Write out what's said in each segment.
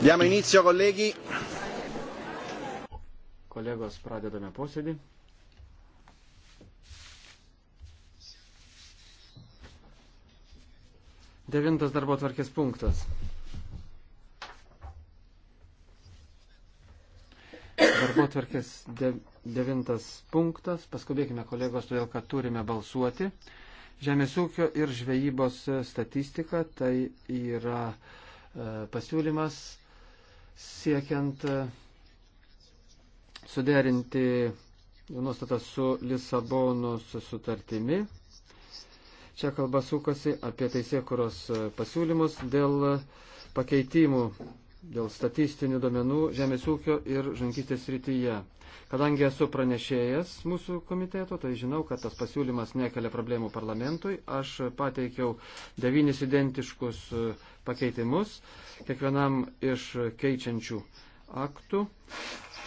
Diamo inizio, colleghi. Kolegos, pradedame posėdį. Devintas darbo tvarkės punktas. Darbo tvarkės de, devintas punktas. Paskubėkime, kolegos, todėl kad turime balsuoti. Žemės ūkio ir žvejybos statistika tai yra e, pasiūlymas siekiant e, suderinti nuostatą su Lisabonos sutartimi. Čia kalba sukasi apie teisėkuros e, pasiūlymus dėl pakeitimų dėl statistinių domenų žemės ūkio ir žankystės rytyje. Kadangi esu pranešėjas mūsų komiteto, tai žinau, kad tas pasiūlymas nekelia problemų parlamentui. Aš pateikiau devynis identiškus e, pakeitimus, kiekvienam iš keičiančių aktų.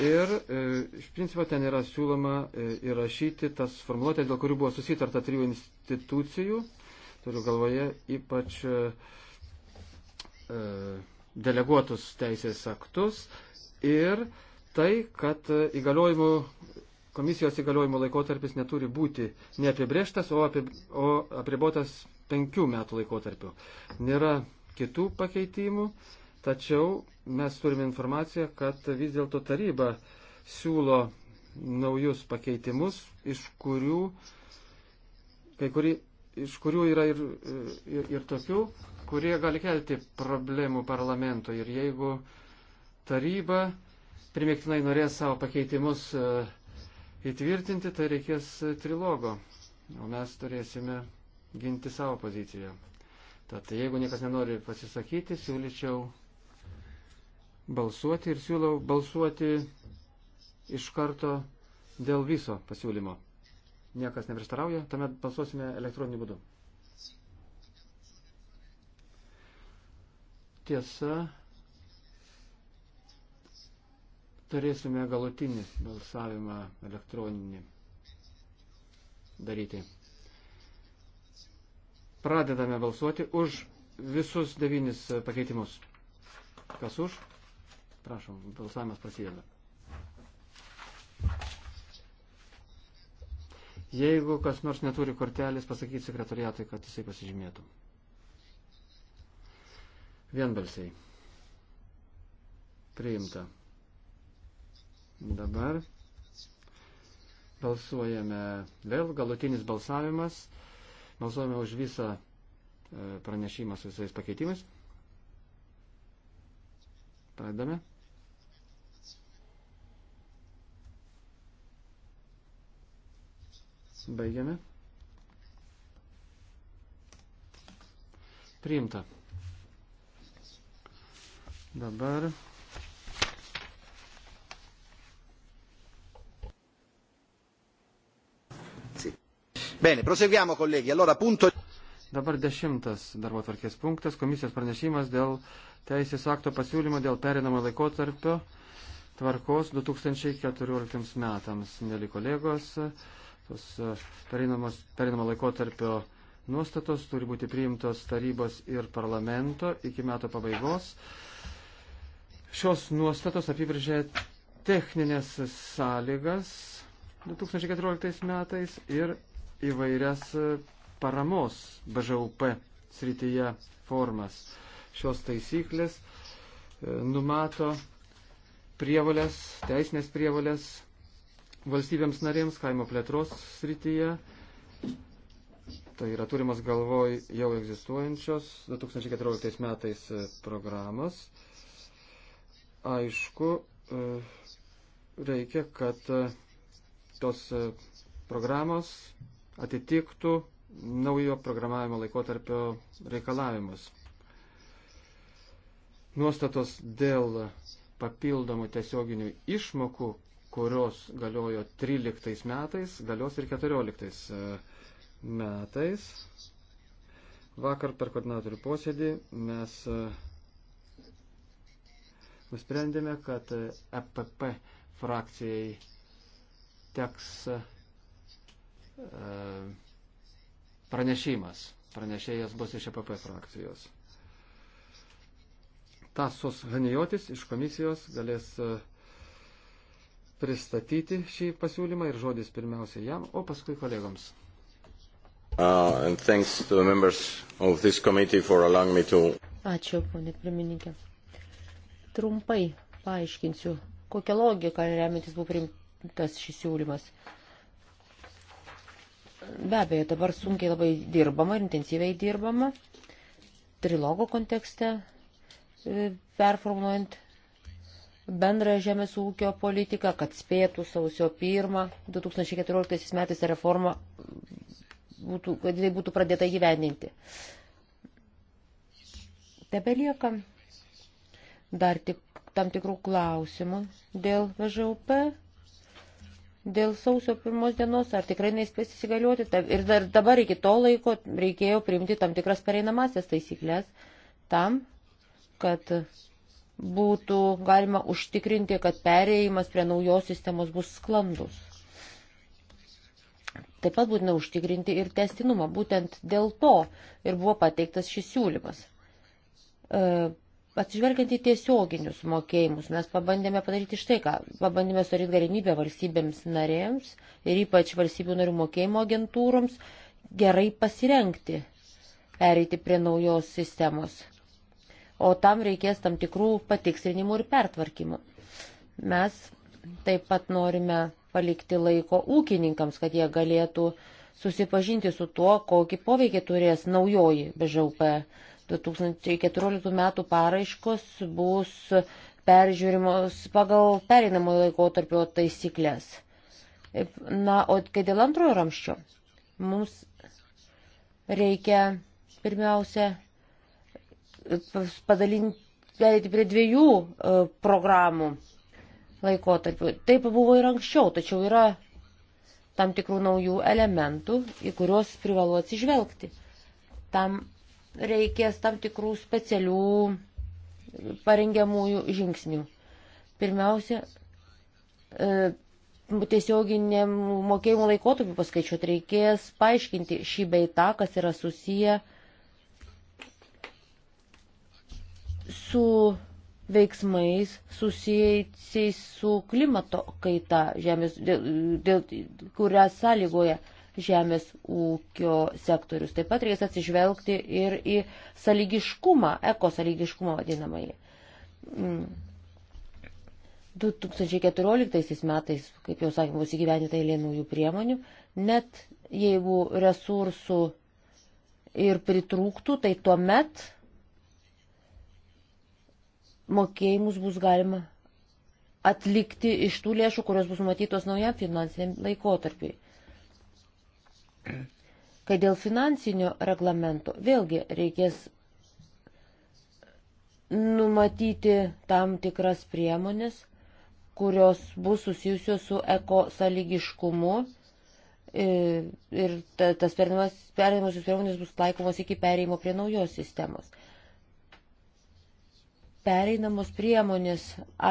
Ir e, iš principo ten yra siūloma e, įrašyti tas formuluotės, dėl kurių buvo susitarta trijų institucijų. Turiu galvoje ypač. E, deleguotus teisės aktus ir tai, kad įgaliojimų, komisijos įgaliojimų laikotarpis neturi būti neapibrieštas, o, apie, o apribotas penkių metų laikotarpiu. Nėra kitų pakeitimų, tačiau mes turime informaciją, kad vis dėlto taryba siūlo naujus pakeitimus, iš kurių, kai kuri, iš kurių yra ir, ir, ir tokių, kurie gali kelti problemų parlamento. Ir jeigu taryba primiktinai norės savo pakeitimus e, įtvirtinti, tai reikės e, trilogo. O mes turėsime ginti savo poziciją. Tad jeigu niekas nenori pasisakyti, siūlyčiau balsuoti ir siūlau balsuoti iš karto dėl viso pasiūlymo. Niekas neprieštarauja, tuomet balsuosime elektroniniu būdu. Tiesa, turėsime galutinį balsavimą elektroninį daryti. Pradedame balsuoti už visus devynis pakeitimus. Kas už? Prašom, balsavimas prasideda. Jeigu kas nors neturi kortelės, pasakyti sekretariatui, kad jisai pasižymėtų. Vienbalsiai. Priimta. Dabar balsuojame vėl, galutinis balsavimas. Balsuojame už visą e, pranešimą su visais pakeitimais. Pradedame. Baigiame. Priimta. Dabar Bene, proseguiamo colleghi. Allora, punto... Dabar dešimtas darbo tvarkės punktas, komisijos pranešimas dėl teisės akto pasiūlymo dėl perinamo laikotarpio tvarkos 2014 metams. Mėly kolegos, tos e, perinamo laikotarpio nuostatos turi būti priimtos tarybos ir parlamento iki metų pabaigos. Šios nuostatos apibrėžė techninės sąlygas 2014 metais ir įvairias paramos BŽUP srityje formas. Šios taisyklės e, numato prievalės, teisinės prievalės valstybėms narėms kaimo plėtros srityje. Tai yra turimas galvoj jau egzistuojančios 2014 metais e, programos aišku, e, reikia, kad e, tos e, programos atitiktų naujo programavimo laikotarpio reikalavimus. Nuostatos dėl papildomų tiesioginių išmokų, kurios galiojo 13 metais, galios ir 14 metais. Vakar per koordinatorių posėdį mes nusprendėme, kad EPP frakcijai teks e, pranešimas. Pranešėjas bus iš EPP frakcijos. Tasos Hanijotis iš komisijos galės e, pristatyti šį pasiūlymą ir žodis pirmiausia jam, o paskui kolegoms. Uh, to... Ačiū, ponė pirmininkė. Trumpai paaiškinsiu, kokią logiką remiantis buvo priimtas šis siūlymas. Be abejo, dabar sunkiai labai dirbama ir intensyviai dirbama trilogo kontekste, e, performuojant bendrąją žemės ūkio politiką, kad spėtų sausio 1 2014 metais reforma, būtų, kad jie būtų pradėta gyveninti. Tebe lieka dar tik tam tikrų klausimų dėl VŽUP, dėl sausio pirmos dienos, ar tikrai neįspės įsigaliuoti. Ir dar dabar iki to laiko reikėjo priimti tam tikras pereinamasias taisyklės tam, kad būtų galima užtikrinti, kad pereimas prie naujos sistemos bus sklandus. Taip pat būtina užtikrinti ir testinumą. Būtent dėl to ir buvo pateiktas šis siūlymas. E, Atsižvelgiant į tiesioginius mokėjimus, mes pabandėme padaryti štai ką. Pabandėme sudaryti galimybę valstybėms narėms ir ypač valstybių narių mokėjimo agentūroms gerai pasirenkti, pereiti prie naujos sistemos. O tam reikės tam tikrų patikslinimų ir pertvarkymų. Mes taip pat norime palikti laiko ūkininkams, kad jie galėtų susipažinti su tuo, kokį poveikį turės naujoji BŽUP 2014 metų paraiškos bus peržiūrimos pagal pereinamojo laikotarpio taisyklės. Na, o kai dėl antrojo ramščio, mums reikia pirmiausia e, padalinti prie dviejų e, programų laikotarpių. Taip buvo ir anksčiau, tačiau yra tam tikrų naujų elementų, į kuriuos privalu atsižvelgti. Tam reikės tam tikrų specialių parengiamųjų žingsnių. Pirmiausia, e, tiesioginiam mokėjimo laikotarpiu paskaičiuoti reikės paaiškinti šį beitą, kas yra susiję su veiksmais susijusiais su klimato kaita, žemės, dėl, dėl kurią sąlygoja žemės ūkio sektorius. Taip pat reikės atsižvelgti ir į saligiškumą, ekosaligiškumą vadinamąjį. 2014 mm. metais, kaip jau sakėm, bus įgyvenyta eilė naujų priemonių, net jeigu resursų ir pritrūktų, tai tuomet mokėjimus bus galima atlikti iš tų lėšų, kurios bus matytos naujam finansiniam laikotarpiai kad dėl finansinio reglamento vėlgi reikės numatyti tam tikras priemonės, kurios bus susijusios su ekosaligiškumu e, ir tas perėjimasis priemonės bus taikomos iki perėjimo prie naujos sistemos. Pereinamos priemonės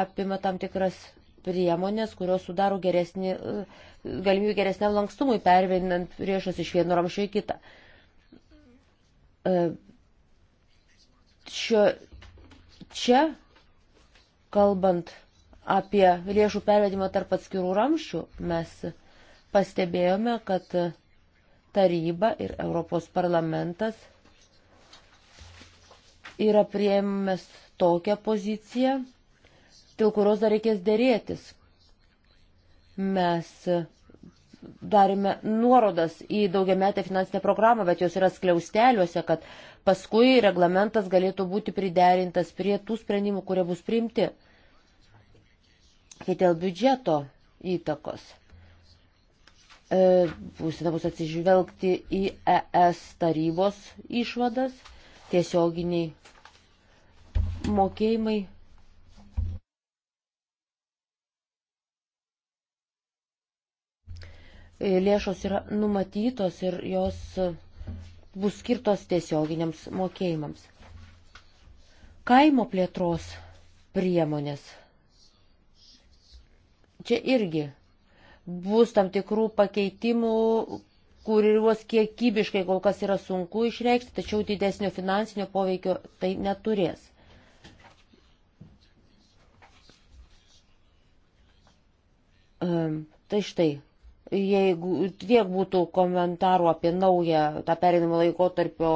apima tam tikras priemonės, kurios sudaro geresnį, e, galimybę geresniam lankstumui pervedinant riešas iš vieno ramšio į kitą. E, šio, čia, kalbant apie lėšų pervedimą tarp atskirų ramščių, mes pastebėjome, kad taryba ir Europos parlamentas yra prieimęs tokią poziciją, dėl kurios dar reikės dėrėtis. Mes darėme nuorodas į daugiametę finansinę programą, bet jos yra skliausteliuose, kad paskui reglamentas galėtų būti priderintas prie tų sprendimų, kurie bus priimti. Kai dėl biudžeto įtakos e, būsina bus atsižvelgti į ES tarybos išvadas, tiesioginiai mokėjimai lėšos yra numatytos ir jos bus skirtos tiesioginiams mokėjimams. Kaimo plėtros priemonės. Čia irgi bus tam tikrų pakeitimų, kuriuos kiekybiškai kol kas yra sunku išreikšti, tačiau didesnio finansinio poveikio tai neturės. Um, tai štai, Jeigu tiek būtų komentarų apie naują tą perinimo laikotarpio,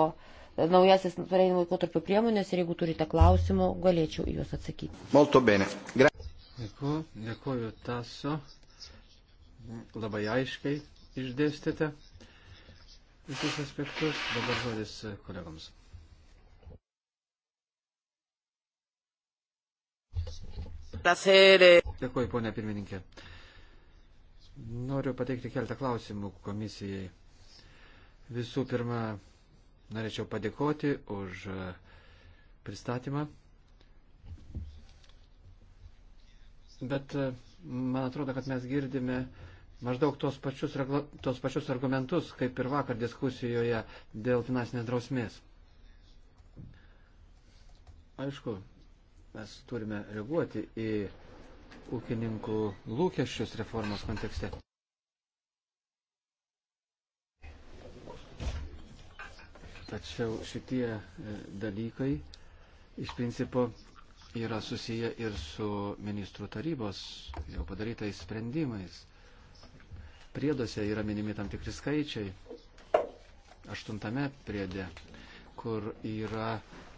naujasis perinimo laikotarpio priemonės ir jeigu turite klausimų, galėčiau juos atsakyti. Molto bene. Gra dėkuoju, dėkuoju Taso. Labai aiškiai išdėstėte visus aspektus. Dabar žodis e, kolegoms. E- dėkuoju, ponia pirmininkė. Noriu pateikti keltą klausimų komisijai. Visų pirma, norėčiau padėkoti už e, pristatymą. Bet e, man atrodo, kad mes girdime maždaug tos pačius, tos pačius argumentus, kaip ir vakar diskusijoje dėl finansinės drausmės. Aišku, mes turime reaguoti į ūkininkų lūkesčius reformos kontekste. Tačiau šitie e, dalykai iš principo yra susiję ir su ministrų tarybos jau padarytais sprendimais. Prieduose yra minimi tam tikri skaičiai. Aštuntame priede, kur yra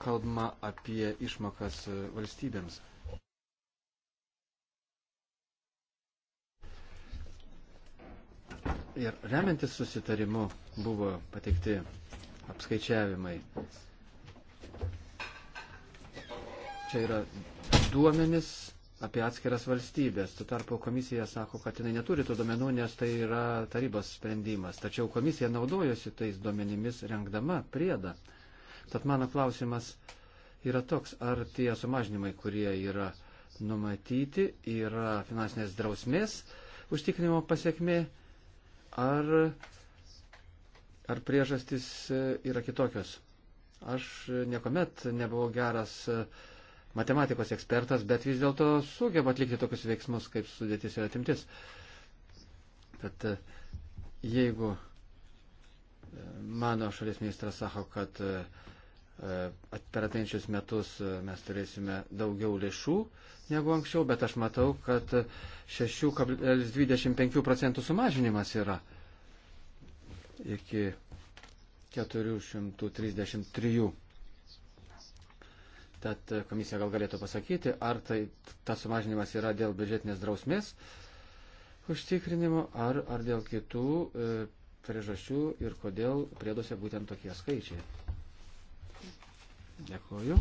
kalbama apie išmokas valstybėms. ir remiantis susitarimu buvo pateikti apskaičiavimai. Čia yra duomenis apie atskiras valstybės. Tuo tarpu komisija sako, kad jinai neturi tų duomenų, nes tai yra tarybos sprendimas. Tačiau komisija naudojosi tais duomenimis rengdama priedą. Tad mano klausimas yra toks, ar tie sumažinimai, kurie yra numatyti, yra finansinės drausmės užtikrinimo pasiekmė ar, ar priežastys e, yra kitokios. Aš niekuomet nebuvau geras e, matematikos ekspertas, bet vis dėlto sugeba atlikti tokius veiksmus, kaip sudėtis ir atimtis. Bet jeigu e, mano šalies ministras sako, kad uh, E, per ateinčius metus e, mes turėsime daugiau lėšų negu anksčiau, bet aš matau, kad 6,25 e, procentų sumažinimas yra iki 433. Tad komisija gal galėtų pasakyti, ar tai tas sumažinimas yra dėl biudžetinės drausmės užtikrinimo, ar, ar dėl kitų e, priežasčių ir kodėl prieduose būtent tokie skaičiai. Dėkuoju.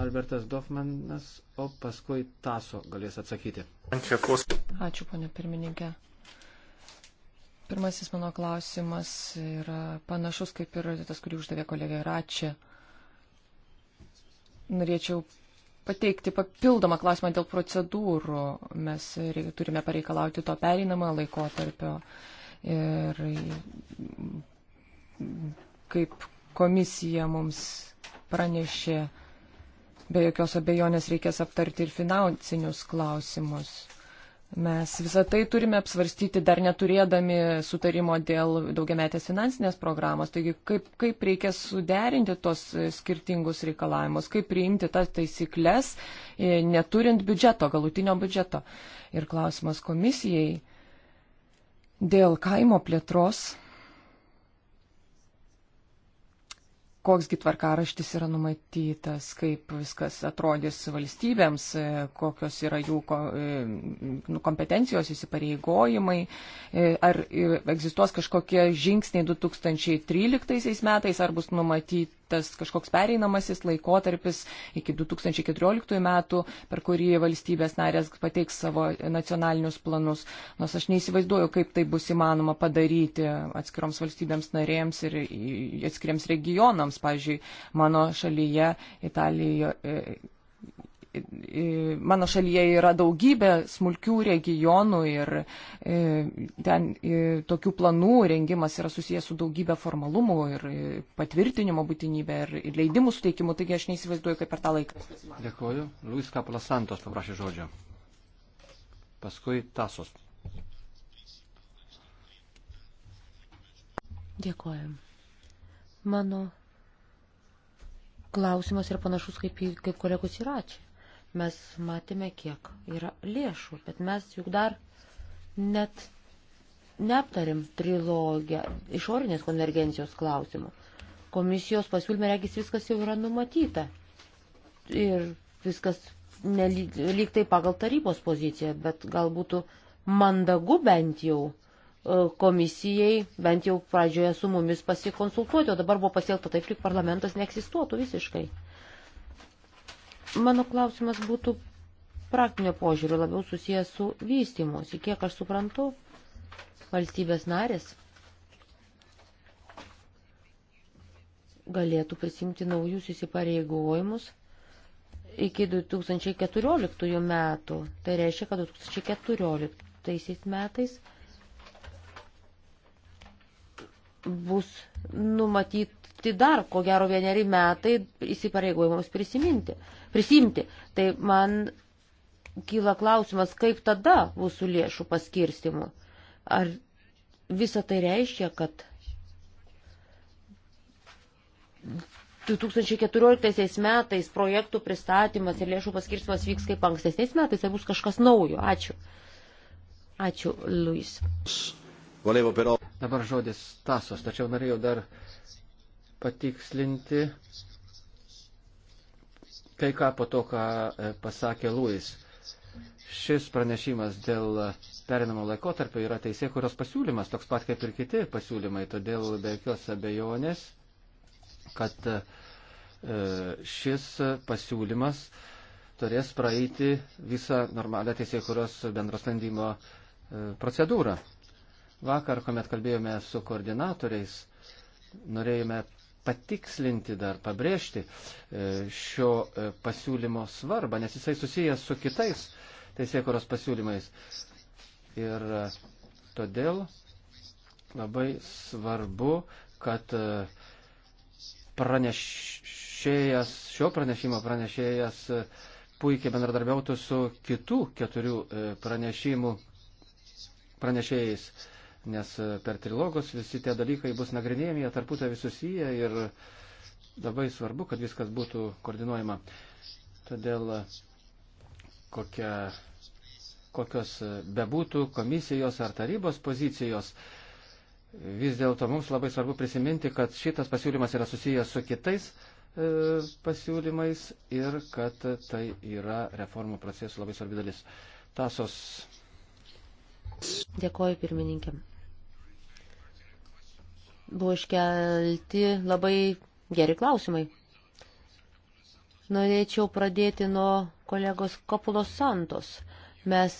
Albertas Dofmanas, o paskui Taso galės atsakyti. Ačiū, ponė pirmininkė. Pirmasis mano klausimas yra panašus kaip ir tas, kurį uždavė kolegė Račia. Norėčiau pateikti papildomą klausimą dėl procedūrų. Mes turime pareikalauti to pereinamojo laikotarpio ir kaip, komisija mums pranešė, be jokios abejonės reikės aptarti ir finansinius klausimus. Mes visą tai turime apsvarstyti dar neturėdami sutarimo dėl daugiametės finansinės programos. Taigi, kaip, kaip reikia suderinti tos skirtingus reikalavimus, kaip priimti tas taisyklės, e, neturint biudžeto, galutinio biudžeto. Ir klausimas komisijai dėl kaimo plėtros koksgi tvarkaraštis yra numatytas, kaip viskas atrodys valstybėms, e, kokios yra jų e, nu, kompetencijos įsipareigojimai, e, ar egzistuos kažkokie žingsniai 2013 metais, ar bus numatyti tas kažkoks pereinamasis laikotarpis iki 2014 metų, per kurį valstybės narės pateiks savo nacionalinius planus. Nors aš neįsivaizduoju, kaip tai bus įmanoma padaryti atskiroms valstybėms narėms ir atskiriams regionams. Pavyzdžiui, mano šalyje Italijoje mano šalyje yra daugybė smulkių regionų ir e, ten e, tokių planų rengimas yra susijęs su daugybė formalumų ir e, patvirtinimo būtinybė ir leidimų suteikimu, taigi aš neįsivaizduoju, kaip per tą laiką. Dėkuoju. Luis Kapalas Santos paprašė žodžio. Paskui Tasos. Dėkuoju. Mano klausimas yra panašus kaip, kaip kolegos įračiai. Mes matėme, kiek yra lėšų, bet mes juk dar net neaptarim trilogiją išorinės konvergencijos klausimų. Komisijos pasiūlyme regis viskas jau yra numatyta. Ir viskas lyg tai pagal tarybos poziciją, bet gal būtų mandagu bent jau e, komisijai, bent jau pradžioje su mumis pasikonsultuoti, o dabar buvo pasielgta taip, lyg parlamentas neegzistuotų visiškai. Mano klausimas būtų praktinio požiūriu labiau susijęs su vystymuosi. Kiek aš suprantu, valstybės narės galėtų prisimti naujus įsipareigojimus iki 2014 metų. Tai reiškia, kad 2014 metais bus numatyt, tai dar, ko gero, vieneri metai įsipareigojimams prisiminti, prisimti. Tai man kyla klausimas, kaip tada bus su lėšų paskirstimu. Ar visa tai reiškia, kad 2014 metais projektų pristatymas ir lėšų paskirstimas vyks kaip ankstesniais metais, ar bus kažkas naujo? Ačiū. Ačiū, Luis. Dabar žodis Tasos, tačiau norėjau dar patikslinti kai ką po to, ką e, pasakė Luis. Šis pranešimas dėl perinamo laikotarpio yra teisė, kurios pasiūlymas, toks pat kaip ir kiti pasiūlymai, todėl be jokios abejonės, kad e, šis pasiūlymas turės praeiti visą normalią teisė, kurios bendro sprendimo e, procedūrą. Vakar, kuomet kalbėjome su koordinatoriais, norėjome patikslinti dar, pabrėžti e, šio e, pasiūlymo svarbą, nes jisai susijęs su kitais teisėkuros pasiūlymais. Ir e, todėl labai svarbu, kad pranešėjas, šio pranešimo pranešėjas puikiai bendradarbiautų su kitų keturių pranešimų pranešėjais nes e, per trilogus visi tie dalykai bus nagrinėjami, jie tarpusavį susiję ir labai svarbu, kad viskas būtų koordinuojama. Todėl e, kokia, kokios e, bebūtų komisijos ar tarybos pozicijos, vis dėlto mums labai svarbu prisiminti, kad šitas pasiūlymas yra susijęs su kitais pasiūlymais ir kad tai yra reformų procesų labai svarbi dalis. Tasos. Dėkoju pirmininkėm. Buvo iškelti labai geri klausimai. Norėčiau pradėti nuo kolegos Kapulos Santos. Mes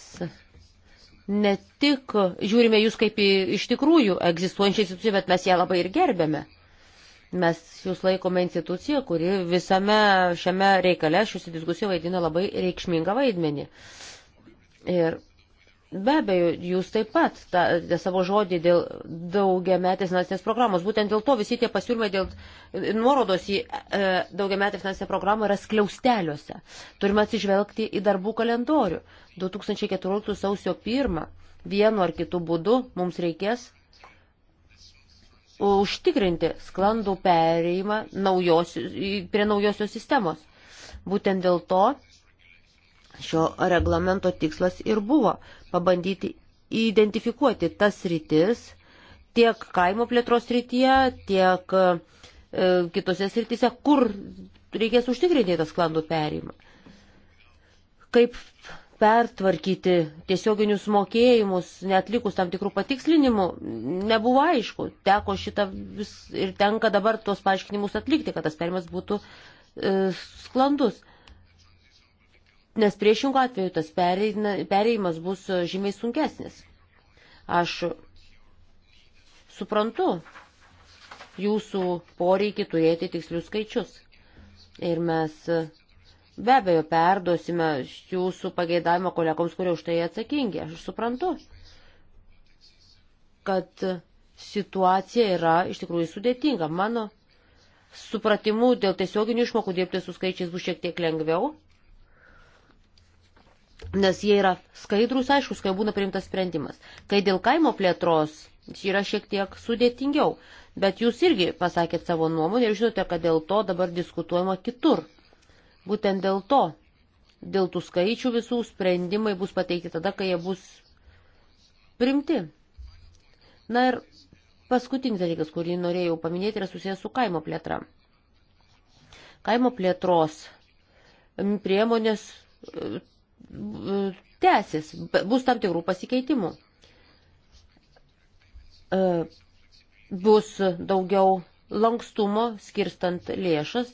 ne tik žiūrime jūs kaip į iš tikrųjų egzistuojančią instituciją, bet mes ją labai ir gerbėme. Mes jūs laikome instituciją, kuri visame šiame reikale šiuose diskusijoje vaidina labai reikšmingą vaidmenį. Ir Be abejo, jūs taip pat tą, tą savo žodį dėl daugiametės finansinės programos. Būtent dėl to visi tie pasiūlymai dėl nuorodos į e, daugiametę finansinę programą yra skliausteliuose. Turime atsižvelgti į darbų kalendorių. 2014 sausio 1 vienu ar kitu būdu mums reikės užtikrinti sklandų pereimą naujos, prie naujosios sistemos. Būtent dėl to Šio reglamento tikslas ir buvo pabandyti identifikuoti tas rytis tiek kaimo plėtros rytyje, tiek e, kitose srityse, kur reikės užtikrinti tą sklandų perėjimą. Kaip pertvarkyti tiesioginius mokėjimus, netlikus tam tikrų patikslinimų, nebuvo aišku. Teko šitą vis ir tenka dabar tuos paaiškinimus atlikti, kad tas perimas būtų e, sklandus. E, nes priešingų atveju tas pereimas bus e, žymiai sunkesnis. Aš suprantu jūsų poreikį turėti tikslius skaičius. Ir mes e, be abejo perduosime jūsų pageidavimą kolegoms, kurie už tai atsakingi. Aš suprantu, kad situacija yra iš tikrųjų sudėtinga. Mano supratimu dėl tiesioginių išmokų dirbti su skaičiais bus šiek tiek lengviau nes jie yra skaidrus, aiškus, kai būna priimtas sprendimas. Kai dėl kaimo plėtros yra šiek tiek sudėtingiau, bet jūs irgi pasakėt savo nuomonę ir žinote, kad dėl to dabar diskutuojama kitur. Būtent dėl to, dėl tų skaičių visų sprendimai bus pateikti tada, kai jie bus primti. Na ir paskutinis dalykas, kurį norėjau paminėti, yra susijęs su kaimo plėtra. Kaimo plėtros priemonės tęsis, bus tam tikrų pasikeitimų. E, bus daugiau lankstumo skirstant lėšas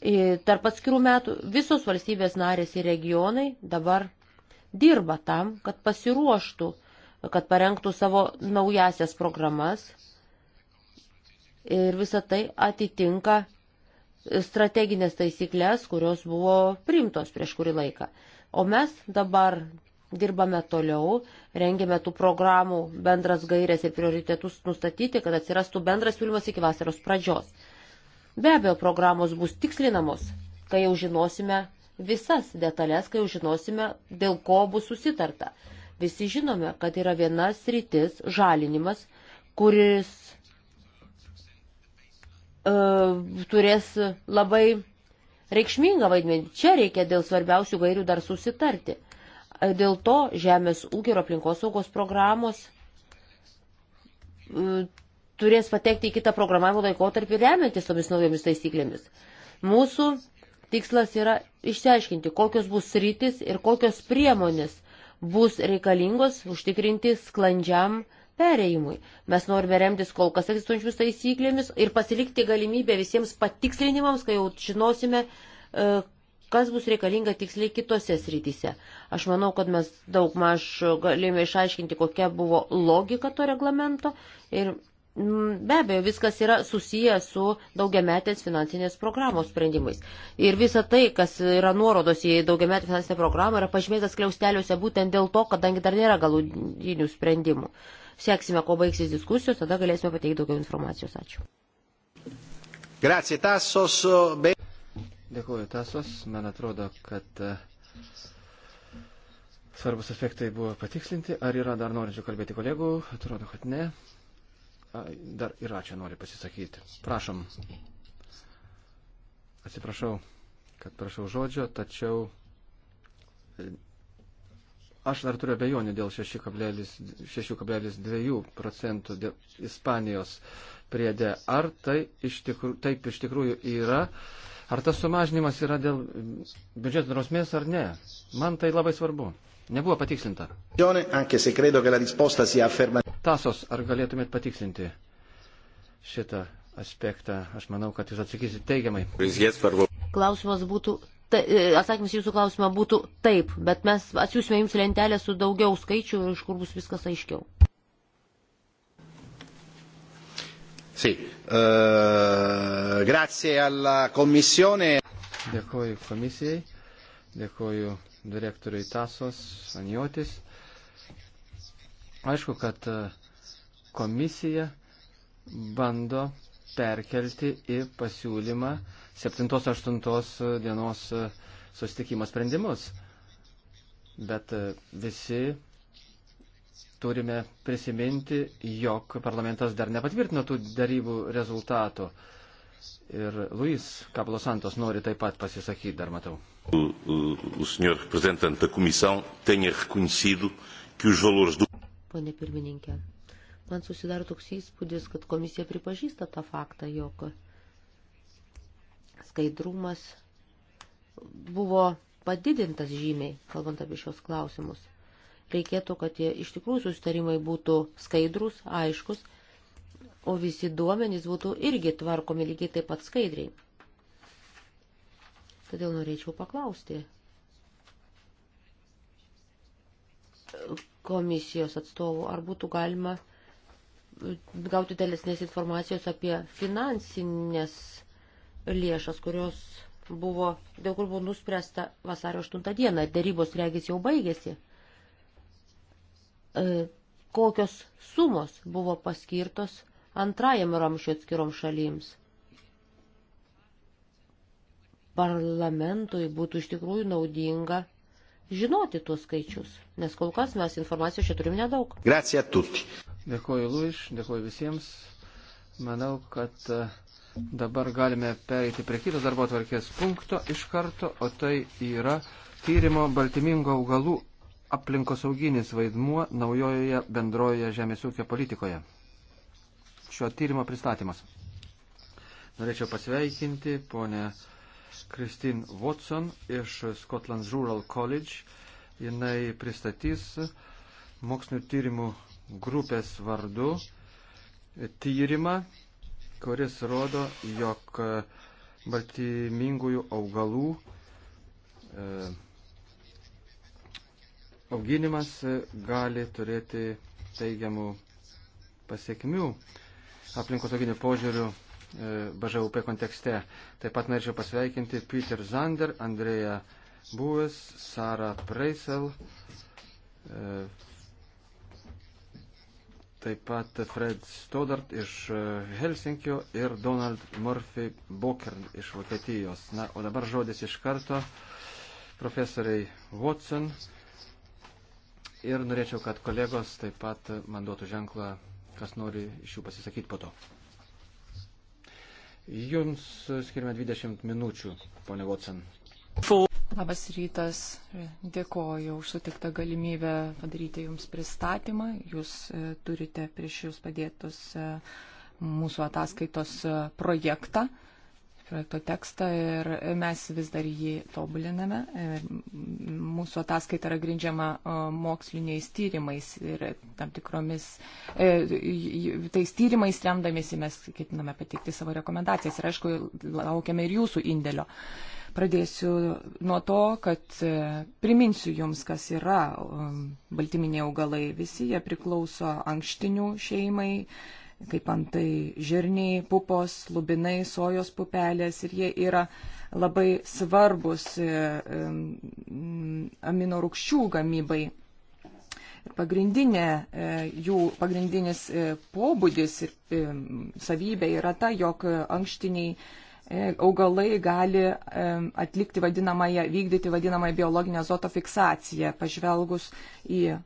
e, tarp atskirų metų. Visos valstybės narės ir regionai dabar dirba tam, kad pasiruoštų, kad parengtų savo naujasias programas. Ir visa tai atitinka strateginės taisyklės, kurios buvo primtos prieš kurį laiką. O mes dabar dirbame toliau, rengiame tų programų bendras gairias ir prioritetus nustatyti, kad atsirastų bendras siūlymas iki vasaros pradžios. Be abejo, programos bus tikslinamos, kai jau žinosime visas detalės, kai jau žinosime, dėl ko bus susitarta. Visi žinome, kad yra vienas rytis žalinimas, kuris E, turės labai reikšmingą vaidmenį. Čia reikia dėl svarbiausių gairių dar susitarti. E, dėl to žemės ūkio ir aplinkosaugos programos e, turės patekti į kitą programavimo laikotarpį remiantis tomis naujomis taisyklėmis. Mūsų tikslas yra išsiaiškinti, kokios bus rytis ir kokios priemonės bus reikalingos užtikrinti sklandžiam uh, perėjimui. Mes norime remtis kol kas egzistuojančius taisyklėmis ir pasilikti galimybę visiems patikslinimams, kai jau žinosime, e, kas bus reikalinga tiksliai kitose srityse. Aš manau, kad mes daug maž galėjome išaiškinti, kokia buvo logika to reglamento ir mm, be abejo viskas yra susiję su daugiametės finansinės programos sprendimais. Ir visa tai, kas yra nuorodos į daugiametę finansinę programą, yra pažymėtas kliausteliuose būtent dėl to, kadangi dar nėra galutinių sprendimų. Uh, Seksime, kuo baigsis diskusijos, tada galėsime pateikti daugiau informacijos. Ačiū. Grazie, Tasos. Be... Dėkuoju, Tasos. Man atrodo, kad e, svarbus aspektai buvo patikslinti. Ar yra dar norinčių kalbėti kolegų? Atrodo, kad ne. Dar ir ačiū nori pasisakyti. Prašom. Atsiprašau, kad prašau žodžio, tačiau e, Aš dar turiu abejonių dėl 6,2 procentų Ispanijos priedė. Ar tai iš tikrų, taip iš tikrųjų yra? Ar tas sumažinimas yra dėl biudžeto drausmės ar ne? Man tai labai svarbu. Nebuvo patikslinta. Tasos, ar galėtumėt patikslinti šitą aspektą? Aš manau, kad jūs atsakysit teigiamai. Klausimas būtų ta, e, atsakymas jūsų klausimą būtų taip, bet mes atsiųsime jums lentelę su daugiau skaičių, iš kur bus viskas aiškiau. Sì, uh, grazie alla Commissione. Dėkoju komisijai, dėkoju direktoriui Tasos Anjotis. Aišku, kad eh, komisija bando perkelti į pasiūlymą uh, 7-8 dienos e, sustikimo sprendimus. Bet e, visi turime prisiminti, jog parlamentas dar nepatvirtino tų darybų rezultatų. Ir Luis Kaplos Santos nori taip pat pasisakyti, dar matau. O, o, o senhor representante da comissão tenha reconhecido que os valores do. Pone pirmininkė, man susidaro toks įspūdis, kad komisija pripažįsta tą faktą, jog skaidrumas buvo padidintas žymiai, kalbant apie šios klausimus. Reikėtų, kad tie iš tikrųjų sustarimai būtų skaidrus, aiškus, o visi duomenys būtų irgi tvarkomi lygiai taip pat skaidriai. Todėl norėčiau paklausti komisijos atstovų, ar būtų galima gauti dėlesnės informacijos apie finansinės lėšas, kurios buvo, dėl kur buvo nuspręsta vasario 8 dieną. Darybos regis jau baigėsi. E, kokios sumos buvo paskirtos antrajam ramšiui atskirom šalims? Parlamentui būtų iš tikrųjų naudinga žinoti tuos skaičius, nes kol kas mes informacijos čia turim nedaug. Grazie a tutti. Dėkuoju Luiš, dėkuoju visiems. Manau, kad uh, Dabar galime pereiti prie kito darbo tvarkės punkto iš karto, o tai yra tyrimo baltymingo augalų aplinkosauginis vaidmuo naujojoje bendrojoje žemės ūkio politikoje. Šio tyrimo pristatymas. Norėčiau pasveikinti ponę Kristin Watson iš Scotland's Rural College. Jinai pristatys mokslinių tyrimų grupės vardu tyrimą kuris rodo, jog e, baltymingųjų augalų e, auginimas e, gali turėti teigiamų pasiekmių aplinkosauginių požiūrių BŽUP kontekste. Taip pat norėčiau pasveikinti Peter Zander, Andrėją Buvis, Sara Preisel, taip pat Fred Stodart iš e, Helsinkio ir Donald Murphy Bokern iš Vokietijos. Na, o dabar žodis iš karto profesoriai Watson. Ir norėčiau, kad kolegos taip pat man duotų ženklą, kas nori iš jų pasisakyti po to. Jums skirime 20 minučių, ponia Watson. Labas rytas, dėkoju už sutiktą galimybę padaryti Jums pristatymą. Jūs e, turite prieš Jūs padėtus e, mūsų ataskaitos e, projektą, projekto tekstą ir mes vis dar jį tobuliname. Mūsų ataskaita yra grindžiama moksliniais tyrimais ir tam tikromis, tais tyrimais remdamėsi mes ketiname pateikti savo rekomendacijas ir aišku, laukiame ir Jūsų indėlio. Pradėsiu nuo to, kad e, priminsiu jums, kas yra um, baltyminiai augalai. Visi jie priklauso ankštinių šeimai, kaip antai žirniai, pupos, lubinai, sojos pupelės ir jie yra labai svarbus e, aminorūkščių gamybai. Ir pagrindinė, e, jų pagrindinis pobūdis ir savybė yra ta, jog ankštiniai E, augalai gali e, atlikti vadinamąją, vykdyti vadinamąją biologinę azoto fiksaciją. Pažvelgus į e,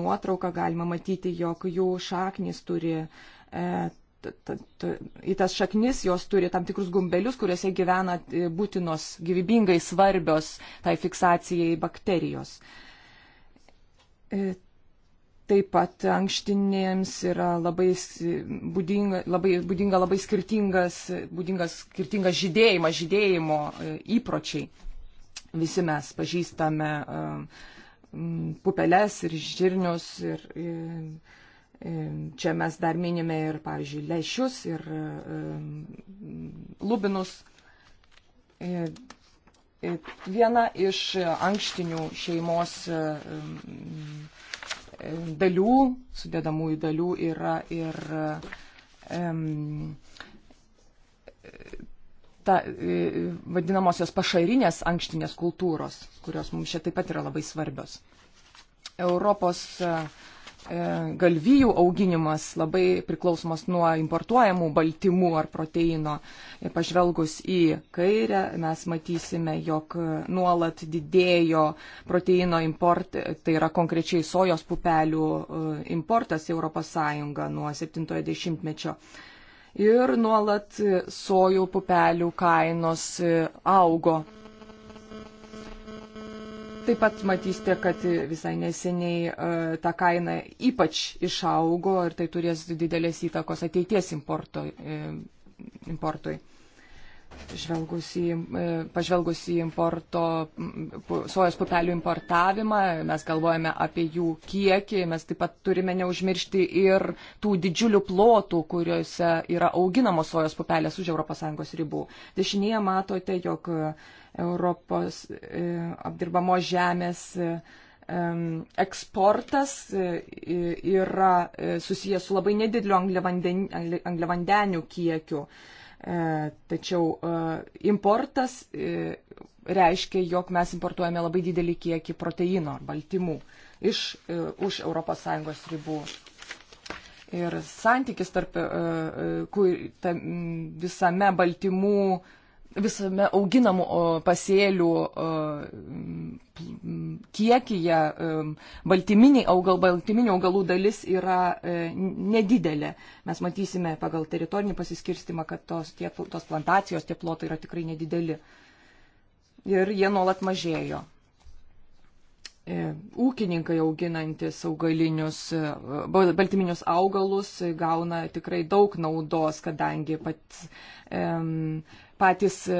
nuotrauką galima matyti, jog jų šaknis turi į tas šaknis jos turi tam tikrus gumbelius, kuriuose gyvena būtinos gyvybingai svarbios tai fiksacijai bakterijos. Taip pat ankštinėms yra labai būdinga labai, būdinga, labai skirtingas, būdingas, skirtingas žydėjimas, žydėjimo e, įpročiai. Visi mes pažįstame e, pupeles ir žirnius. Ir, ir e, čia mes dar minime ir, pavyzdžiui, lešius ir lubinus. Ir, viena iš ankštinių šeimos dalių, sudėdamųjų dalių yra ir um, ta e, vadinamosios pašarinės ankštinės kultūros, kurios mums čia taip pat yra labai svarbios. Europos uh, E, galvijų auginimas labai priklausomas nuo importuojamų baltymų ar proteino. Ir pažvelgus į kairę, mes matysime, jog nuolat didėjo proteino import, tai yra konkrečiai sojos pupelių e, importas į ES nuo 70-mečio. Ir nuolat sojų pupelių kainos e, augo Taip pat matysite, kad visai neseniai e, ta kaina ypač išaugo ir tai turės didelės įtakos ateities importo, e, importui. Žvelgus į, e, pažvelgus į importo, sojos pupelių importavimą, mes galvojame apie jų kiekį, mes taip pat turime neužmiršti ir tų didžiulių plotų, kuriuose yra auginamos sojos pupelės už ES ribų. Dešinėje matote, jog uh, Europos e, apdirbamos žemės e, eksportas e, yra susijęs su labai nedideliu angliavandenių kiekiu. Tačiau importas reiškia, jog mes importuojame labai didelį kiekį proteino ar baltymų iš, už ES ribų. Ir santykis tarp visame baltymų visame auginamų pasėlių kiekyje e, baltyminiai augal, baltyminių augalų dalis yra e, nedidelė. Mes matysime pagal teritorinį pasiskirstimą, kad tos, tie, tos plantacijos, tie plotai yra tikrai nedideli. Ir jie nuolat mažėjo. E, ūkininkai auginantis augalinius, baltyminius augalus gauna tikrai daug naudos, kadangi pat um, e, patys e,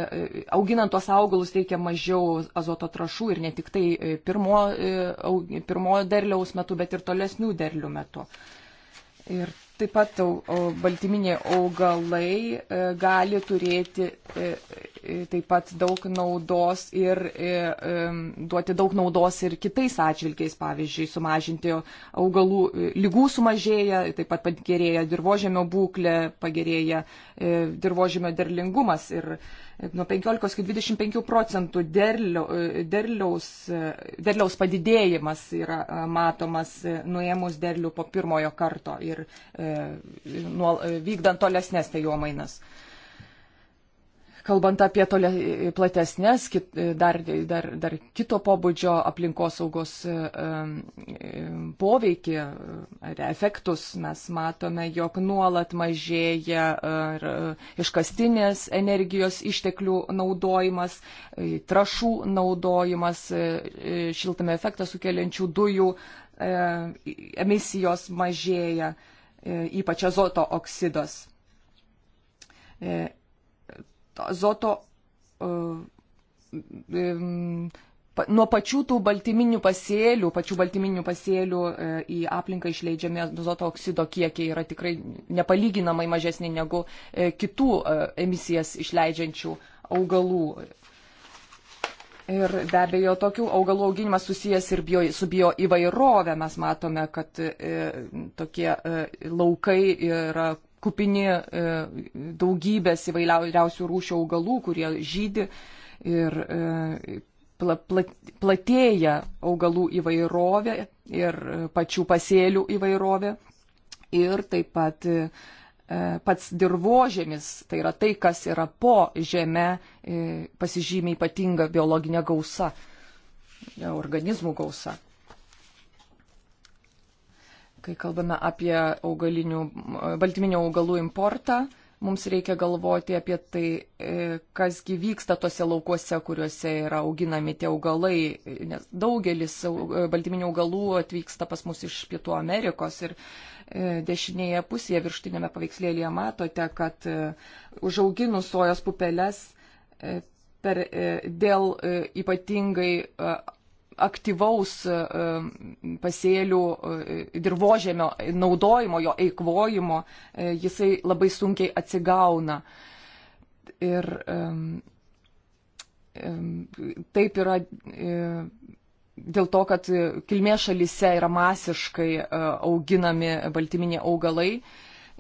auginant tuos augalus reikia mažiau azoto trašų ir ne tik tai e, pirmo, e, pirmo derliaus metu, bet ir tolesnių derlių metu. Ir Taip pat baltyminiai augalai e, gali turėti e, e, taip pat daug naudos ir duoti daug naudos ir kitais atžvilgiais, pavyzdžiui, sumažinti augalų lygų sumažėja, taip pat pagerėja dirbožėmio būklė, pagerėja dirbožėmio derlingumas ir nuo 15 iki 25 procentų derlio, derliaus, derliaus padidėjimas yra matomas nuėmus derlių po pirmojo karto. Ir, e, nuol, vykdant tolesnės tejomainas. Tai Kalbant apie tole, platesnės, kit, dar, dar, dar kito pobūdžio aplinkosaugos poveikį ar efektus, mes matome, jog nuolat mažėja ar, iškastinės energijos išteklių naudojimas, e, trašų naudojimas, e, e, šiltame efektą sukeliančių dujų emisijos mažėja. E, ypač azoto oksidas. E, azoto e, nuo pačių tų baltyminių pasėlių, pačių baltyminių pasėlių į aplinką išleidžiami azoto oksido kiekiai yra tikrai nepalyginamai mažesni negu kitų emisijas išleidžiančių augalų Ir be abejo, tokių augalų auginimas susijęs ir bio, su bio įvairove. Mes matome, kad e, tokie e, laukai yra kupini e, daugybės įvairiausių rūšių augalų, kurie žydi ir e, pla, pla, platėja augalų įvairovė ir pačių pasėlių įvairovė. Ir taip pat e, E, pats dirbožėmis, tai yra tai, kas yra po žeme, e, pasižymė ypatinga biologinė gausa, e, organizmų gausa. Kai kalbame apie augalinių, baltyminio augalų importą, mums reikia galvoti apie tai, kasgi vyksta tose laukuose, kuriuose yra auginami tie augalai, nes daugelis baltyminių augalų atvyksta pas mus iš Pietų Amerikos ir E, dešinėje pusėje viršutinėme paveikslėlėje matote, kad e, užauginus sojos pupeles e, per, dėl ypatingai aktyvaus pasėlių dirbožėmio naudojimo, jo eikvojimo, jisai labai sunkiai atsigauna. Ir um, taip yra dėl to, kad kilmės šalyse yra masiškai e, auginami baltyminiai augalai.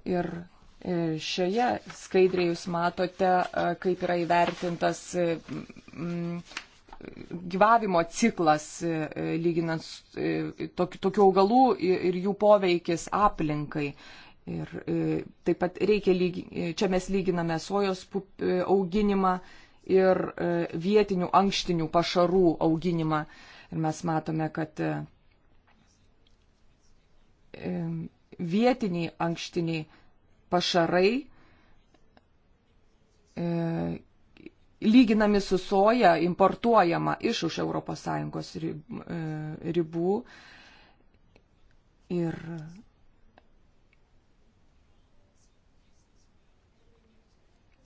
Ir e, šioje skaidrėje jūs matote, e, kaip yra įvertintas gyvavimo ciklas, lyginant tokių augalų ir jų poveikis aplinkai. Ir taip pat reikia, lygi, čia mes lyginame sojos auginimą ir vietinių ankštinių pašarų auginimą. Ir mes matome, kad vietiniai ankštiniai pašarai e, lyginami su soja importuojama iš už ES e, ribų. Ir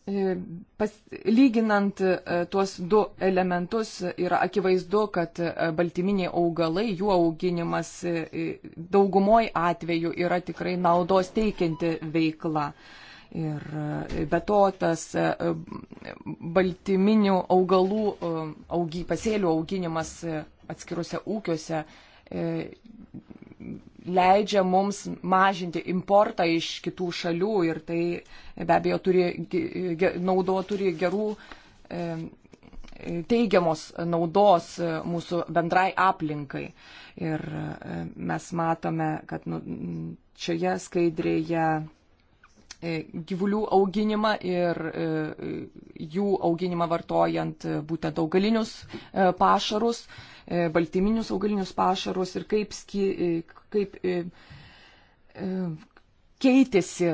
E, pas, lyginant e, tuos du elementus yra akivaizdu, kad e, baltyminiai augalai, jų auginimas daugumoj atveju yra tikrai naudos teikianti veikla. Ir be to tas baltyminių augalų augy, pasėlių auginimas atskiruose ūkiuose leidžia mums mažinti importą iš kitų šalių ir tai be abejo turi, naudo turi gerų e, teigiamos naudos e, mūsų bendrai aplinkai. Ir e, mes matome, kad nu, šioje skaidrėje E, gyvulių auginimą ir e, jų auginimą vartojant e, būtent augalinius pašarus, baltyminius augalinius pašarus ir kaip, kaip keitėsi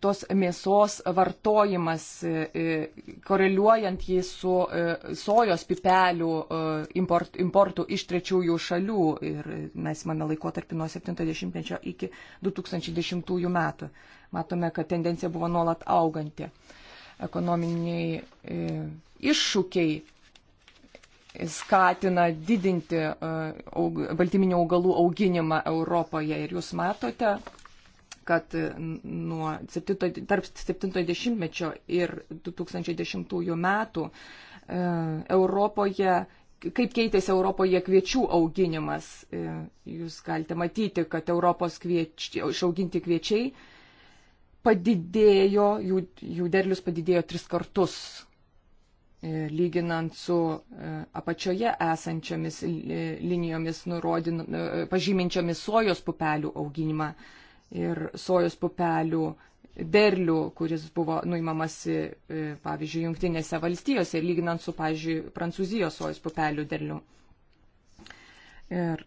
tos mėsos vartojimas, e, e, koreliuojant jį su e, sojos pipelių import, importu iš trečiųjų šalių ir mes įmame laikotarpį nuo 70-mečio iki 2010 metų. Matome, kad tendencija buvo nuolat auganti. Ekonominiai iššūkiai skatina didinti baltyminio augalų auginimą Europoje ir jūs matote, kad nuo 7, tarp 70-mečio ir 2010 metų e, Europoje kaip keitėsi Europoje kviečių auginimas. E, jūs galite matyti, kad Europos kvieč, išauginti kviečiai padidėjo, jų, jų derlius padidėjo tris kartus, e, lyginant su apačioje esančiomis linijomis nurodin, pažyminčiomis sojos pupelių auginimą ir sojos pupelių derlių, kuris buvo nuimamas, e, pavyzdžiui, Junktinėse valstijose, lyginant su, pavyzdžiui, Prancūzijos sojos pupelių derlių. Ir,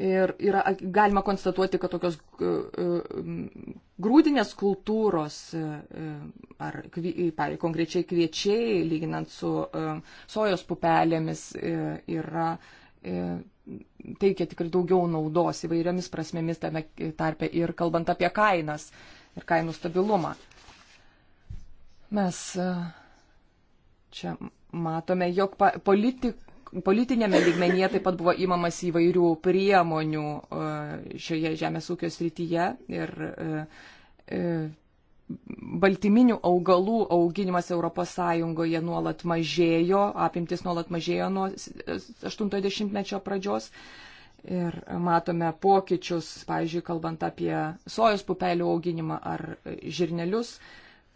ir yra, galima konstatuoti, kad tokios e, e, grūdinės kultūros, ar pavyzdžiui, konkrečiai kviečiai, lyginant su sojos pupelėmis, yra teikia tikrai daugiau naudos įvairiomis prasmėmis tame tarpe ir kalbant apie kainas ir kainų stabilumą. Mes e, čia matome, jog politik, politinėme lygmenyje taip pat buvo įmamas įvairių priemonių e, šioje žemės ūkio srityje ir e, baltyminių augalų auginimas ES nuolat mažėjo, apimtis nuolat mažėjo nuo 80-mečio pradžios. Ir matome pokyčius, pavyzdžiui, kalbant apie sojos pupelių auginimą ar žirnelius.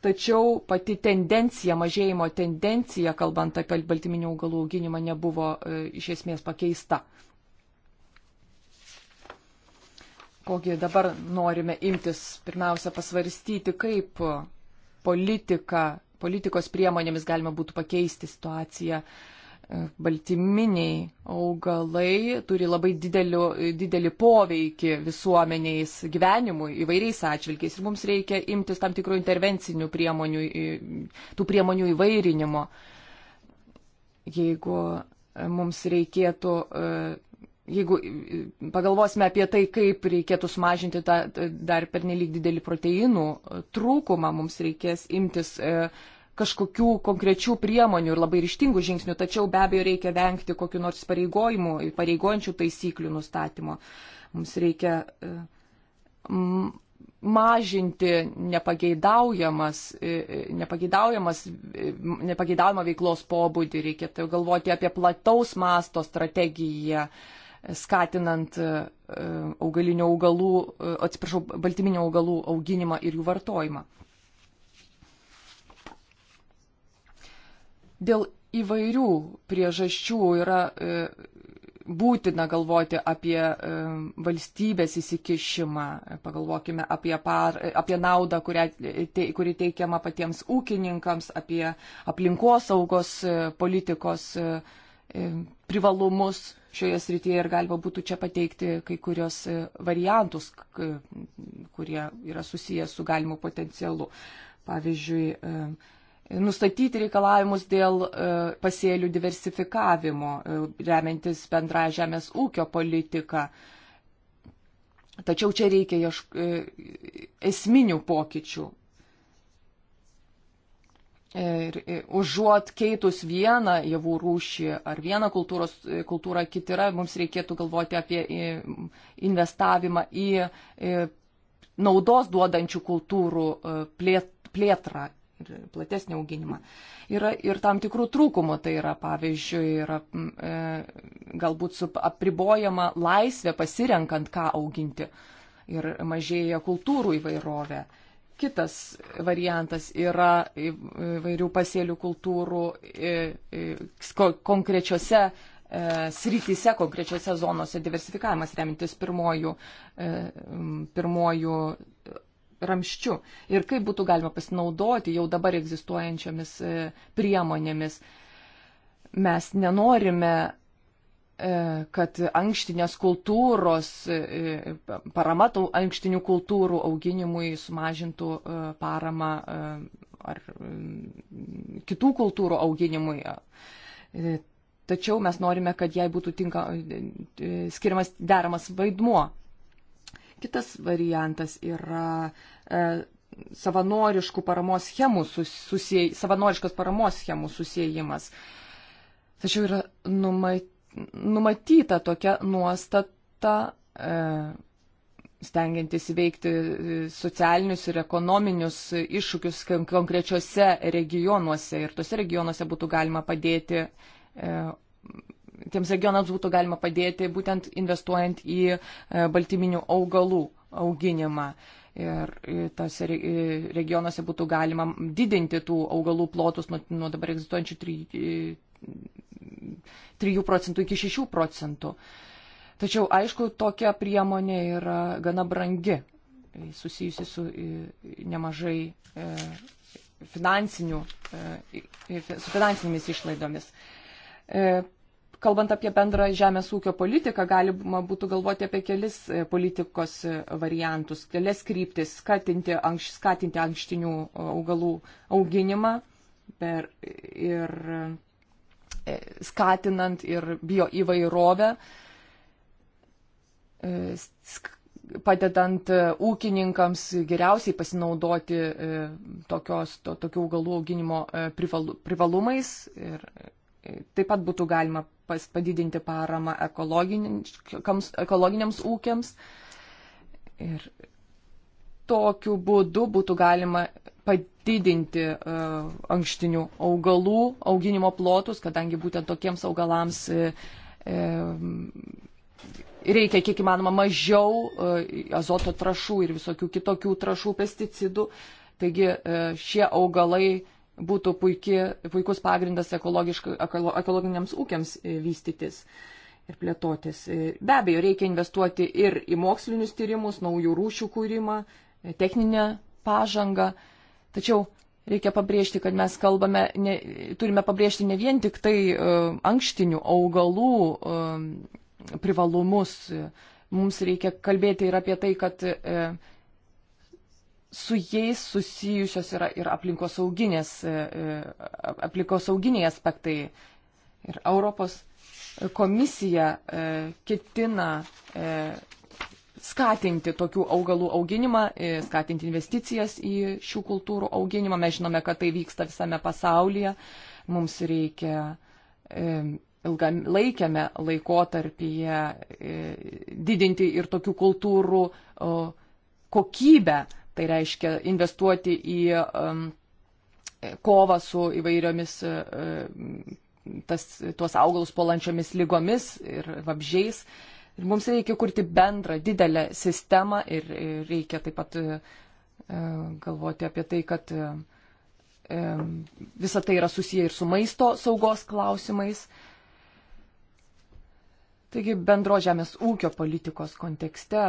Tačiau pati tendencija, mažėjimo tendencija, kalbant apie baltyminių augalų auginimą, nebuvo e, iš esmės pakeista. Kogi dabar norime imtis pirmiausia pasvarstyti, kaip politika, politikos priemonėmis galima būtų pakeisti situaciją. E, baltyminiai augalai turi labai dideliu, didelį poveikį visuomeniais gyvenimui įvairiais atžvilgiais ir mums reikia imtis tam tikrų intervencinių priemonių, tų priemonių įvairinimo. Jeigu mums reikėtų e, jeigu e, pagalvosime apie tai, kaip reikėtų sumažinti tą dar pernelyg didelį proteinų e, trūkumą, mums reikės imtis e, kažkokių konkrečių priemonių ir labai ryštingų žingsnių, tačiau be abejo reikia vengti kokiu nors pareigojimų, pareigojančių taisyklių nustatymo. Mums reikia mažinti nepageidaujamas, nepageidaujamas, nepageidaujamą veiklos pobūdį, reikėtų galvoti apie plataus masto strategiją, skatinant e, augalinių augalų, e, atsiprašau, baltyminio augalų auginimą ir jų vartojimą. Dėl įvairių priežasčių yra e, būtina galvoti apie valstybės įsikišimą, pagalvokime apie, par, apie naudą, kurią, te, kuri teikiama patiems ūkininkams, apie aplinkosaugos politikos privalumus šioje srityje ir galima būtų čia pateikti kai kurios e, variantus, kurie yra susijęs su galimu potencialu. Pavyzdžiui, e, nustatyti reikalavimus dėl e, pasėlių diversifikavimo, remiantis bendrą žemės ūkio politiką. Tačiau čia reikia iešk... esminių pokyčių, E, ir, ir e, užuot keitus vieną javų rūšį ar vieną kultūros, e, kultūrą kitą, mums reikėtų galvoti apie investavimą į naudos duodančių kultūrų plėt, plėtrą ir platesnį auginimą. Yra ir tam tikrų trūkumų, tai yra pavyzdžiui, yra e, galbūt su, apribojama laisvė pasirenkant, ką auginti ir mažėja kultūrų įvairovė. E, Kitas variantas yra įvairių pasėlių kultūrų konkrečiose e, srityse, konkrečiose zonose diversifikavimas remintis pirmojų, e, pirmojų ramščių ir kaip būtų galima pasinaudoti jau dabar egzistuojančiomis e, priemonėmis. Mes nenorime E, kad ankštinės kultūros, e, parama tų ankštinių kultūrų auginimui sumažintų e, paramą ar kitų kultūrų auginimui. Tačiau mes norime, kad jai būtų tinka, skiriamas deramas vaidmuo. Kitas variantas yra savanoriškų paramos schemų, susiej, savanoriškos paramos schemų susijimas. Tačiau yra numatyti numatyta tokia nuostata, e, stengiantis įveikti socialinius ir ekonominius iššūkius konkrečiose regionuose ir tose regionuose būtų galima padėti, e, tiems regionams būtų galima padėti būtent investuojant į e, baltyminių augalų auginimą ir tose regionuose būtų galima didinti tų augalų plotus nuo, nuo dabar egzistuojančių 3 procentų iki 6 procentų. Tačiau, aišku, tokia priemonė yra gana brangi, e, susijusi su e, nemažai e, finansinių, su finansinėmis išlaidomis. Kalbant apie bendrą žemės ūkio politiką, galima būtų galvoti apie kelis politikos variantus, kelias kryptis, skatinti, ankš, skatinti ankštinių augalų auginimą per, ir E, skatinant ir bio įvairovę, e, padedant e, ūkininkams geriausiai pasinaudoti tokios, to, tokių augalų auginimo privalumais. Ir taip pat būtų galima pas, padidinti paramą ekologiniams ūkiams. Ir tokiu būdu būtų galima didinti e, ankštinių augalų auginimo plotus, kadangi būtent tokiems augalams e, e, reikia kiek įmanoma mažiau azoto trašų ir visokių kitokių trašų pesticidų. Taigi šie augalai būtų puikia, puikus pagrindas ekologiniams ūkiams vystytis ir plėtotis. Be abejo, reikia investuoti ir į mokslinius tyrimus, naujų rūšių kūrimą, techninę pažangą. Tačiau reikia pabrėžti, kad mes kalbame, ne, turime pabrėžti ne vien tik tai uh, ankštinių augalų uh, privalumus. Mums reikia kalbėti ir apie tai, kad uh, su jais susijusios yra ir aplinkosauginės, uh, aplinkosauginiai aspektai. Ir Europos komisija uh, ketina uh, skatinti tokių augalų auginimą, e, skatinti investicijas į šių kultūrų auginimą. Mes žinome, kad tai vyksta visame pasaulyje. Mums reikia e, ilgalaikiame laikotarpyje e, didinti ir tokių kultūrų kokybę. Tai reiškia investuoti į um, kovą su įvairiomis tas, tuos augalus puolančiomis lygomis ir vabžiais. Ir mums reikia kurti bendrą didelę sistemą ir reikia taip pat e, e, galvoti apie tai, kad e, visa tai yra susiję ir su maisto saugos klausimais. Taigi bendro žemės ūkio politikos kontekste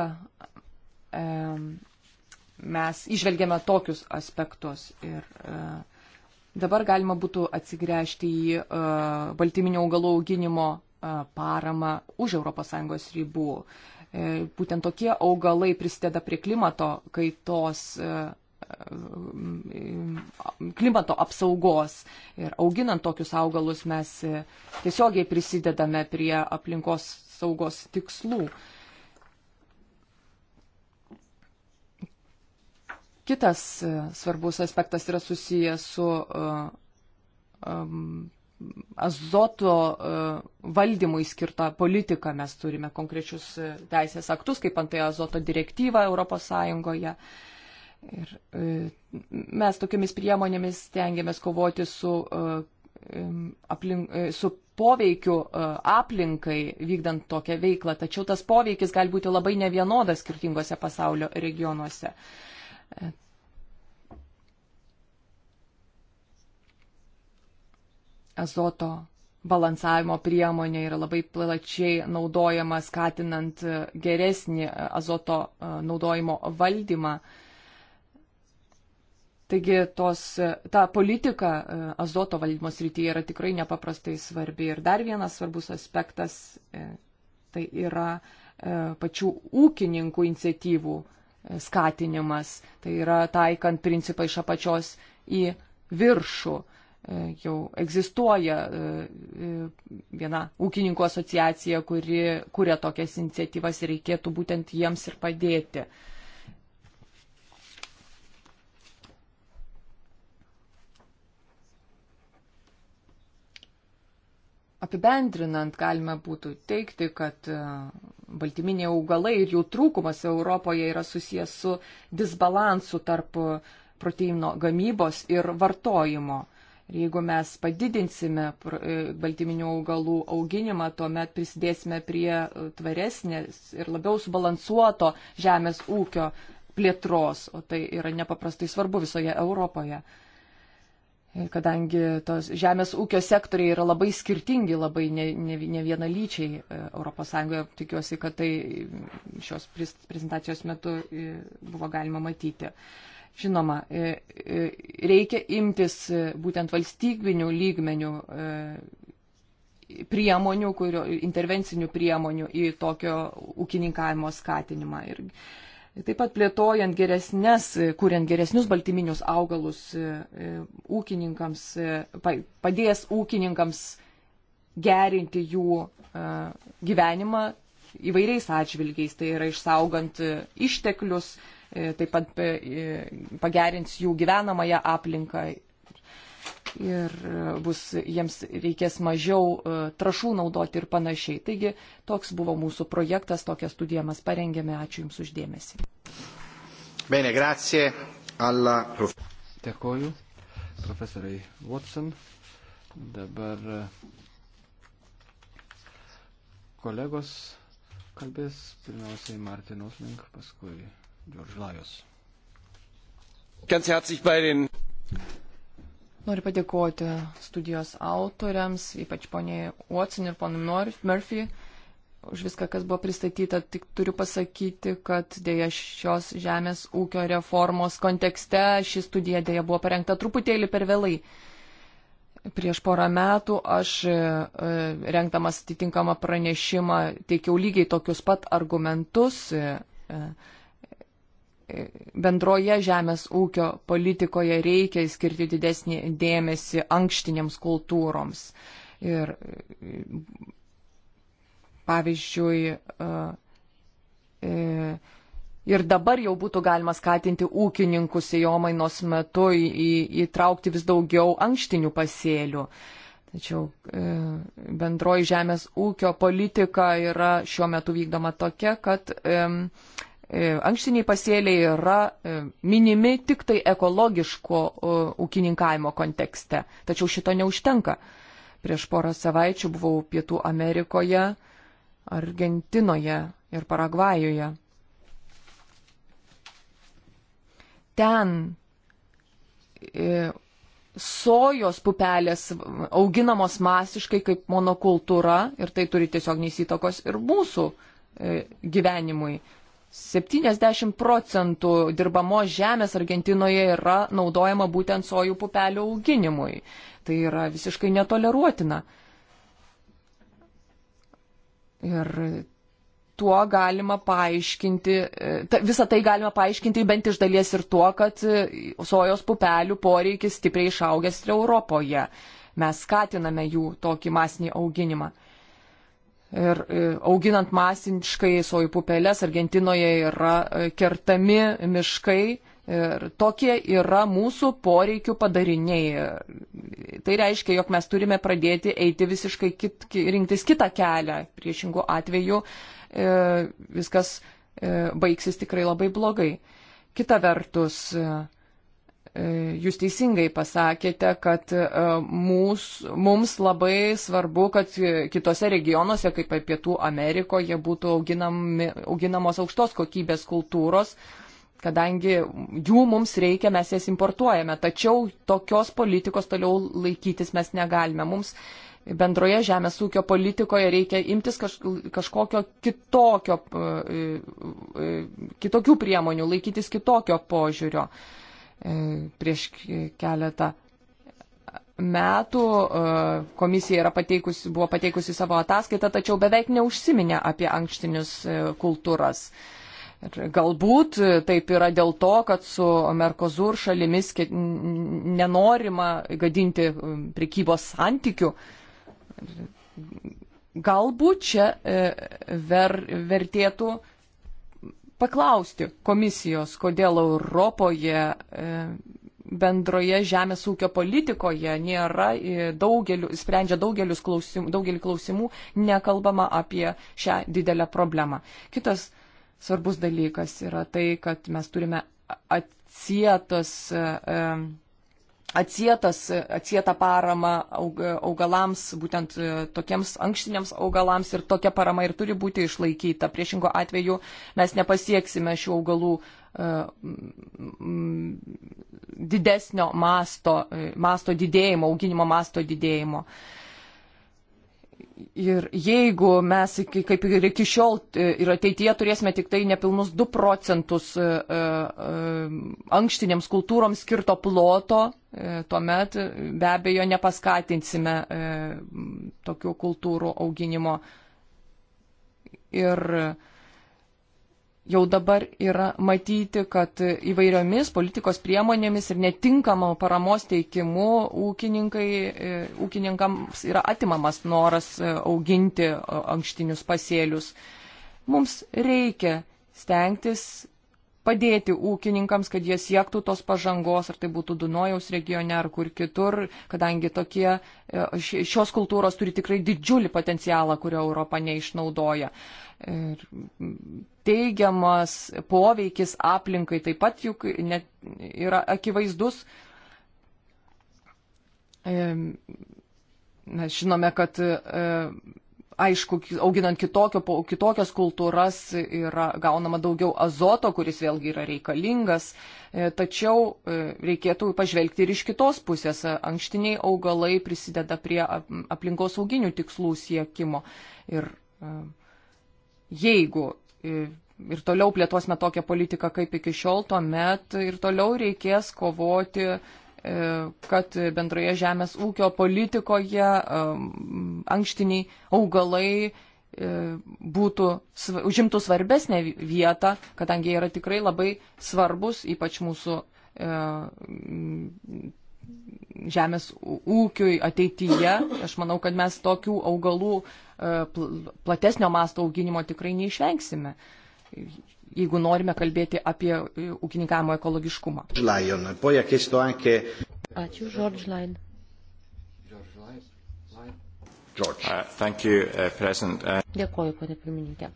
mes išvelgėme tokius aspektus ir dabar galima būtų atsigręžti į baltyminio augalų auginimo paramą už ES ribų. E, būtent tokie augalai prisideda prie klimato kaitos e, e, klimato apsaugos ir auginant tokius augalus mes tiesiogiai prisidedame prie aplinkos saugos tikslų. Kitas svarbus aspektas yra susijęs su um, azoto e, valdymui skirtą politiką. Mes turime konkrečius e, teisės aktus, kaip antai azoto direktyva ES. Ir e, mes tokiamis priemonėmis stengiamės kovoti su, aplink, su poveikiu aplinkai vykdant tokią veiklą, tačiau tas poveikis gali būti labai nevienodas skirtingose pasaulio regionuose. azoto balansavimo priemonė yra labai plačiai naudojama, skatinant e, geresnį e, azoto e, naudojimo valdymą. Taigi tos, ta politika azoto valdymo srityje yra tikrai nepaprastai svarbi. Ir dar vienas svarbus aspektas tai yra pačių ūkininkų iniciatyvų skatinimas. Tai yra taikant principą iš apačios į viršų. E, jau egzistuoja e, e, viena ūkininkų asociacija, kuri kuria tokias iniciatyvas ir reikėtų būtent jiems ir padėti. Apibendrinant, galime būtų teikti, kad baltyminiai augalai ir jų trūkumas Europoje yra susijęs su disbalansu tarp proteino gamybos ir vartojimo. Jeigu mes padidinsime e, baltyminių augalų auginimą, tuomet prisidėsime prie e, tvaresnės ir labiau subalansuoto žemės ūkio plėtros, o tai yra nepaprastai svarbu visoje Europoje. Kadangi tos žemės ūkio sektoriai yra labai skirtingi, labai ne, ne, ne vienalyčiai ES, tikiuosi, kad tai šios prezentacijos metu e, buvo galima matyti. Žinoma, e, e, reikia imtis e, būtent valstybinių lygmenių priemonių, kurio, intervencinių priemonių į tokio ūkininkavimo skatinimą. Ir taip pat plėtojant geresnės, kuriant geresnius baltyminius augalus ūkininkams, padės ūkininkams gerinti jų gyvenimą įvairiais atžvilgiais, tai yra išsaugant išteklius, E, taip pat e, pagerins jų gyvenamąją aplinką ir e, bus, jiems reikės mažiau trašų naudoti ir panašiai. Taigi toks buvo mūsų projektas, tokią studiją mes parengėme. Ačiū Jums uždėmesi. Bene, grazie alla. Dėkoju profesoriai Watson. Dabar kolegos kalbės pirmiausiai Martinos link, paskui George Lajos. Noriu padėkoti studijos autoriams, ypač poniai Watson ir ponui Murphy, už viską, kas buvo pristatyta. Tik turiu pasakyti, kad dėja šios žemės ūkio reformos kontekste ši studija dėja buvo parengta truputėlį per vėlai. Prieš porą metų aš e, rengdamas atitinkamą pranešimą teikiau lygiai tokius pat argumentus e, e, bendroje žemės ūkio politikoje reikia skirti didesnį dėmesį ankštinėms kultūroms. Ir pavyzdžiui, e, e, ir dabar jau būtų galima skatinti ūkininkus įjomainos metu įtraukti vis daugiau ankštinių pasėlių. Tačiau e, bendroji žemės ūkio politika yra šiuo metu vykdoma tokia, kad E, ankštiniai pasėliai yra e, minimi tik tai ekologiško e, ūkininkavimo kontekste. Tačiau šito neužtenka. Prieš porą savaičių buvau Pietų Amerikoje, Argentinoje ir Paragvajoje. Ten sojos pupelės auginamos masiškai kaip monokultūra ir tai turi tiesiog neįsitakos ir mūsų gyvenimui. 70 procentų dirbamos žemės Argentinoje yra naudojama būtent sojų pupelių auginimui. Tai yra visiškai netoleruotina. Ir tuo galima paaiškinti, ta, visą tai galima paaiškinti bent iš dalies ir tuo, kad sojos pupelių poreikis stipriai išaugęs ir Europoje. Mes skatiname jų tokį masinį auginimą. Ir e, auginant masiniškai sojų pupelės Argentinoje yra e, kertami miškai. Ir tokie yra mūsų poreikių padariniai. Tai reiškia, jog mes turime pradėti eiti visiškai kit, rinktis kitą kelią. Priešingų atveju e, viskas e, baigsis tikrai labai blogai. Kita vertus, e, E, jūs teisingai pasakėte, kad e, mūs, mums labai svarbu, kad e, kitose regionuose, kaip ir Pietų Amerikoje, būtų auginami, auginamos aukštos kokybės kultūros, kadangi jų mums reikia, mes jas importuojame. Tačiau tokios politikos toliau laikytis mes negalime. Mums bendroje žemės ūkio politikoje reikia imtis kaž, kažkokio kitokio, kitokių priemonių, laikytis kitokio požiūrio. E, prieš keletą metų e, komisija pateikusi, buvo pateikusi savo ataskaitą, tačiau beveik neužsiminė apie ankštinius e, kultūras. Ir galbūt taip yra dėl to, kad su Merkozur šalimis nenorima gadinti prekybos santykių. Galbūt čia ver, vertėtų paklausti komisijos, kodėl Europoje e, bendroje žemės ūkio politikoje nėra e, daugeliu, sprendžia daugelius klausimų, daugelį klausimų, nekalbama apie šią didelę problemą. Kitas svarbus dalykas yra tai, kad mes turime atsietas e, atsietas, atsietą paramą augalams, būtent e, tokiems ankštiniams augalams ir tokia parama ir turi būti išlaikyta. Priešingo atveju mes nepasieksime šių augalų e, didesnio masto, e, masto didėjimo, auginimo masto didėjimo. Uh, Ir jeigu mes iki, kaip ir iki šiol e, ir ateityje turėsime tik tai nepilnus 2 procentus e, e, ankštinėms kultūroms skirto ploto, tuomet be abejo nepaskatinsime tokių kultūrų auginimo. Ir uh, jau dabar yra matyti, kad įvairiomis politikos priemonėmis ir netinkamo paramos teikimu e, ūkininkams yra atimamas noras e, auginti e, ankštinius pasėlius. Mums reikia stengtis padėti ūkininkams, kad jie siektų tos pažangos, ar tai būtų Dunojaus regione ar kur kitur, kadangi tokie, šios kultūros turi tikrai didžiulį potencialą, kurio Europa neišnaudoja. Ir teigiamas poveikis aplinkai taip pat juk net yra akivaizdus. Mes žinome, kad e, aišku, auginant kitokio, kitokias kultūras yra gaunama daugiau azoto, kuris vėlgi yra reikalingas, e, tačiau e, reikėtų pažvelgti ir iš kitos pusės. Ankštiniai augalai prisideda prie aplinkos auginių tikslų siekimo. Ir jeigu ir toliau plėtosime tokią politiką kaip iki šiol, tuomet ir toliau reikės kovoti, e, kad bendroje žemės ūkio politikoje e, ankštiniai augalai e, būtų, užimtų svarbesnę vietą, kadangi jie yra tikrai labai svarbus, ypač mūsų žemės ūkiui ateityje. Aš manau, kad mes tokių augalų e, platesnio masto auginimo tikrai neišvengsime, jeigu norime kalbėti apie e, ūkininkavimo ekologiškumą. Ačiū, George Lyon. George. Uh, thank you, uh, President. Uh... Dėkoju, ponė pirmininkė.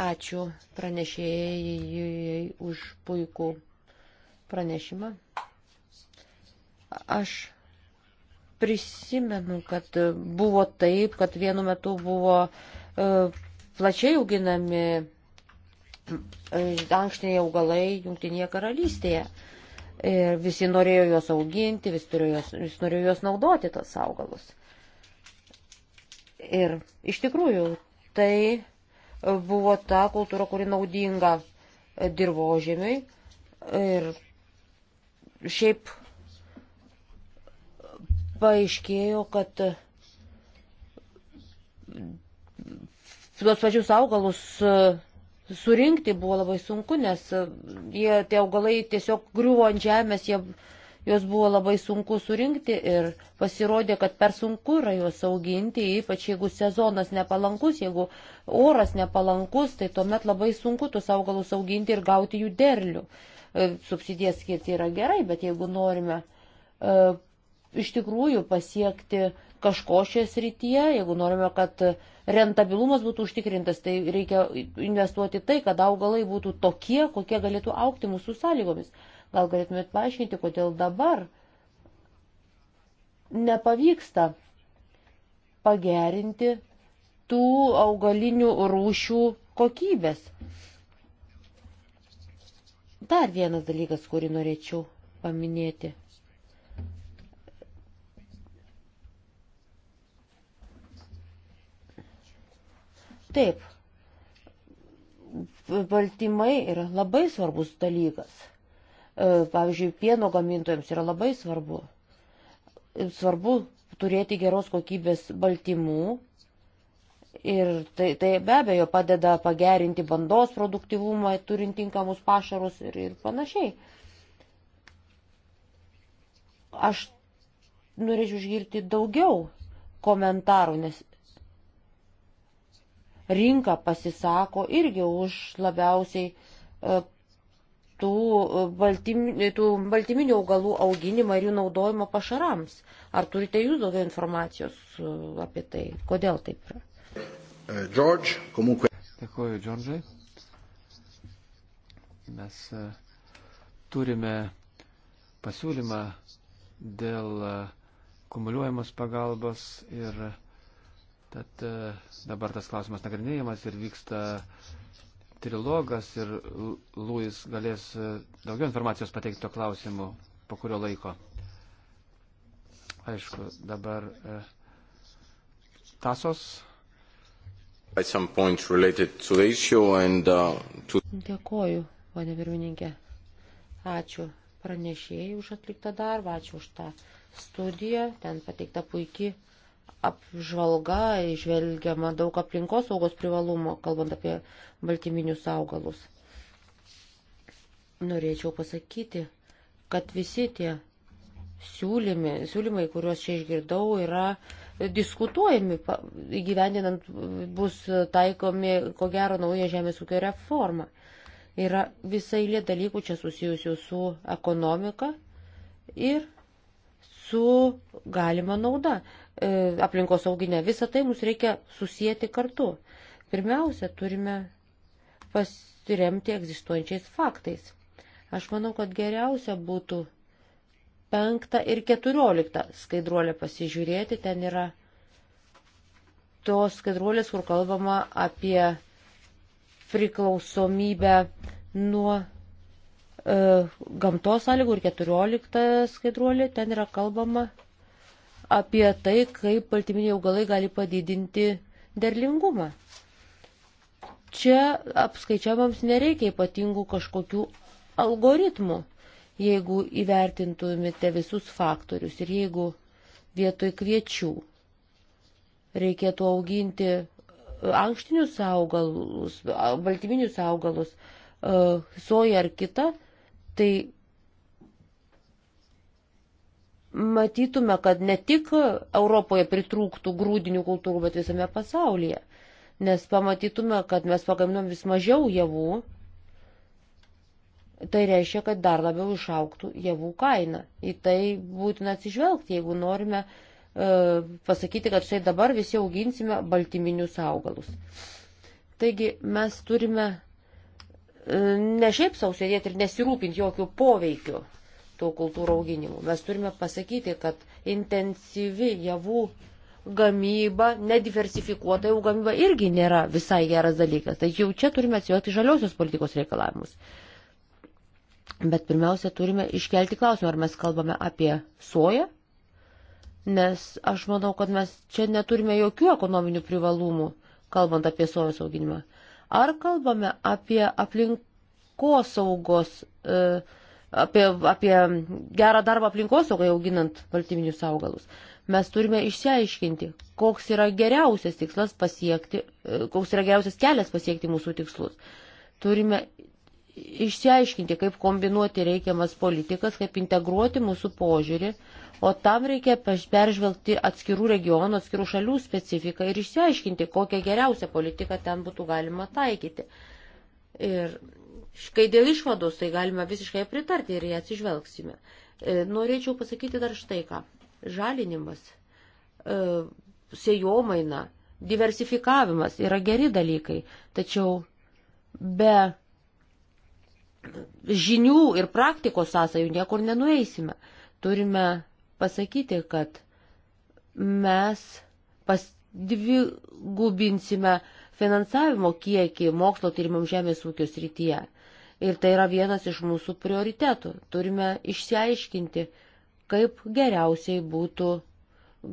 Ačiū pranešėjai už puikų pranešimą. Aš prisimenu, kad buvo taip, kad vienu metu buvo e, plačiai auginami e, ankštiniai augalai Junktinėje karalystėje. Ir visi norėjo juos auginti, visi, juos, visi norėjo juos naudoti, tos augalus. Ir iš tikrųjų tai buvo ta kultūra, kuri naudinga dirbožėmiui ir Šiaip paaiškėjo, kad tuos pačius augalus surinkti buvo labai sunku, nes jie, tie augalai tiesiog griuvo ant žemės, jie, juos buvo labai sunku surinkti ir pasirodė, kad per sunku yra juos auginti, ypač jeigu sezonas nepalankus, jeigu oras nepalankus, tai tuomet labai sunku tuos augalus auginti ir gauti jų derlių. Uh, E, subsidijas skirti yra gerai, bet jeigu norime e, iš tikrųjų pasiekti kažko šioje srityje, jeigu norime, kad rentabilumas būtų užtikrintas, tai reikia investuoti tai, kad augalai būtų tokie, kokie galėtų aukti mūsų sąlygomis. Gal galėtumėt paaiškinti, kodėl dabar nepavyksta pagerinti tų augalinių rūšių kokybės. Dar vienas dalykas, kurį norėčiau paminėti. Taip, baltymai yra labai svarbus dalykas. E, pavyzdžiui, pieno gamintojams yra labai svarbu. Svarbu turėti geros kokybės baltymų, Ir tai, tai be abejo padeda pagerinti bandos produktivumą, turint tinkamus pašarus ir, ir panašiai. Aš norėčiau išgirti daugiau komentarų, nes rinka pasisako irgi už labiausiai e, tų, e, baltym, tų baltyminių augalų auginimą ir jų naudojimą pašarams. Ar turite jūs daugiau informacijos e, apie tai? Kodėl taip yra? Uh, George, comunque. Dėkuoju, Džordžai. Mes uh, turime pasiūlymą dėl uh, kumuliuojamos pagalbos ir tad dabar tas klausimas nagrinėjimas ir vyksta trilogas ir Lūis galės daugiau informacijos pateikti to klausimu po kurio laiko. Aišku, dabar tasos And, uh, to... Dėkoju, ponė pirmininkė. Ačiū pranešėjai už atliktą darbą, ačiū už tą studiją, ten pateikta puikiai apžvalga, išvelgiama daug aplinkos saugos privalumo, kalbant apie baltyminius augalus. Norėčiau pasakyti, kad visi tie siūlymi, siūlymai, kuriuos čia išgirdau, yra diskutuojami, įgyvendinant bus taikomi, ko gero, nauja žemės ūkio reforma. Yra visai lė dalykų čia susijusių su ekonomika ir su galima nauda. E, aplinkos auginė visą tai mums reikia susijęti kartu. Pirmiausia, turime pasiremti egzistuojančiais faktais. Aš manau, kad geriausia būtų 5 ir 14 skaidruolę pasižiūrėti. Ten yra tos skaidruolės, kur kalbama apie priklausomybę nuo e, gamtos sąlygų ir 14 skaidruolė. Ten yra kalbama apie tai, kaip baltyminiai augalai gali padidinti derlingumą. Čia apskaičiavams nereikia ypatingų kažkokių algoritmų jeigu įvertintumėte visus faktorius ir jeigu vietoj kviečių reikėtų auginti e, ankštinius augalus, baltyminius augalus, e, soją ar kitą, tai matytume, kad ne tik Europoje pritrūktų grūdinių kultūrų, bet visame pasaulyje. Nes pamatytume, kad mes pagaminom vis mažiau javų, Tai reiškia, kad dar labiau išauktų javų kaina. Į tai būtina atsižvelgti, jeigu norime e, pasakyti, kad štai dabar visi auginsime baltyminius augalus. Taigi mes turime e, ne šiaip sausėdėti ir nesirūpinti jokių poveikių tų kultūrų auginimų. Mes turime pasakyti, kad intensyvi javų gamyba, nediversifikuota jau gamyba irgi nėra visai geras dalykas. Tai jau čia turime atsijoti žaliosios politikos reikalavimus. Bet pirmiausia, turime iškelti klausimą, ar mes kalbame apie soją, nes aš manau, kad mes čia neturime jokių ekonominių privalumų, kalbant apie sojos auginimą. Ar kalbame apie aplinkosaugos, e, apie, apie gerą darbą aplinkosaugai auginant baltyminius augalus. Mes turime išsiaiškinti, koks yra geriausias tikslas pasiekti, e, koks yra geriausias kelias pasiekti mūsų tikslus. Turime išsiaiškinti, kaip kombinuoti reikiamas politikas, kaip integruoti mūsų požiūrį, o tam reikia peržvelgti atskirų regionų, atskirų šalių specifiką ir išsiaiškinti, kokią geriausią politiką ten būtų galima taikyti. Ir kai dėl išvados, tai galima visiškai pritarti ir ją atsižvelgsime. E, norėčiau pasakyti dar štai ką. Žalinimas, e, sejomaina, diversifikavimas yra geri dalykai, tačiau be žinių ir praktikos sąsajų niekur nenueisime. Turime pasakyti, kad mes dvigubinsime finansavimo kiekį mokslo tyrimams žemės ūkio srityje. Ir tai yra vienas iš mūsų prioritetų. Turime išsiaiškinti, kaip geriausiai būtų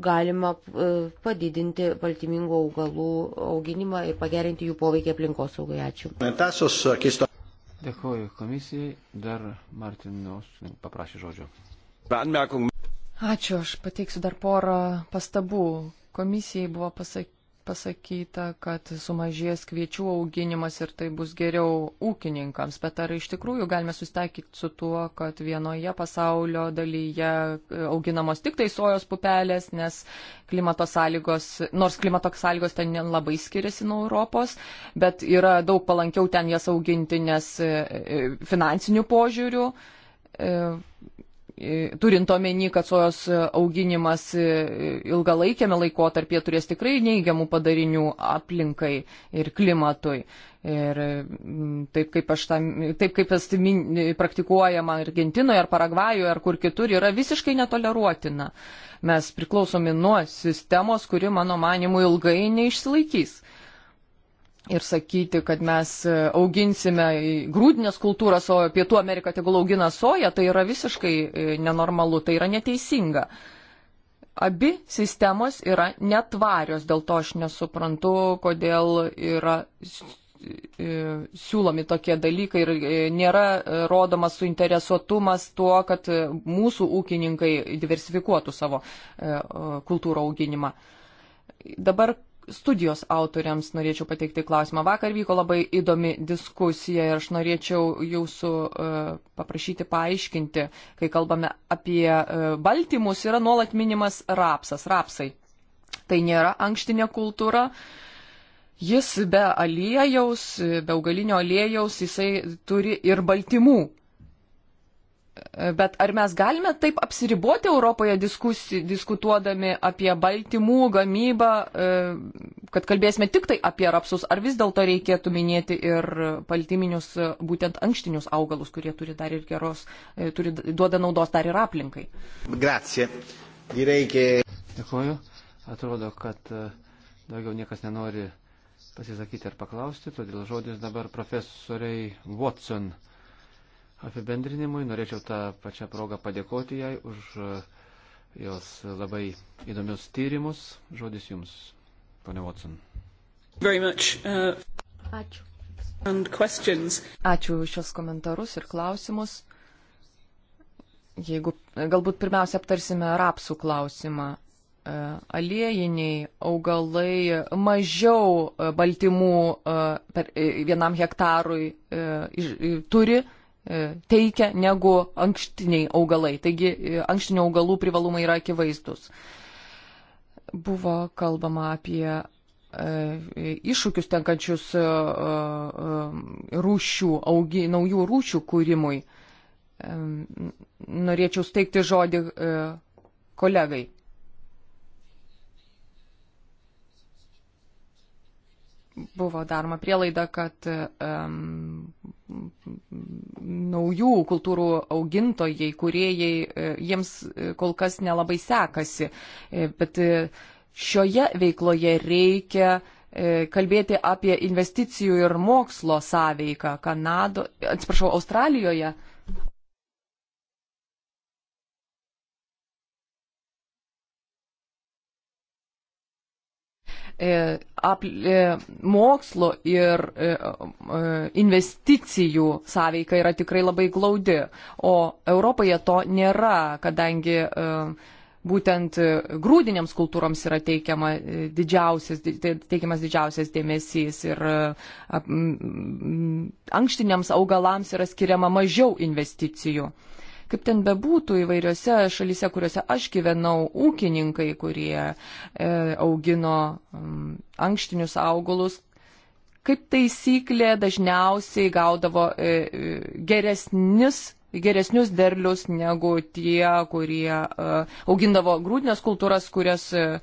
galima e, padidinti baltymingų augalų auginimą ir pagerinti jų poveikį aplinkosaugai. Ačiū. Tasos, Dėkuoju komisijai. Dar Martinos paprašė žodžio. Ačiū, aš pateiksiu dar porą pastabų. Komisijai buvo pasakyta pasakyta, kad sumažės kviečių auginimas ir tai bus geriau ūkininkams, bet ar iš tikrųjų galime sustaikyti su tuo, kad vienoje pasaulio dalyje e, auginamos tik tai sojos pupelės, nes klimato sąlygos, nors klimato sąlygos ten labai skiriasi nuo Europos, bet yra daug palankiau ten jas auginti, nes e, e, finansinių požiūrių E, turint omeny, kad sojos auginimas e, ilgalaikėme laikotarpyje turės tikrai neigiamų padarinių aplinkai ir klimatui. Ir taip kaip, aš tam, taip kaip tas praktikuojama Argentinoje ar Paragvajoje ar kur kitur yra visiškai netoleruotina. Mes priklausomi nuo sistemos, kuri, mano manimu, ilgai neišsilaikys ir sakyti, kad mes e, auginsime grūdinės kultūras, o Pietų Amerika tegul augina soją, tai yra visiškai e, nenormalu, tai yra neteisinga. Abi sistemos yra netvarios, dėl to aš nesuprantu, kodėl yra e, siūlomi tokie dalykai ir nėra rodomas suinteresuotumas tuo, kad mūsų ūkininkai diversifikuotų savo kultūrų auginimą. Dabar studijos autoriams norėčiau pateikti klausimą. Vakar vyko labai įdomi diskusija ir aš norėčiau jūsų e, paprašyti paaiškinti, kai kalbame apie e, baltymus, yra nuolat minimas rapsas, rapsai. Tai nėra ankštinė kultūra. Jis be aliejaus, be augalinio aliejaus, jisai turi ir baltymų. Bet ar mes galime taip apsiriboti Europoje diskusi, diskutuodami apie baltymų gamybą, e, kad kalbėsime tik tai apie rapsus, ar vis dėlto reikėtų minėti ir baltyminius, e, būtent ankštinius augalus, kurie turi dar ir geros, e, turi, duoda naudos dar ir aplinkai? Grazie. Reikia. Dėkuoju. Atrodo, kad daugiau niekas nenori pasisakyti ar paklausti, todėl žodis dabar profesoriai Watson apibendrinimui. Norėčiau tą pačią progą padėkoti jai už e, jos labai įdomius tyrimus. Žodis jums, ponia Watson. Uh... Ačiū. Ačiū už šios komentarus ir klausimus. Jeigu galbūt pirmiausia aptarsime rapsų klausimą. E, aliejiniai augalai mažiau e, baltymų per vienam hektarui turi E, teikia negu ankštiniai augalai. Taigi e, ankštinių augalų privalumai yra akivaizdus. Buvo kalbama apie e, iššūkius tenkančius rūšių, augi, naujų rūšių kūrimui. Norėčiau steigti žodį kolegai. Buvo daroma prielaida, kad um, naujų kultūrų augintojai, kuriejai, e, jiems e, kol kas nelabai sekasi, e, bet šioje veikloje reikia kalbėti apie investicijų ir mokslo sąveiką. Kanado, atsiprašau, Australijoje E, e, mokslo ir e, investicijų sąveika yra tikrai labai glaudi, o Europoje to nėra, kadangi būtent grūdiniams kultūroms yra teikiama didžiausias, teikiamas didžiausias dėmesys ir ankštiniams augalams yra skiriama mažiau investicijų. Kaip ten bebūtų įvairiose šalyse, kuriuose aš gyvenau, ūkininkai, kurie e, augino m, ankštinius augalus, kaip taisyklė dažniausiai gaudavo e, e geresnis geresnius derlius negu tie, kurie uh, augindavo grūdinės kultūras, kurias uh,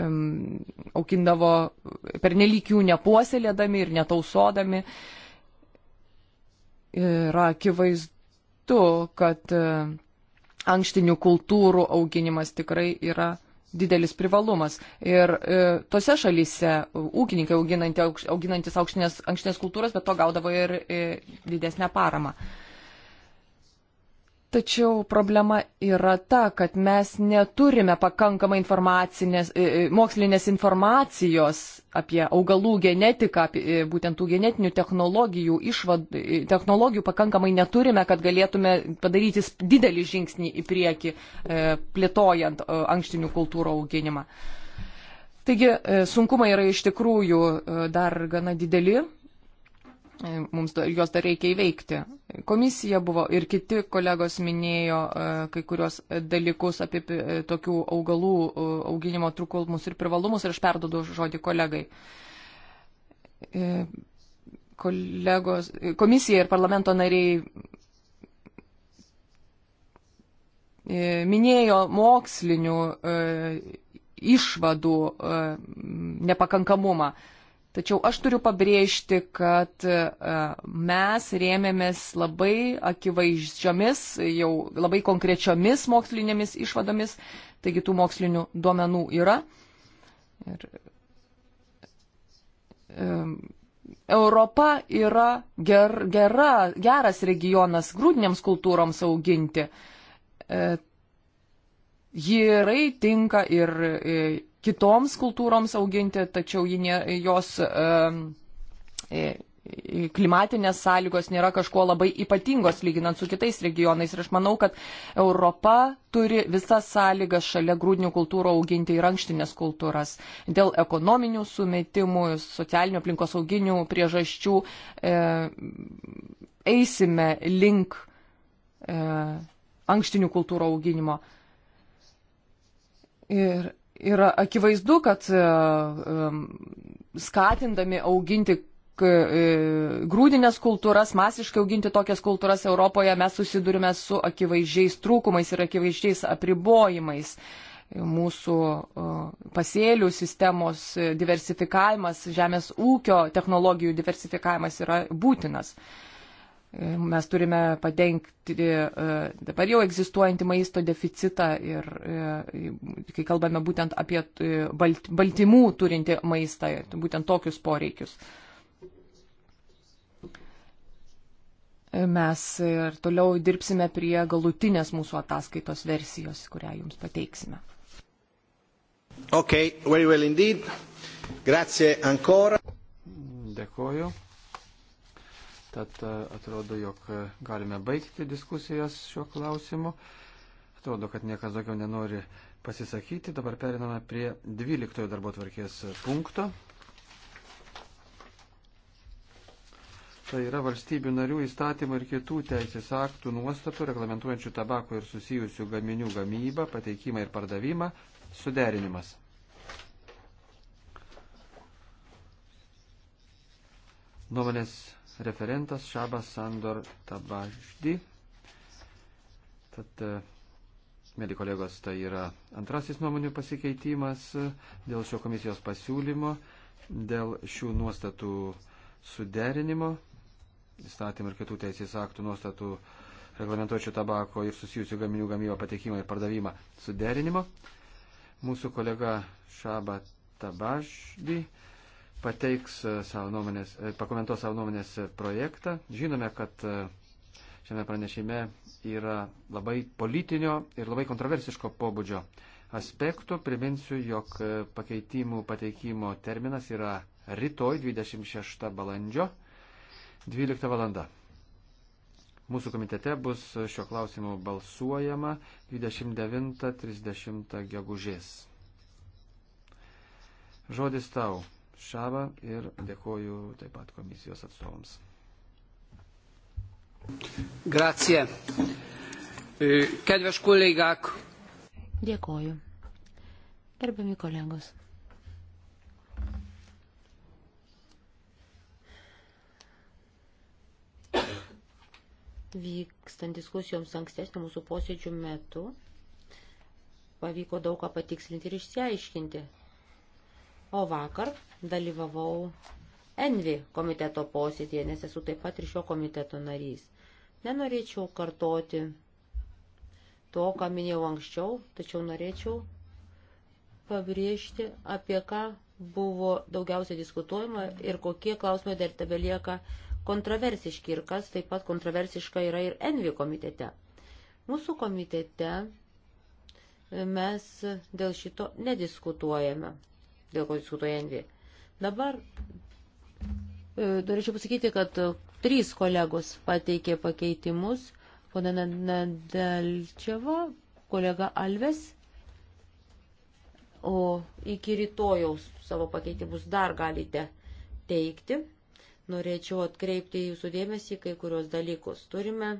um, augindavo pernelyg jų nepuoselėdami ir netausodami. Uh, yra akivaizdu kartu, kad e, ankštinių kultūrų auginimas tikrai yra didelis privalumas. Ir e, tose šalyse ūkininkai auginanti, auginantis aukštinės, ankštinės kultūras, bet to gaudavo ir e, didesnę paramą. E, Tačiau problema yra ta, kad mes neturime pakankamai informacinės, e, e, mokslinės informacijos apie augalų genetiką, apie e, būtent tų genetinių technologijų, išvad, technologijų pakankamai neturime, kad galėtume padaryti didelį žingsnį į priekį, plėtojant ankštinių kultūrų auginimą. Taigi sunkumai yra iš tikrųjų dar gana dideli, E, mums juos dar reikia įveikti. Komisija buvo ir kiti kolegos minėjo e, kai kurios dalykus apie e, tokių augalų auginimo trūkumus ir privalumus ir aš perdodu žodį kolegai. Kolegos, komisija ir parlamento nariai minėjo mokslinių išvadų nepakankamumą. Tačiau aš turiu pabrėžti, kad e, mes rėmėmės labai akivaizdžiomis, jau labai konkrečiomis mokslinėmis išvadomis, taigi tų mokslinių duomenų yra. Ir, um, Europa yra ger, gera, geras regionas grūdiniams kultūroms auginti. E, Jirai tinka ir, ir e, kitoms kultūroms auginti, tačiau ne, jos e, e, klimatinės sąlygos nėra kažkuo labai ypatingos lyginant su kitais regionais. Ir aš manau, kad Europa turi visas sąlygas šalia grūdinių kultūrų auginti ir ankštinės kultūras. Dėl ekonominių sumetimų, socialinių aplinkos auginių priežasčių e, eisime link e, ankštinių kultūrų auginimo. Ir yra akivaizdu, kad e, skatindami auginti e, grūdinės kultūras, masiškai auginti tokias kultūras Europoje, mes susidurime su akivaizdžiais trūkumais ir akivaizdžiais apribojimais. Mūsų e, pasėlių sistemos diversifikavimas, žemės ūkio technologijų diversifikavimas yra būtinas. Uh, Mes turime padengti e, dabar jau egzistuojantį maisto deficitą ir e, kai kalbame būtent apie e, baltymų turinti maistą, būtent tokius poreikius. Mes ir toliau dirbsime prie galutinės mūsų ataskaitos versijos, kurią jums pateiksime. Okay, very well indeed. Grazie ancora. Dėkoju. Tad e, atrodo, jog galime baigti diskusijas šiuo klausimu. Atrodo, kad niekas daugiau nenori pasisakyti. Dabar periname prie 12 darbo tvarkės punkto. Tai yra valstybių narių įstatymų ir kitų teisės aktų nuostatų reglamentuojančių tabako ir susijusių gaminių gamybą, pateikimą ir pardavimą suderinimas. Nuomonės referentas Šabas Sandor Tabaždi. Tad, e, mėly kolegos, tai yra antrasis nuomonių pasikeitimas e, dėl šio komisijos pasiūlymo, dėl šių nuostatų suderinimo, įstatymų ir kitų teisės aktų nuostatų reglamentuojančių tabako ir susijusių gaminių gamybą, patekimą ir pardavimą suderinimo. Mūsų kolega Šaba Tabaždi pateiks e, savo nuomonės, e, pakomentuos savo nuomonės e, projektą. Žinome, kad šiame pranešime yra labai politinio ir labai kontroversiško pobūdžio aspektų. Priminsiu, jog pakeitimų pateikimo terminas yra rytoj 26 balandžio 12 valanda. Mūsų komitete bus šio klausimu balsuojama 29.30 gegužės. Žodis tau. Šavą ir dėkoju taip pat komisijos atstovams. Grazie. E, kedves kollégák! Dėkoju. Gerbiami kolegos. Vykstant diskusijoms ankstesnių mūsų posėdžių metu, pavyko daug ką patikslinti ir išsiaiškinti. O vakar dalyvavau Envi komiteto posėdėje, nes esu taip pat ir šio komiteto narys. Nenorėčiau kartoti to, ką minėjau anksčiau, tačiau norėčiau pabrėžti, apie ką buvo daugiausia diskutuojama ir kokie klausimai dar tebelieka kontroversiški ir kas taip pat kontroversiška yra ir Envi komitete. Mūsų komitete mes dėl šito nediskutuojame dėl ko diskutuoja NV. Dabar e, norėčiau e, pasakyti, kad e, trys kolegos pateikė pakeitimus. Pana Nadelčiava, kolega Alves. O iki rytojaus savo pakeitimus dar galite teikti. Norėčiau atkreipti jūsų dėmesį kai kurios dalykus. Turime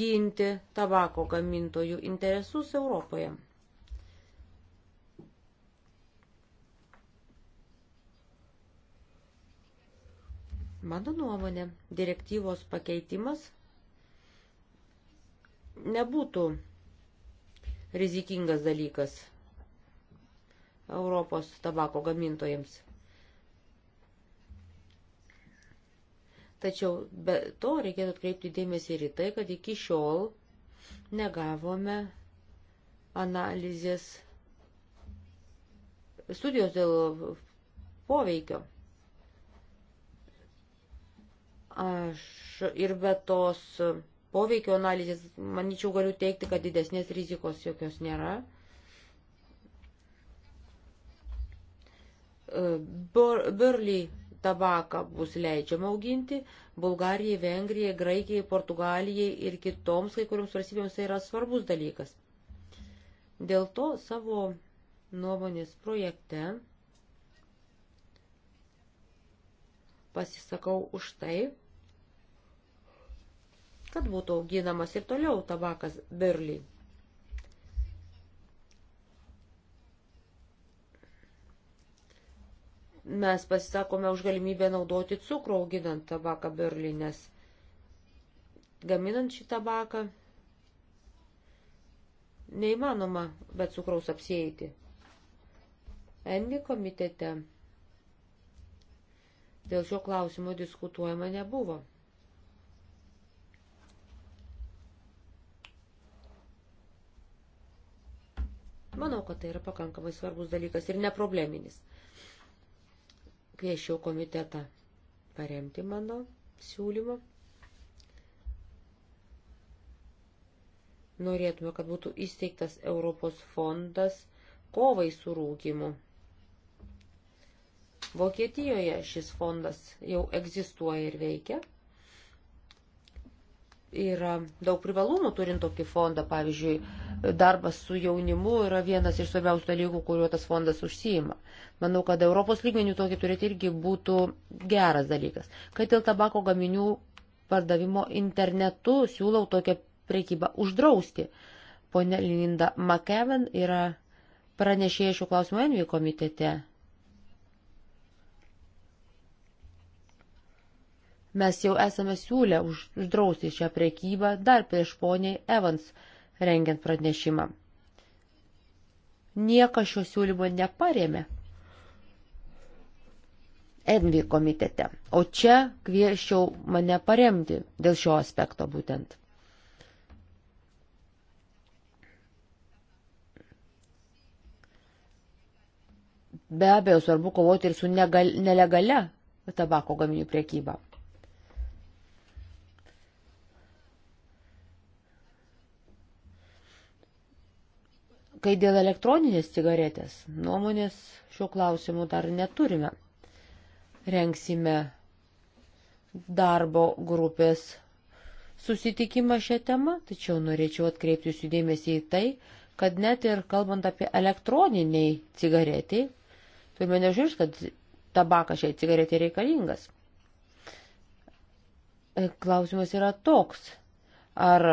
ginti tabako gamintojų interesus Europoje. Mano nuomonė, direktyvos pakeitimas nebūtų rizikingas dalykas Europos tabako gamintojams. Tačiau be to reikėtų atkreipti dėmesį ir į tai, kad iki šiol negavome analizės studijos dėl poveikio. Aš ir be tos poveikio analizės, manyčiau, galiu teikti, kad didesnės rizikos jokios nėra. E, Burley tabaką bus leidžiama auginti, Bulgarijai, Vengrijai, Graikijai, Portugalijai ir kitoms kai kuriams valstybėms tai yra svarbus dalykas. Dėl to savo nuomonės projekte pasisakau už tai, kad būtų auginamas ir toliau tabakas Berly. Mes pasisakome už galimybę naudoti cukrų auginant tabaką Berly, nes gaminant šį tabaką neįmanoma be cukraus apsieiti. Envi komitete Dėl šio klausimo diskutuojama nebuvo. Manau, kad tai yra pakankamai svarbus dalykas ir neprobleminis. Kviešiau komitetą paremti mano siūlymą. Norėtume, kad būtų įsteigtas Europos fondas kovai su rūkimu. Vokietijoje šis fondas jau egzistuoja ir veikia. Yra daug privalumų turint tokį fondą, pavyzdžiui, darbas su jaunimu yra vienas iš svarbiausių dalykų, kuriuo tas fondas užsijima. Manau, kad Europos lygmenių tokį turėti irgi būtų geras dalykas. Kad dėl tabako gaminių pardavimo internetu siūlau tokią priekybą uždrausti. Pone Linda McKevin yra pranešėjai šių klausimų Envy komitete. Mes jau esame siūlę už, uždrausti šią prekybą dar prieš poniai Evans rengiant pranešimą. Niekas šio siūlymo neparėmė. Envy komitete. O čia kvieščiau mane paremti dėl šio aspekto būtent. Be abejo, svarbu kovoti ir su negal, nelegale tabako gaminių priekyba. Kai dėl elektroninės cigaretės nuomonės šiuo klausimu dar neturime. Rengsime darbo grupės susitikimą šią temą, tačiau norėčiau atkreipti jūsų dėmesį į tai, kad net ir kalbant apie elektroniniai cigaretį, turime nežinti, kad tabakas šiai cigaretė reikalingas. E, klausimas yra toks, ar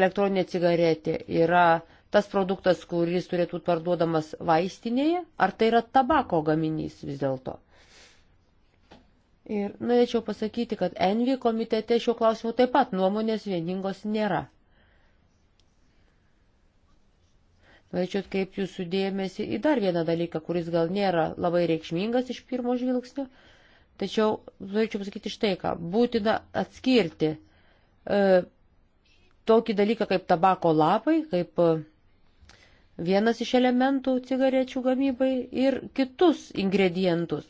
elektroninė cigaretė yra tas produktas, kuris turėtų parduodamas vaistinėje, ar tai yra tabako gaminys vis dėlto. Ir norėčiau pasakyti, kad Envy komitete šiuo klausimu taip pat nuomonės vieningos nėra. Norėčiau atkreipti jūsų dėmesį į dar vieną dalyką, kuris gal nėra labai reikšmingas iš pirmo žvilgsnio, tačiau norėčiau pasakyti štai ką. Būtina atskirti e, tokį dalyką kaip tabako lapai, kaip e, vienas iš elementų cigarečių gamybai ir kitus ingredientus.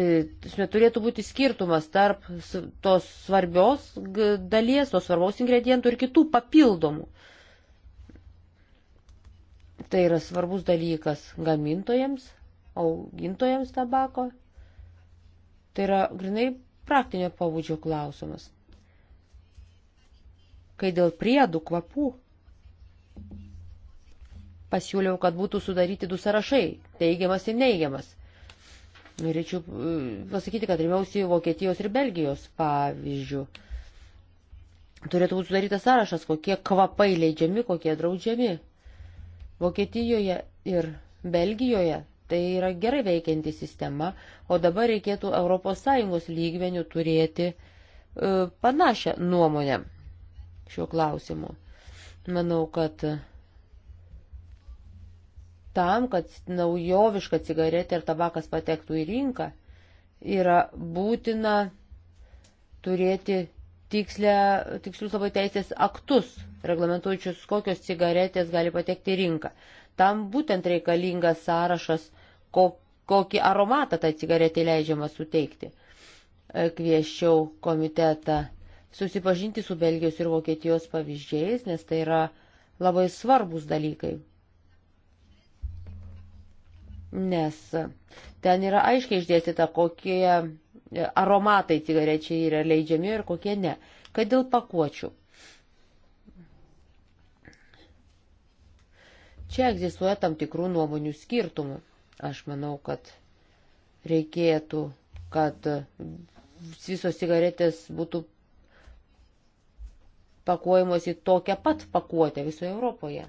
E, turėtų būti skirtumas tarp tos svarbios dalies, tos svarbaus ingredientų ir kitų papildomų. Tai yra svarbus dalykas gamintojams, augintojams tabako. Tai yra grinai praktinio pavudžio klausimas kai dėl priedų kvapų pasiūliau, kad būtų sudaryti du sąrašai - teigiamas ir neigiamas. Norėčiau e, pasakyti, kad remiausi Vokietijos ir Belgijos pavyzdžių. Turėtų būti sudarytas sąrašas, kokie kvapai leidžiami, kokie draudžiami. Vokietijoje ir Belgijoje tai yra gerai veikianti sistema, o dabar reikėtų ES lygmenių turėti e, panašią nuomonę šiuo klausimu. Manau, kad tam, kad naujoviška cigaretė ir tabakas patektų į rinką, yra būtina turėti tikslę, tikslius labai teisės aktus, reglamentuojančius, kokios cigaretės gali patekti į rinką. Tam būtent reikalingas sąrašas, kokį aromatą tą tai cigaretę leidžiama suteikti. Kvieščiau komitetą susipažinti su Belgijos ir Vokietijos pavyzdžiais, nes tai yra labai svarbus dalykai. Nes ten yra aiškiai išdėstyta, kokie aromatai cigarečiai yra leidžiami ir kokie ne. Kad dėl pakuočių. Čia egzistuoja tam tikrų nuomonių skirtumų. Aš manau, kad reikėtų, kad visos cigaretės būtų pakuojamos į tokią pat pakuotę visoje Europoje.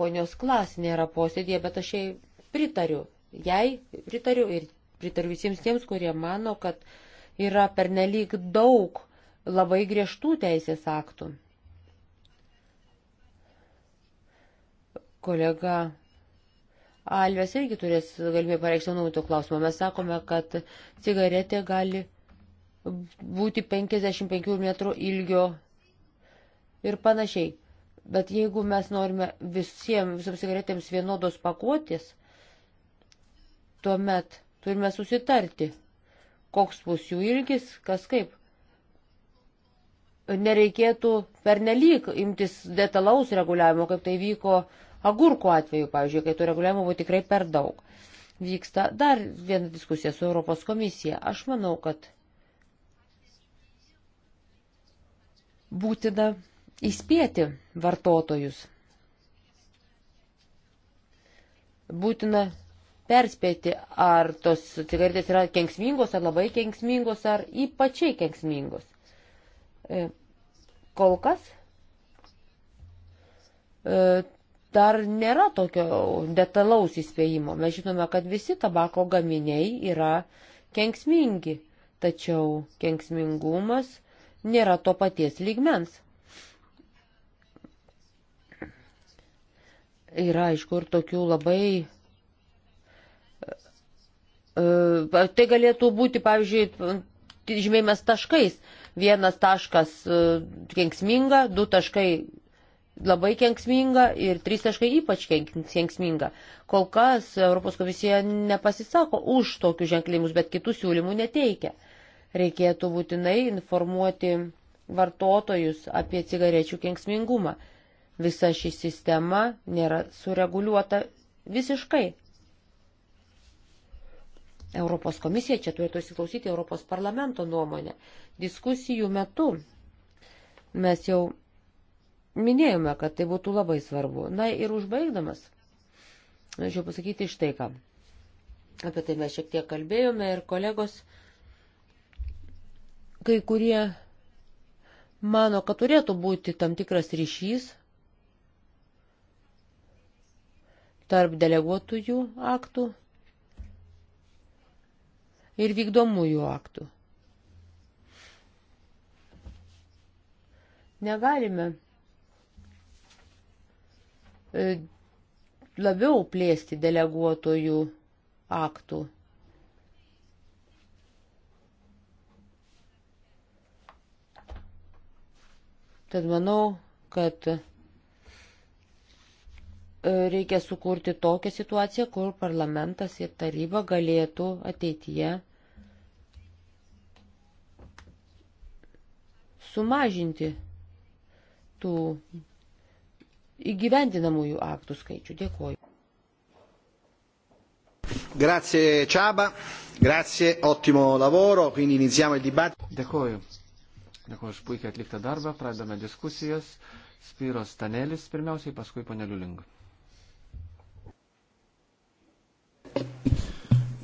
Ponios klas nėra posėdėje, bet aš jai pritariu. Jai pritariu ir pritariu visiems tiems, kurie mano, kad yra pernelyg daug labai griežtų teisės aktų. Kolega Alves irgi turės galimybę pareikšti nuomonę klausimą. Mes sakome, kad cigaretė gali būti 55 metrų ilgio ir panašiai. Bet jeigu mes norime visiems, visoms cigaretėms vienodos pakuotės, tuomet turime susitarti, koks bus jų ilgis, kas kaip. Nereikėtų pernelyg imtis detalaus reguliavimo, kaip tai vyko agurko atveju, pavyzdžiui, kai to reguliavimo buvo tikrai per daug. Vyksta dar viena diskusija su Europos komisija. Aš manau, kad būtina įspėti vartotojus. Būtina perspėti, ar tos cigaretės yra kenksmingos, ar labai kenksmingos, ar ypačiai kenksmingos. E, kol kas e, dar nėra tokio detalaus įspėjimo. Mes žinome, kad visi tabako gaminiai yra kenksmingi, tačiau kenksmingumas nėra to paties lygmens. Yra, aišku, ir tokių labai. E, e, tai galėtų būti, pavyzdžiui, žymėjimas taškais. Vienas taškas e, kenksminga, du taškai labai kenksminga ir trys taškai ypač kenksminga. Kol kas Europos komisija nepasisako už tokius ženklimus, bet kitų siūlymų neteikia. Reikėtų būtinai informuoti vartotojus apie cigarečių kenksmingumą. Visa ši sistema nėra sureguliuota visiškai. Europos komisija čia turėtų įsiklausyti Europos parlamento nuomonę. Diskusijų metu mes jau minėjome, kad tai būtų labai svarbu. Na ir užbaigdamas, norėčiau pasakyti štai ką. Apie tai mes šiek tiek kalbėjome ir kolegos, kai kurie mano, kad turėtų būti tam tikras ryšys tarp deleguotųjų aktų ir vykdomųjų aktų. Negalime e, labiau plėsti deleguotojų aktų. Tad manau, kad reikia sukurti tokią situaciją, kur parlamentas ir taryba galėtų ateityje sumažinti tų įgyvendinamųjų aktų skaičių. Dėkuoju. Grazie Čiaba, grazie, ottimo lavoro, quindi iniziamo il dibattito. Dėkuoju. Dėkuoju už puikiai atliktą darbą, pradame diskusijas. Spyros Tanelis pirmiausiai, paskui ponelių Lingui.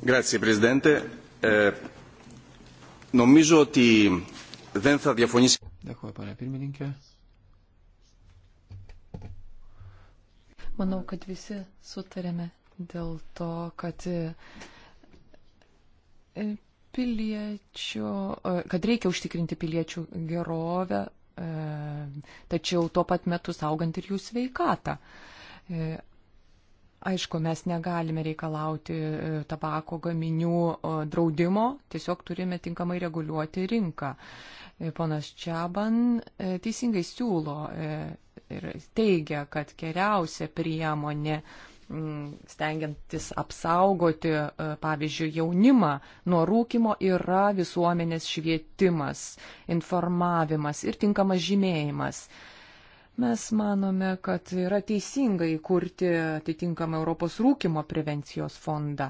Grazie Presidente. Ε, νομίζω ότι δεν θα διαφωνήσει. Dėkuoju, pane pirmininkė. Manau, kad visi sutarėme dėl to, kad e, piliečių, e, kad reikia užtikrinti piliečių gerovę, e, tačiau tuo pat metu saugant ir jų sveikatą. Aišku, mes negalime reikalauti e, tabako gaminių draudimo, tiesiog turime tinkamai reguliuoti rinką. E, ponas Čiaban e, teisingai siūlo ir teigia, kad geriausia priemonė stengiantis apsaugoti, pavyzdžiui, jaunimą nuo rūkimo yra visuomenės švietimas, informavimas ir tinkamas žymėjimas. Mes manome, kad yra teisinga įkurti atitinkamą Europos rūkimo prevencijos fondą.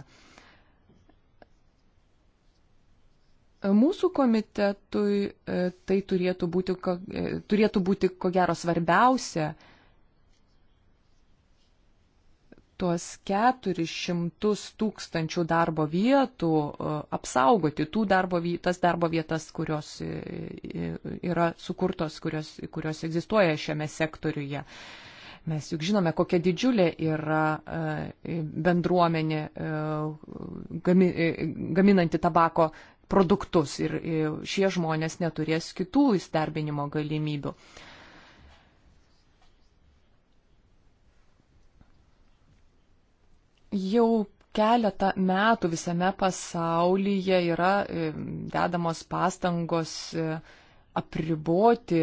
Mūsų komitetui e, tai turėtų būti, e, turėtų būti ko gero svarbiausia tuos 400 tūkstančių darbo vietų e, apsaugoti, tų darbo, tas darbo vietas, kurios e, e, yra sukurtos, kurios, kurios egzistuoja šiame sektoriuje. Mes juk žinome, kokia didžiulė yra bendruomenė gaminanti tabako produktus ir šie žmonės neturės kitų įstarbinimo galimybių. Jau keletą metų visame pasaulyje yra e, dedamos pastangos e, apriboti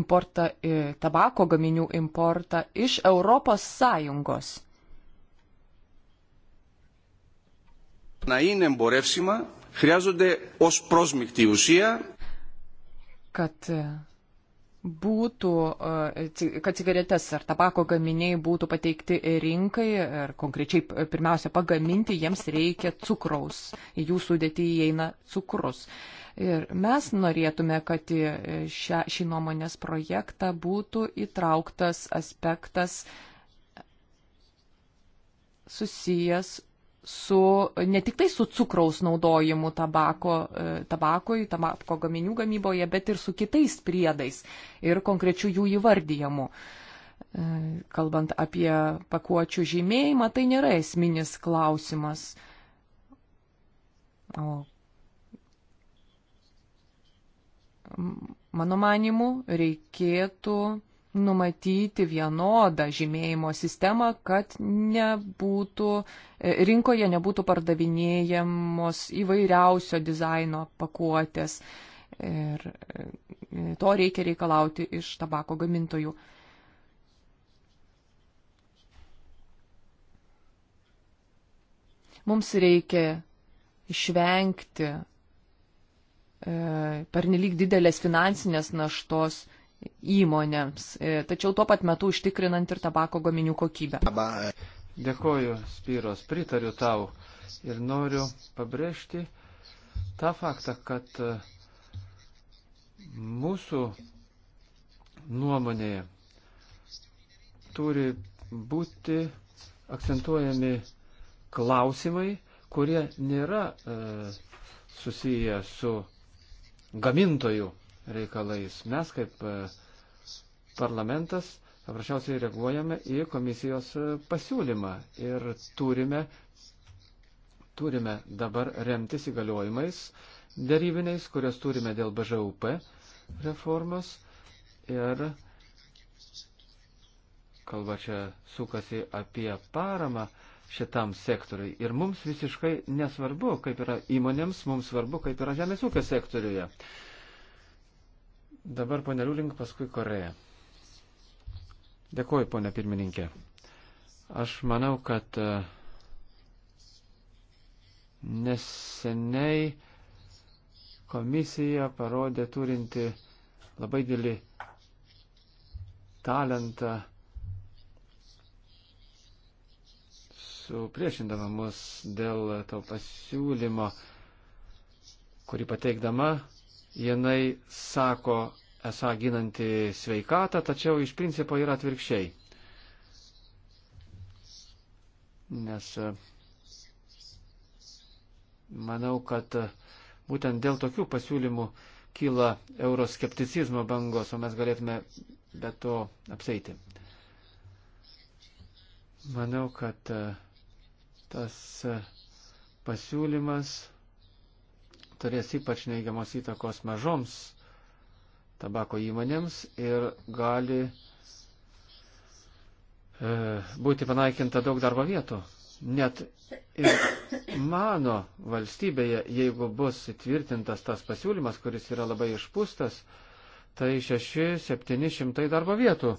importą, e, tabako gaminių importą iš Europos Sąjungos. Na, είναι εμπορεύσιμα, χρειάζονται ως πρόσμικτη ουσία. Kad būtų, e, kad cigaretės ar tabako gaminiai būtų pateikti rinkai ir konkrečiai pirmiausia pagaminti, jiems reikia cukraus, į jų sudėtį įeina cukrus. Ir mes norėtume, kad į e, šią, šį nuomonės projektą būtų įtrauktas aspektas susijęs su, ne tik tai su cukraus naudojimu tabako, e, tabakoj, tabako gaminių gamyboje, bet ir su kitais priedais ir konkrečių jų įvardyjimu. E, kalbant apie pakuočių žymėjimą, tai nėra esminis klausimas. O mano manimu, reikėtų numatyti vienodą žymėjimo sistemą, kad nebūtų, e, rinkoje nebūtų pardavinėjamos įvairiausio dizaino pakuotės. Ir e, to reikia reikalauti iš tabako gamintojų. Mums reikia išvengti e, pernelyg didelės finansinės naštos įmonėms, e, tačiau tuo pat metu užtikrinant ir tabako gaminių kokybę. Dėkoju, Spyros, pritariu tau ir noriu pabrėžti tą faktą, kad e, mūsų nuomonėje turi būti akcentuojami klausimai, kurie nėra e, susiję su gamintojų reikalais. Mes kaip e, parlamentas paprasčiausiai reaguojame į komisijos e, pasiūlymą ir turime, turime dabar remtis įgaliojimais darybiniais, kurios turime dėl BŽUP reformos ir kalba čia sukasi apie paramą šitam sektoriui. Ir mums visiškai nesvarbu, kaip yra įmonėms, mums svarbu, kaip yra žemės ūkio sektoriuje. Dabar ponė Liulink, paskui Koreja. Dėkuoju, ponė pirmininkė. Aš manau, kad e, neseniai komisija parodė turinti labai didelį talentą supriešindama mus dėl to pasiūlymo, kurį pateikdama jinai sako, esą ginanti sveikatą, tačiau iš principo yra atvirkščiai. Nes e, manau, kad e, būtent dėl tokių pasiūlymų kyla euroskepticizmo bangos, o mes galėtume be to apseiti. Manau, kad e, tas pasiūlymas turės ypač neigiamos įtakos mažoms tabako įmonėms ir gali e, būti panaikinta daug darbo vietų. Net ir mano valstybėje, jeigu bus įtvirtintas tas pasiūlymas, kuris yra labai išpūstas, tai 6-700 darbo vietų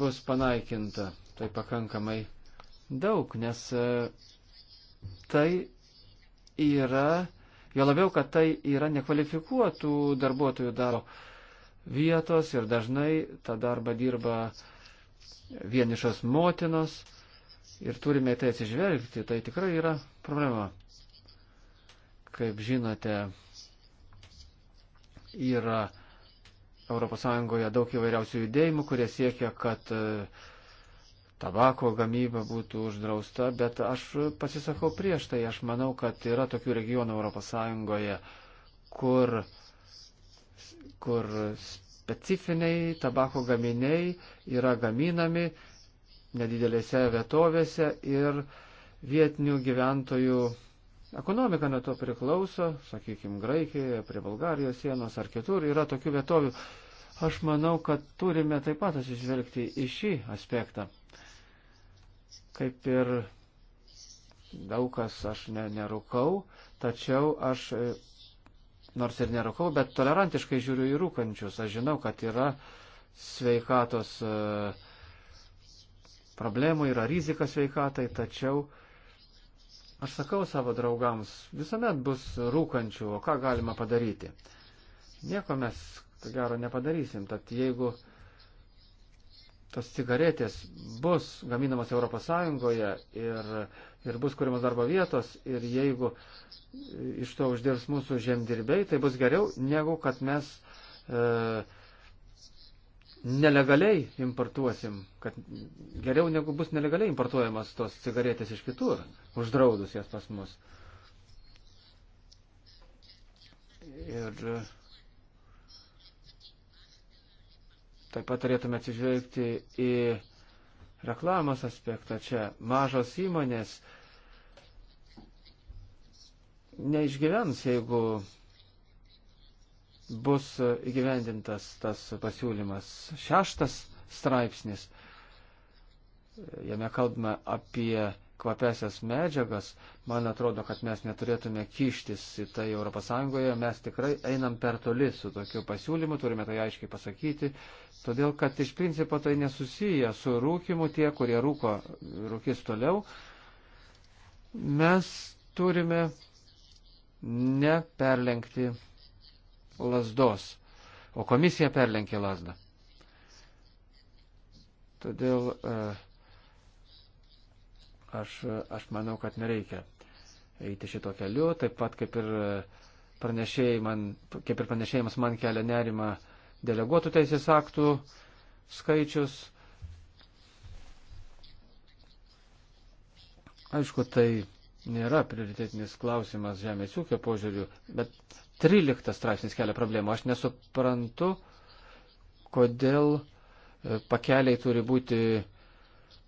bus panaikinta. Tai pakankamai daug, nes e, tai yra Jo labiau, kad tai yra nekvalifikuotų darbuotojų daro vietos ir dažnai tą darbą dirba vienišos motinos ir turime tai atsižvelgti. Tai tikrai yra problema. Kaip žinote, yra ES daug įvairiausių judėjimų, kurie siekia, kad uh, tabako gamyba būtų uždrausta, bet aš pasisakau prieš tai. Aš manau, kad yra tokių regionų ES, kur, kur specifiniai tabako gaminiai yra gaminami nedidelėse vietovėse ir vietinių gyventojų ekonomika nuo to priklauso, sakykime, Graikijoje, prie Bulgarijos sienos ar kitur yra tokių vietovių. Aš manau, kad turime taip pat atsižvelgti į šį aspektą kaip ir daug kas aš ne, nerūkau, tačiau aš e, nors ir nerūkau, bet tolerantiškai žiūriu į rūkančius. Aš žinau, kad yra sveikatos e, problemų, yra rizika sveikatai, tačiau aš sakau savo draugams, visuomet bus rūkančių, o ką galima padaryti. Nieko mes, ko gero, nepadarysim. Tad jeigu uh, tos cigaretės bus gaminamos ES ir, ir bus kūrimas darbo vietos ir jeigu iš to uždirbs mūsų žemdirbiai, tai bus geriau negu kad mes e, nelegaliai importuosim, kad geriau negu bus nelegaliai importuojamas tos cigaretės iš kitur, uždraudus jas pas mus. Ir Taip pat turėtume atsižvelgti į reklamos aspektą čia. Mažos įmonės neišgyvens, jeigu bus įgyvendintas tas pasiūlymas. Šeštas straipsnis. Jame kalbame apie kvapesias medžiagas, man atrodo, kad mes neturėtume kištis į tai ES, mes tikrai einam per toli su tokiu pasiūlymu, turime tai aiškiai pasakyti, todėl kad iš principo tai nesusiję su rūkimu, tie, kurie rūko, rūkis toliau, mes turime neperlenkti lasdos, o komisija perlenkė lasdą. Todėl e, Aš, aš manau, kad nereikia eiti šito keliu, taip pat kaip ir man, kaip ir pranešėjimas man kelia nerima deleguotų teisės aktų skaičius. Aišku, tai nėra prioritetinis klausimas žemės ūkio požiūrių, bet 13 straipsnis kelia problemų. Aš nesuprantu, kodėl pakeliai turi būti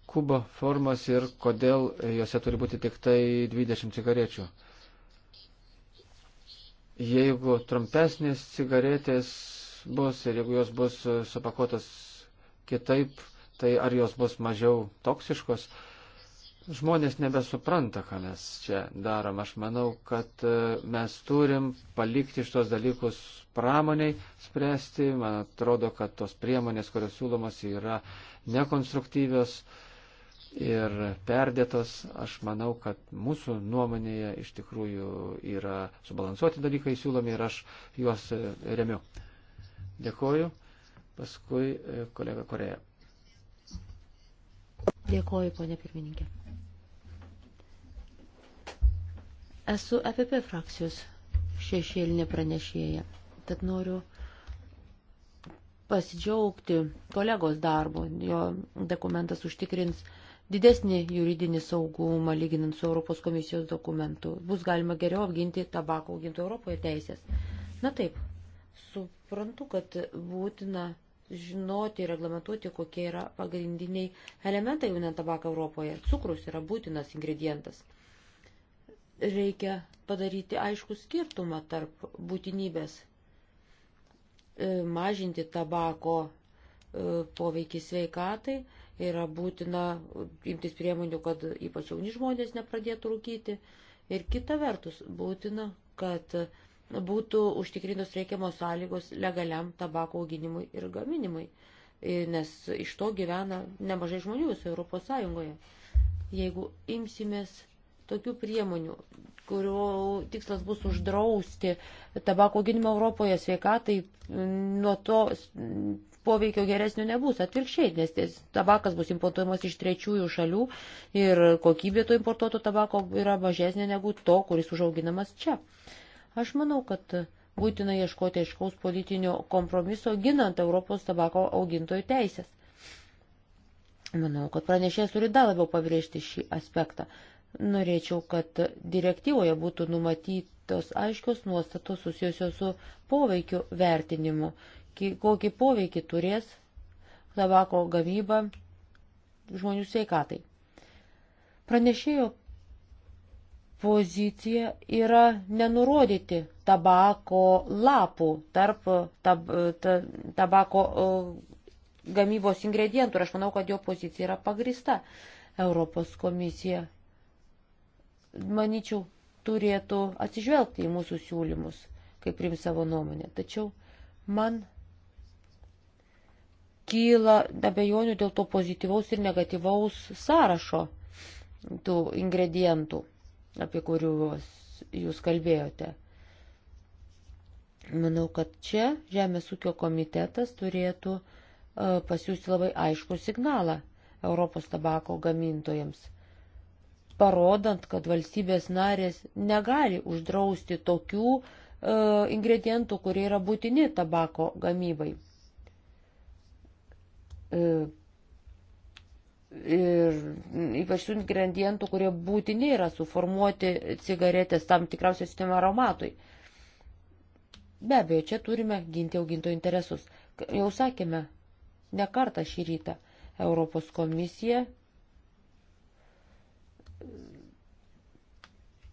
kubo formos ir kodėl juose turi būti tik tai 20 cigarečių. Jeigu trumpesnės cigaretės bus ir jeigu jos bus supakuotos kitaip, tai ar jos bus mažiau toksiškos? Žmonės nebesupranta, ką mes čia darom. Aš manau, kad e, mes turim palikti šitos dalykus pramoniai spręsti. Man atrodo, kad tos priemonės, kurios siūlomos, yra nekonstruktyvios. Uh, ir perdėtos. Aš manau, kad mūsų nuomonėje iš tikrųjų yra subalansuoti dalykai siūlomi ir aš juos remiu. Dėkoju. Paskui e, kolega Koreja. Dėkoju, ponė pirmininkė. Esu EPP frakcijos šešėlinė pranešėja, tad noriu pasidžiaugti kolegos darbu. Jo dokumentas užtikrins uh, didesnį juridinį saugumą lyginant su Europos komisijos dokumentu. Bus galima geriau apginti tabako augintų Europoje teisės. Na taip, suprantu, kad būtina žinoti ir reglamentuoti, kokie yra pagrindiniai elementai jaunant tabaką Europoje. Cukrus yra būtinas ingredientas. Reikia padaryti aišku skirtumą tarp būtinybės e, mažinti tabako e, poveikį sveikatai yra būtina imtis priemonių, kad ypač jauni žmonės nepradėtų rūkyti. Ir kita vertus, būtina, kad būtų užtikrintos reikiamos sąlygos legaliam tabako auginimui ir gaminimui, nes iš to gyvena nemažai žmonių visoje Europos Sąjungoje. Jeigu imsimės tokių priemonių, kurio tikslas bus uždrausti tabako auginimą Europoje sveikatai, nuo to poveikio geresnio nebus, atvirkščiai, nes ties, tabakas bus importuojamas iš trečiųjų šalių ir kokybė to importuoto tabako yra mažesnė negu to, kuris užauginamas čia. Aš manau, kad būtina ieškoti aiškaus politinio kompromiso ginant Europos tabako augintojų teisės. Manau, kad pranešėjas turi dar labiau pabrėžti šį aspektą. Norėčiau, kad direktyvoje būtų numatytos aiškios nuostatos susijusios su poveikiu vertinimu kokį poveikį turės tabako gamyba žmonių sveikatai. Pranešėjo pozicija yra nenurodyti tabako lapų tarp tab, ta, tabako e, gamybos ingredientų. Ir aš manau, kad jo pozicija yra pagrista. Europos komisija, manyčiau, turėtų atsižvelgti į mūsų siūlymus, kaip prims savo nuomonę. Tačiau man kyla abejonių dėl to pozityvaus ir negatyvaus sąrašo tų ingredientų, apie kuriuos jūs kalbėjote. Manau, kad čia Žemės ūkio komitetas turėtų e, pasiūsti labai aišku signalą Europos tabako gamintojams, parodant, kad valstybės narės negali uždrausti tokių e, ingredientų, kurie yra būtini tabako gamybai. E, ir ypač tų ingredientų, kurie būtini yra suformuoti cigaretės tam tikriausiai sistema aromatui. Be abejo, čia turime ginti augintojų interesus. Jau sakėme, ne kartą šį rytą Europos komisija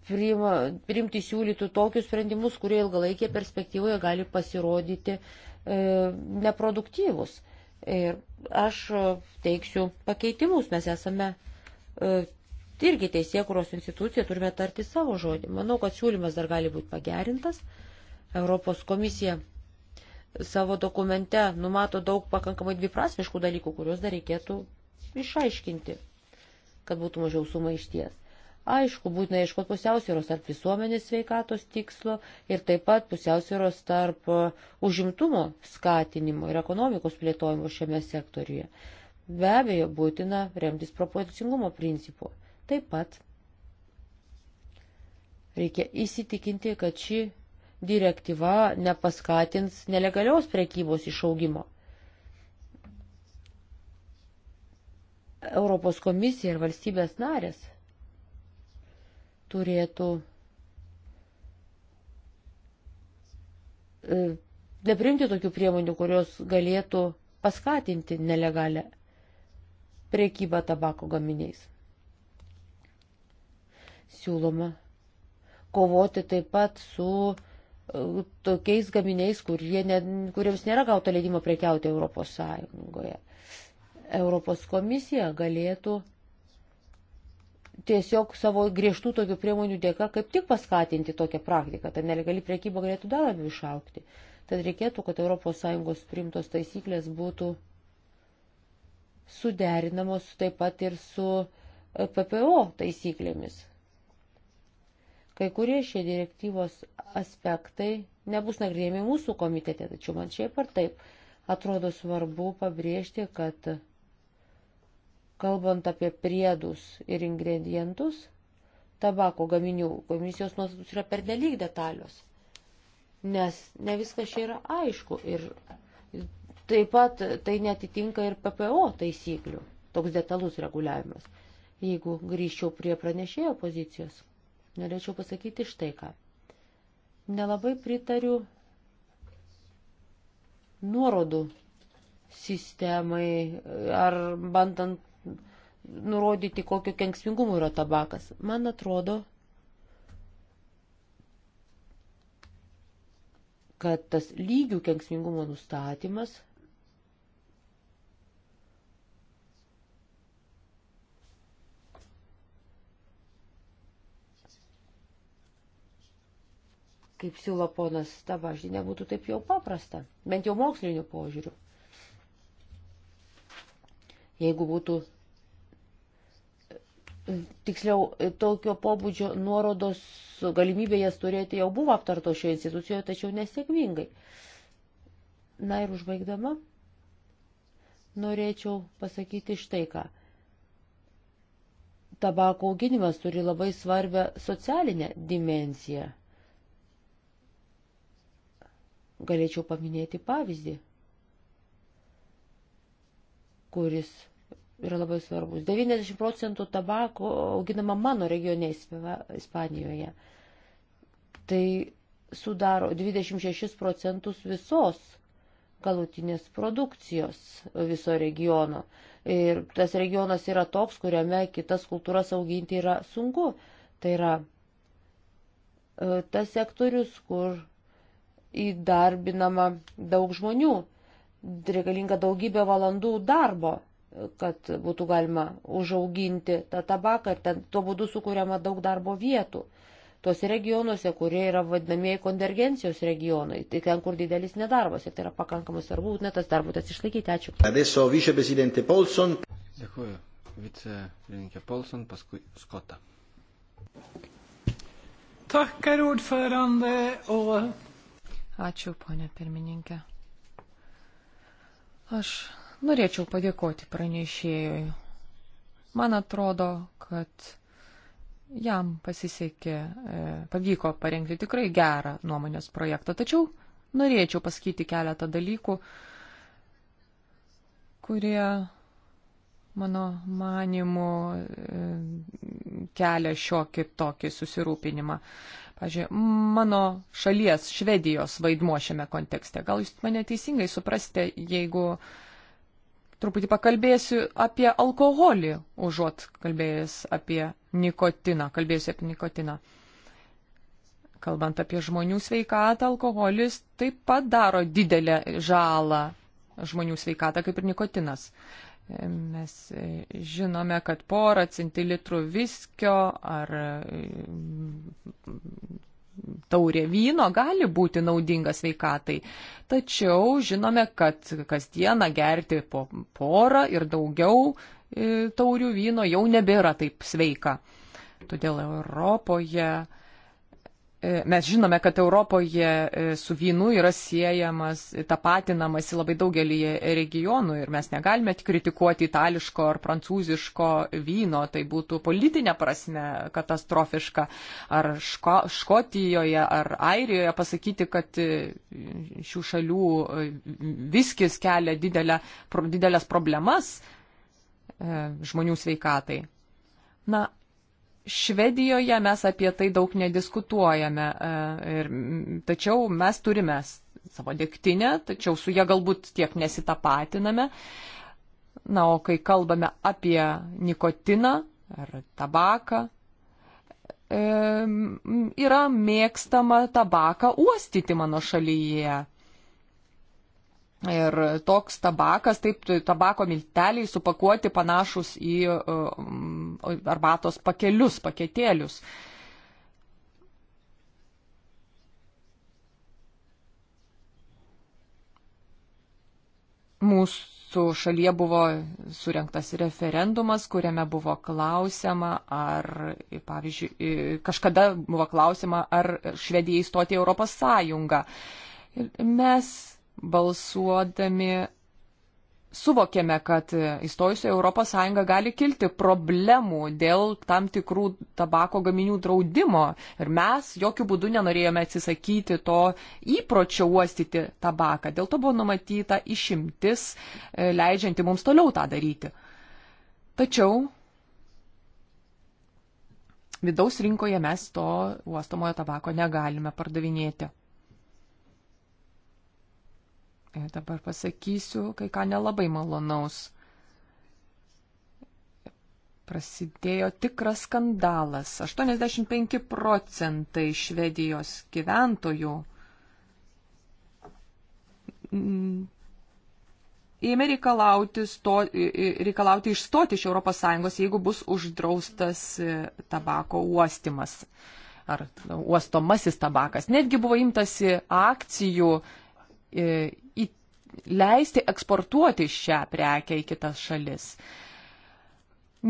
priima, priimti siūlytų tokius sprendimus, kurie ilgalaikėje perspektyvoje gali pasirodyti e, neproduktyvus. E, Ir aš e, teiksiu pakeitimus, mes esame e, irgi teisėkuros institucija, turime tarti savo žodį. Manau, kad siūlymas dar gali būti pagerintas. Europos komisija savo dokumente numato daug pakankamai dviprasmiškų dalykų, kuriuos dar reikėtų išaiškinti, kad būtų mažiau sumaišties. Aišku, būtina ieškoti pusiausvėros tarp visuomenės sveikatos tikslo ir taip pat pusiausvėros tarp e, užimtumo skatinimo ir ekonomikos plėtojimo šiame sektoriuje. Be abejo, būtina remtis proporcingumo principu. Taip pat reikia įsitikinti, kad ši direktyva nepaskatins nelegalios prekybos išaugimo. Europos komisija ir valstybės narės turėtų e, neprimti tokių priemonių, kurios galėtų paskatinti nelegalę priekybą tabako gaminiais. Siūloma kovoti taip pat su e, tokiais gaminiais, kurie ne, kuriems nėra gauta leidimo prekiauti Europos Sąjungoje. Europos komisija galėtų tiesiog savo griežtų tokių priemonių dėka kaip tik paskatinti tokią praktiką, tad nelegali priekyba galėtų dar labiau išaukti. Tad reikėtų, kad ES primtos taisyklės būtų suderinamos taip pat ir su e, PPO taisyklėmis. Kai kurie šie direktyvos aspektai nebus nagrinėjami mūsų komitete, tačiau man šiaip ar taip atrodo svarbu pabrėžti, kad Kalbant apie priedus ir ingredientus, tabako gaminių komisijos nuostatus yra pernelyg detalios, nes ne viskas čia yra aišku ir taip pat tai netitinka ir PPO taisyklių, toks detalus reguliavimas. Jeigu grįžčiau prie pranešėjo pozicijos, norėčiau pasakyti štai ką. Nelabai pritariu nuorodų sistemai ar bandant nurodyti, kokio kenksmingumo yra tabakas. Man atrodo, kad tas lygių kenksmingumo nustatymas kaip siūlo ponas Tabaždė, nebūtų taip jau paprasta, bent jau mokslinio požiūriu. Jeigu būtų tiksliau, tokio pobūdžio nuorodos galimybė jas turėti jau buvo aptarto šioje institucijoje, tačiau nesėkmingai. Na ir užbaigdama, norėčiau pasakyti štai ką. Tabako auginimas turi labai svarbę socialinę dimenciją. Galėčiau paminėti pavyzdį, kuris yra labai svarbus. 90 procentų tabako auginama mano regione Ispanijoje. Tai sudaro 26 procentus visos galutinės produkcijos viso regiono. Ir tas regionas yra toks, kuriame kitas kultūras auginti yra sunku. Tai yra e, tas sektorius, kur įdarbinama daug žmonių, reikalinga daugybė valandų darbo kad būtų galima užauginti tą tabaką ir ten tuo būdu sukūriama daug darbo vietų. Tuose regionuose, kurie yra vadinamieji konvergencijos regionai, tai ten, kur didelis nedarbas ir tai yra pakankamai svarbu, net tas darbuotas išlaikyti. Ačiū. Adesso viceprezidentė Polson. Dėkuoju. Vicepirmininkė Polson, paskui Skota. Tackar ordförande och... Ačiū, ponė pirmininkė. Aš Norėčiau padėkoti pranešėjui. Man atrodo, kad jam pasisekė, e, pavyko parengti tikrai gerą nuomonės projektą, tačiau norėčiau pasakyti keletą dalykų, kurie mano manimu e, kelia šiokį tokį susirūpinimą. Pavyzdžiui, mano šalies Švedijos vaidmuo šiame kontekste. Gal jūs mane teisingai suprastė, jeigu uh, truputį pakalbėsiu apie alkoholį, užuot kalbėjęs apie nikotiną, kalbėsiu apie nikotiną. Kalbant apie žmonių sveikatą, alkoholis taip pat daro didelę žalą žmonių sveikatą, kaip ir nikotinas. Mes žinome, kad porą centilitrų viskio ar taurė vyno gali būti naudinga sveikatai. Tačiau žinome, kad kasdieną gerti po porą ir daugiau e, taurių vyno jau nebėra taip sveika. Todėl Europoje E, mes žinome, kad Europoje e, su vynu yra siejamas, tapatinamasi labai daugelį regionų ir mes negalime tik kritikuoti itališko ar prancūziško vyno, tai būtų politinė prasme katastrofiška. Ar ško, Škotijoje, ar Airijoje pasakyti, kad e, šių šalių viskis kelia didelę, didelės problemas žmonių sveikatai. Na, Švedijoje mes apie tai daug nediskutuojame, e, ir, tačiau mes turime savo dėktinę, tačiau su ją galbūt tiek nesitapatiname. Na, o kai kalbame apie nikotiną ar tabaką, e, yra mėgstama tabaką uostyti mano šalyje. Ir toks tabakas, taip, tabako milteliai supakuoti panašus į e, arbatos pakelius, paketėlius. Mūsų šalyje buvo surinktas referendumas, kuriame buvo klausima, ar, pavyzdžiui, e, kažkada buvo klausima, ar Švedija įstoti Europos Sąjungą. Ir mes balsuodami suvokėme, kad įstojus į ES gali kilti problemų dėl tam tikrų tabako gaminių draudimo ir mes jokių būdų nenorėjome atsisakyti to įpročio uostyti tabaką. Dėl to buvo numatyta išimtis, e, leidžianti mums toliau tą daryti. Tačiau vidaus rinkoje mes to uostomojo tabako negalime pardavinėti dabar pasakysiu kai ką nelabai malonaus. Prasidėjo tikras skandalas. 85 procentai Švedijos gyventojų ėmė reikalauti, sto, reikalauti išstoti iš ES, jeigu bus uždraustas e, tabako uostimas ar uostomasis tabakas. Netgi buvo imtasi akcijų e, leisti eksportuoti šią prekę į kitas šalis.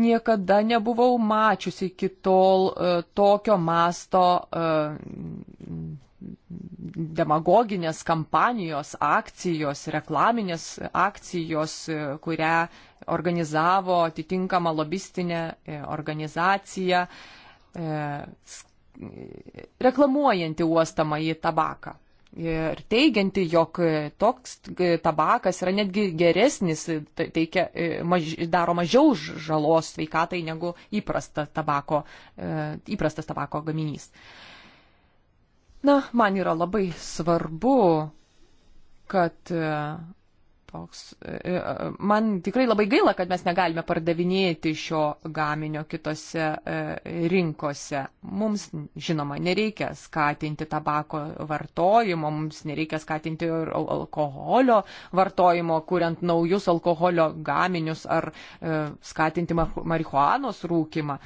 Niekada nebuvau mačiusi kitol e, tokio masto e, demagoginės kampanijos, akcijos, reklaminės akcijos, e, kurią organizavo atitinkama lobistinė organizacija, reklamuojanti uostamą į tabaką ir teigianti, jog toks tabakas yra netgi geresnis, tai teikia, e, maž, daro mažiau žalos sveikatai negu įprasta tabako, e, įprastas tabako gaminys. Na, man yra labai svarbu, kad e, toks. E, e, man tikrai labai gaila, kad mes negalime pardavinėti šio gaminio kitose e, rinkose. Mums, žinoma, nereikia skatinti tabako vartojimo, mums nereikia skatinti ir alkoholio vartojimo, kuriant naujus alkoholio gaminius ar skatinti marihuanos rūkimą.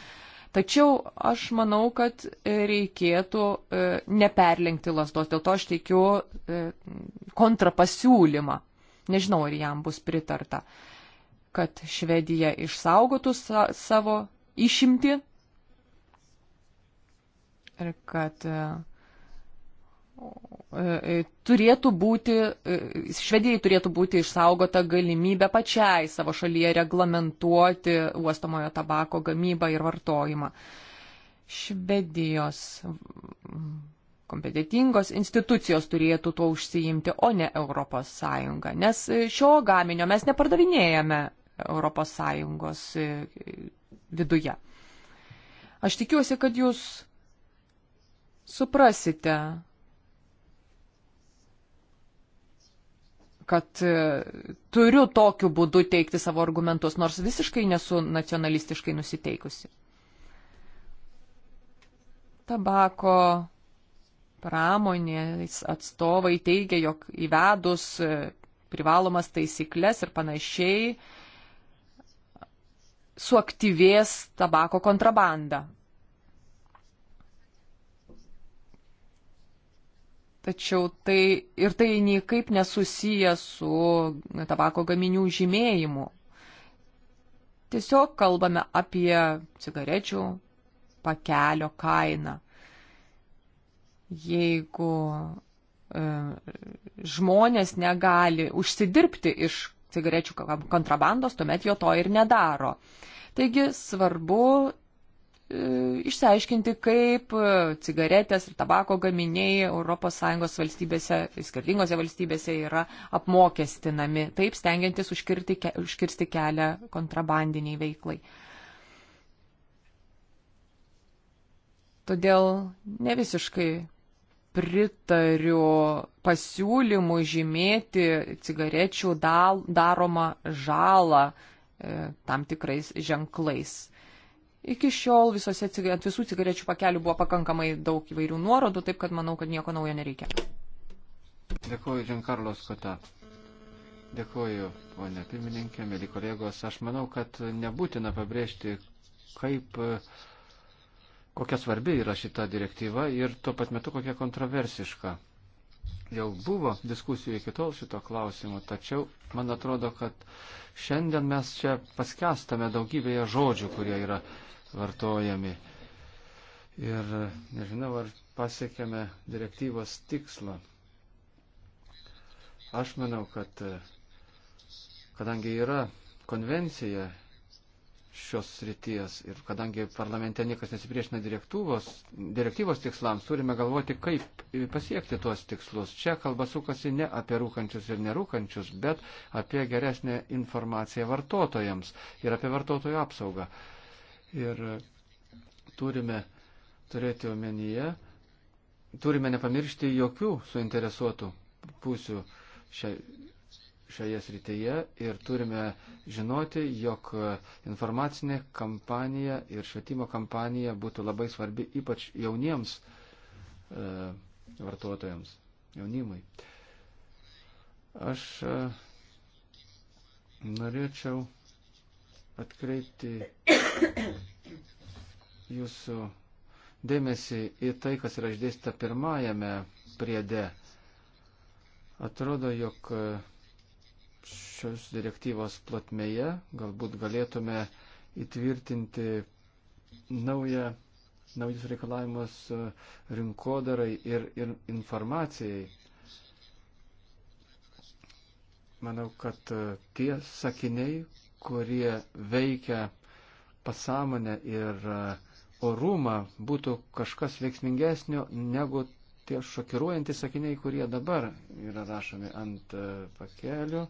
Tačiau aš manau, kad reikėtų neperlenkti lasdos, dėl to aš teikiu kontrapasiūlymą nežinau ar jam bus pritarta, kad Švedija išsaugotų sa savo išimti ir kad e, e, e, turėtų būti, Švedijai turėtų būti išsaugota galimybė pačiai savo šalyje reglamentuoti uostamojo tabako gamybą ir vartojimą. Švedijos kompetitingos institucijos turėtų tuo užsiimti, o ne ES. Nes e, šio gaminio mes nepardavinėjame ES e, viduje. Aš tikiuosi, kad jūs suprasite, kad e, turiu tokiu būdu teikti savo argumentus, nors visiškai nesu nacionalistiškai nusiteikusi. Tabako pramonės atstovai teigia, jog įvedus e, privalomas taisyklės ir panašiai suaktyvės tabako kontrabanda. Tačiau tai ir tai niekaip nesusiję su tabako gaminių žymėjimu. Tiesiog kalbame apie cigarečių pakelio kainą jeigu e, žmonės negali užsidirbti iš cigarečių kontrabandos, tuomet jo to ir nedaro. Taigi svarbu e, išsiaiškinti, kaip e, cigaretės ir tabako gaminiai ES valstybėse, skirtingose valstybėse yra apmokestinami, taip stengiantis užkirti, ke, užkirsti kelią kontrabandiniai veiklai. Todėl ne visiškai pritariu pasiūlymu žymėti cigarečių dal, daromą žalą e, tam tikrais ženklais. Iki šiol visose, visų cigarečių pakelių buvo pakankamai daug įvairių nuorodų, taip kad manau, kad nieko naujo nereikia. Dėkuoju, Giancarlo Skota. Dėkuoju, ponė pirmininkė, mėly kolegos. Aš manau, kad nebūtina pabrėžti, kaip uh, kokia svarbi yra šita direktyva ir tuo pat metu kokia kontroversiška. Jau buvo diskusijų iki tol šito klausimu, tačiau man atrodo, kad šiandien mes čia paskestame daugybėje žodžių, kurie yra vartojami. Ir nežinau, ar pasiekėme direktyvos tikslą. Aš manau, kad kadangi yra konvencija šios srities. Ir kadangi parlamente niekas nesipriešina direktyvos, direktyvos tikslams, turime galvoti, kaip pasiekti tuos tikslus. Čia kalba sukasi ne apie rūkančius ir nerūkančius, bet apie geresnę informaciją vartotojams ir apie vartotojų apsaugą. Ir turime turėti omenyje, turime nepamiršti jokių suinteresuotų pusių šiai šioje srityje ir turime žinoti, jog informacinė kampanija ir švietimo kampanija būtų labai svarbi ypač jauniems e, vartotojams, jaunimui. Aš e, norėčiau atkreipti jūsų dėmesį į tai, kas yra išdėstyta pirmajame priede. Atrodo, jog e, šios direktyvos platmeje galbūt galėtume įtvirtinti naują, naujus reikalavimus e, rinkodarai ir, ir informacijai. Manau, kad e, tie sakiniai, kurie veikia pasąmonę ir e, orumą, būtų kažkas veiksmingesnio negu tie šokiruojantys sakiniai, kurie dabar yra rašomi ant e, pakelių,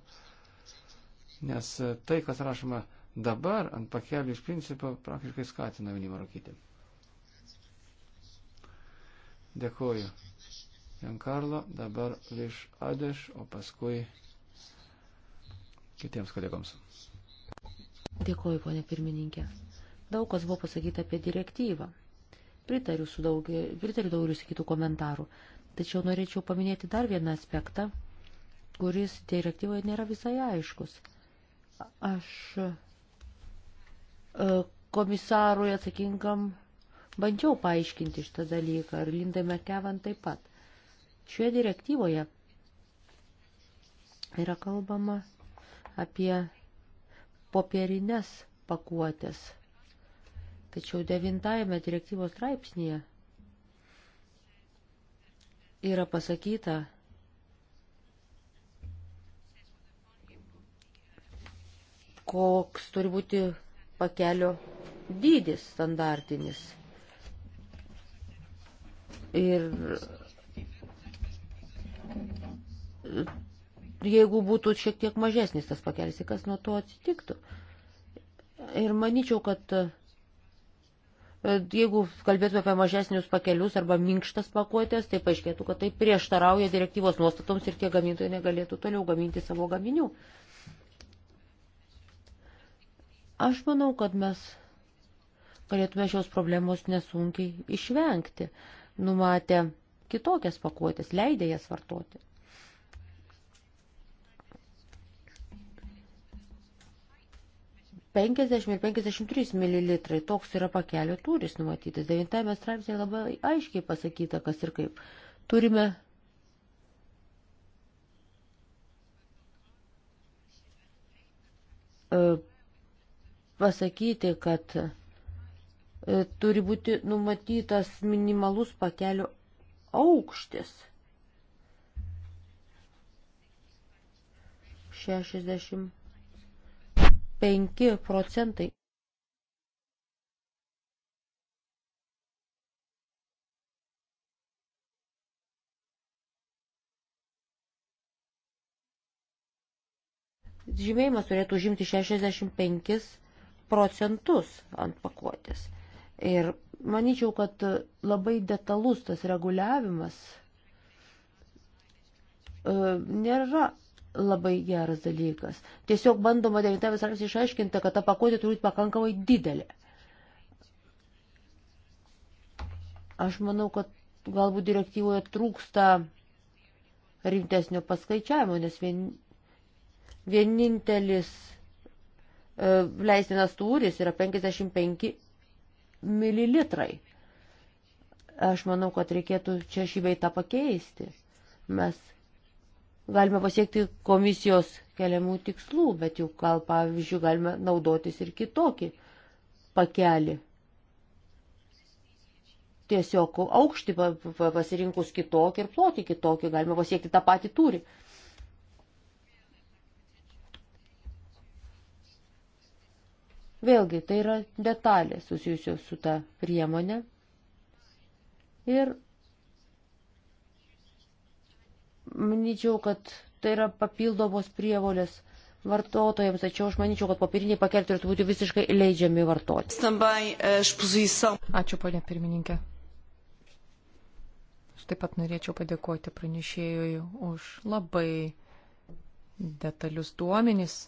nes e, tai, kas rašoma dabar ant pakelių, iš principo praktiškai skatina jaunimą rūkyti. Dėkuoju. Jankarlo, dabar Liš Adeš, o paskui kitiems kolegoms. Dėkuoju, ponė pirmininkė. Daug kas buvo pasakyta apie direktyvą. Pritariu, su daugia, pritariu daugeliu sakytų komentarų. Tačiau norėčiau paminėti dar vieną aspektą, kuris direktyvoje nėra visai aiškus. Aš e, komisarui atsakingam bandžiau paaiškinti šitą dalyką ir Lindai Mekevan taip pat. Šioje direktyvoje yra kalbama apie popierinės pakuotės Tačiau devintajame direktyvos straipsnėje yra pasakyta, koks turi būti pakelio dydis standartinis. Ir jeigu būtų šiek tiek mažesnis tas pakelis, tai kas nuo to atsitiktų. Ir manyčiau, kad E, jeigu kalbėtume apie mažesnius pakelius arba minkštas pakuotės, tai paaiškėtų, kad tai prieštarauja direktyvos nuostatoms ir tie gamintojai negalėtų toliau gaminti savo gaminių. Aš manau, kad mes galėtume šios problemos nesunkiai išvengti, numatę kitokias pakuotės, leidę jas vartoti. 50 ir 53 ml. Toks yra pakelio tūris numatytas. 9 straipsnėje labai aiškiai pasakyta, kas ir kaip. Turime e, pasakyti, kad e, turi būti numatytas minimalus pakelio aukštis. 60 5 procentai. Žymėjimas turėtų užimti 65 procentus ant pakuotės. Ir manyčiau, kad labai detalus tas reguliavimas e, nėra labai geras dalykas. Tiesiog bandoma 9 straipsnį išaiškinti, kad ta pakuotė turi būti pakankamai didelė. Aš manau, kad galbūt direktyvoje trūksta rimtesnio paskaičiavimo, nes vien, vienintelis e, leistinas tūris yra 55 mililitrai. Aš manau, kad reikėtų čia šį beitą pakeisti. Mes galime pasiekti komisijos keliamų tikslų, bet juk gal, pavyzdžiui, galime naudotis ir kitokį pakelį. Tiesiog aukštį pasirinkus kitokį ir plotį kitokį, galime pasiekti tą patį tūrį. Vėlgi, tai yra detalė susijusios su ta priemonė. Ir Manyčiau, kad tai yra papildomos prievolės vartotojams, tačiau aš manyčiau, kad popieriniai pakeliai turėtų būti visiškai leidžiami vartoti. Ačiū, ponia pirmininkė. Aš taip pat norėčiau padėkoti pranešėjui už labai detalius duomenys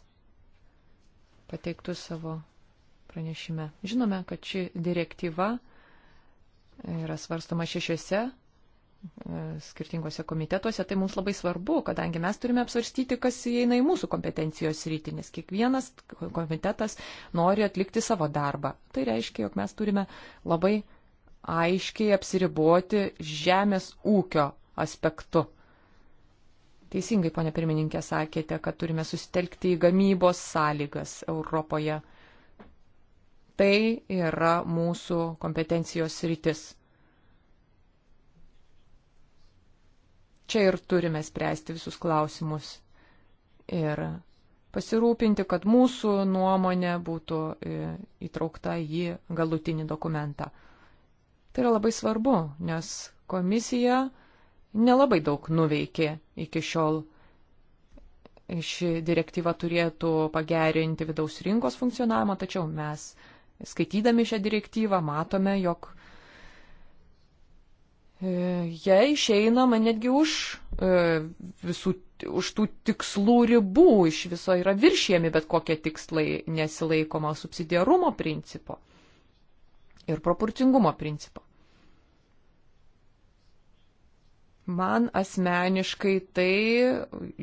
pateiktus savo pranešime. Žinome, kad ši direktyva yra svarstoma šešiose skirtingose komitetuose, tai mums labai svarbu, kadangi mes turime apsvarstyti, kas įeina į mūsų kompetencijos rytį, nes kiekvienas komitetas nori atlikti savo darbą. Tai reiškia, jog mes turime labai aiškiai apsiriboti žemės ūkio aspektu. Teisingai, ponė pirmininkė, sakėte, kad turime susitelkti į gamybos sąlygas Europoje. Tai yra mūsų kompetencijos rytis. Čia ir turime spręsti visus klausimus ir pasirūpinti, kad mūsų nuomonė būtų e, įtraukta į galutinį dokumentą. Tai yra labai svarbu, nes komisija nelabai daug nuveikė iki šiol. Ši direktyva turėtų pagerinti vidaus rinkos funkcionavimą, tačiau mes skaitydami šią direktyvą matome, jog E, jie išeina man netgi už e, visų, už tų tikslų ribų, iš viso yra viršėmi bet kokie tikslai nesilaikoma subsidiarumo principo ir proporcingumo principo. Man asmeniškai tai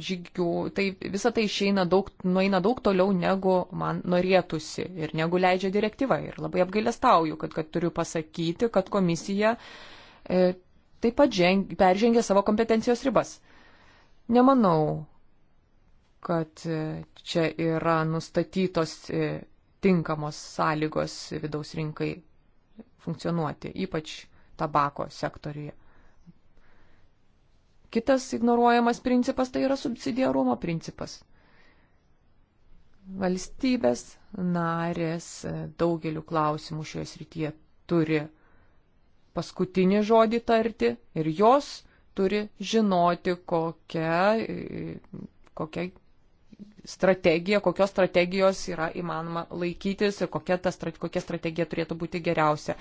žygių, tai visą tai išeina daug, nueina daug toliau, negu man norėtųsi ir negu leidžia direktyva. Ir labai apgailestauju, kad, kad turiu pasakyti, kad komisija e, taip pat ženg, peržengė savo kompetencijos ribas. Nemanau, kad e, čia yra nustatytos e, tinkamos sąlygos vidaus rinkai funkcionuoti, ypač tabako sektoriuje. Kitas ignoruojamas principas tai yra subsidiarumo principas. Valstybės narės e, daugeliu klausimų šioje srityje turi paskutinį žodį tarti ir jos turi žinoti, kokia, kokia strategija, kokios strategijos yra įmanoma laikytis ir kokia, ta, kokia strategija turėtų būti geriausia.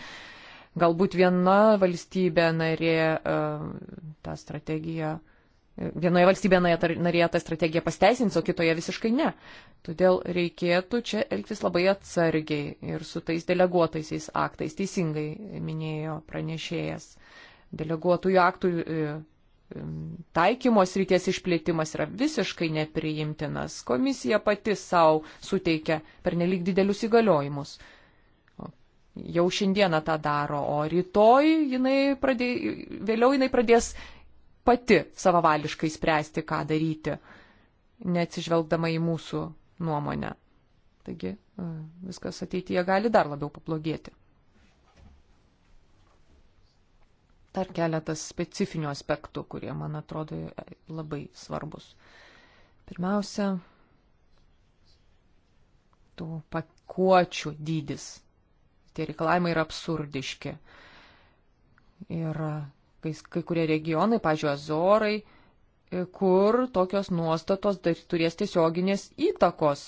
Galbūt viena valstybė narė e, tą strategiją vienoje valstybėje narėje ta strategija pasteisins, o kitoje visiškai ne. Todėl reikėtų čia elgtis labai atsargiai ir su tais deleguotaisiais aktais, teisingai minėjo pranešėjas. Deleguotųjų aktų e, e, taikymos ryties išplėtimas yra visiškai nepriimtinas. Komisija pati savo suteikia pernelik didelius įgaliojimus jau šiandieną tą daro, o rytoj jinai pradė, vėliau jinai pradės pati savavališkai spręsti, ką daryti, neatsižvelgdama į mūsų nuomonę. Taigi e, viskas ateityje gali dar labiau pablogėti. Dar keletas specifinių aspektų, kurie, man atrodo, labai svarbus. Pirmiausia, tų pakuočių dydis. Tie reikalavimai yra absurdiški. Ir kai, kai kurie regionai, pažiūrėjau, Azorai, e, kur tokios nuostatos dar turės tiesioginės įtakos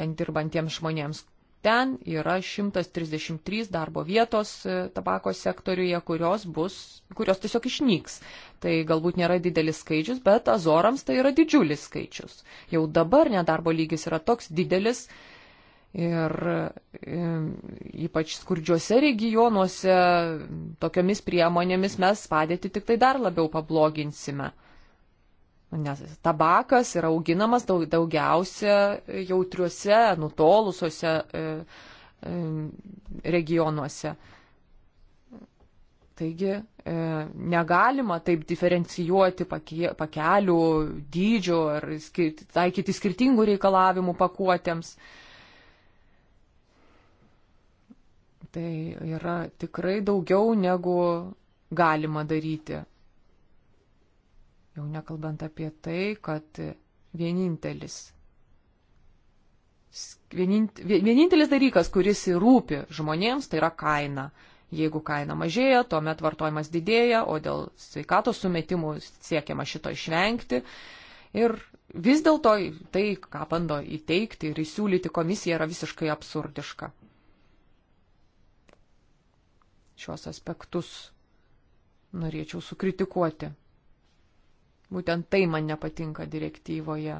ten dirbantiems žmonėms. Ten yra 133 darbo vietos e, tabako sektoriuje, kurios, bus, kurios tiesiog išnyks. Tai galbūt nėra didelis skaičius, bet Azorams tai yra didžiulis skaičius. Jau dabar nedarbo lygis yra toks didelis, Ir ypač skurdžiuose regionuose tokiomis priemonėmis mes padėti tik tai dar labiau pabloginsime. Nes tabakas yra auginamas daug, daugiausia jautriuose, nutolusiuose e, regionuose. Taigi e, negalima taip diferencijuoti pakelių dydžio ar skirti, taikyti skirtingų reikalavimų pakuotėms. Tai yra tikrai daugiau negu galima daryti. Jau nekalbant apie tai, kad vienintelis, vienint, vienintelis dalykas, kuris rūpi žmonėms, tai yra kaina. Jeigu kaina mažėja, tuomet vartojimas didėja, o dėl sveikatos sumetimų siekiama šito išvengti. Ir vis dėlto tai, ką bando įteikti ir įsiūlyti komisija, yra visiškai absurdiška šios aspektus norėčiau sukritikuoti. Būtent tai man nepatinka direktyvoje.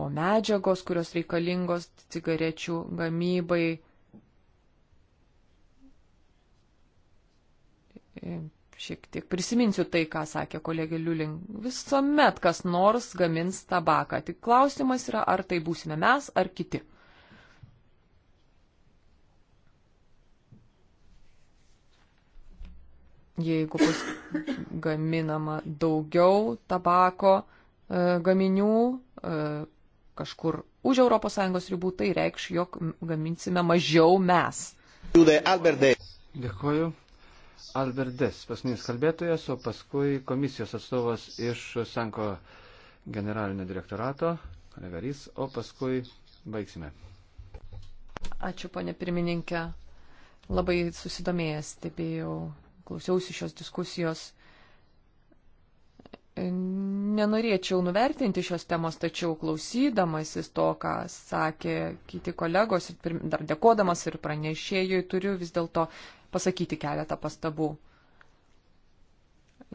O medžiagos, kurios reikalingos cigarečių gamybai, šiek tiek prisiminsiu tai, ką sakė kolegė Liulink. Visuomet kas nors gamins tabaką. Tik klausimas yra, ar tai būsime mes, ar kiti. jeigu bus gaminama daugiau tabako e, gaminių e, kažkur už ES ribų, tai reikš, jog gaminsime mažiau mes. Dėkuoju. Alberdes, paskutinis kalbėtojas, o paskui komisijos atstovas iš Sanko generalinio direktorato, Leverys, o paskui baigsime. Ačiū, ponė pirmininkė. Labai susidomėjęs stebėjau klausiausi šios diskusijos. Nenorėčiau nuvertinti šios temos, tačiau klausydamasis to, ką sakė kiti kolegos, ir dar dėkodamas ir pranešėjui, turiu vis dėlto pasakyti keletą pastabų.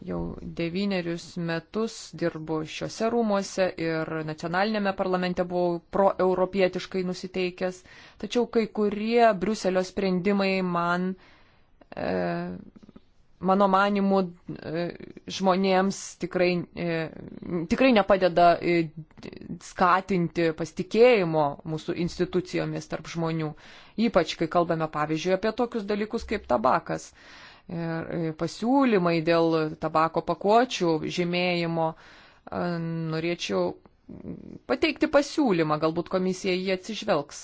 Jau devynerius metus dirbu šiuose rūmuose ir nacionalinėme parlamente buvau proeuropietiškai nusiteikęs, tačiau kai kurie Briuselio sprendimai man e, mano manimu, e, žmonėms tikrai, e, tikrai nepadeda e, skatinti pasitikėjimo mūsų institucijomis tarp žmonių. Ypač, kai kalbame, pavyzdžiui, apie tokius dalykus kaip tabakas. Ir pasiūlymai dėl tabako pakuočių žymėjimo. Norėčiau pateikti pasiūlymą, galbūt komisija jį atsižvelgs.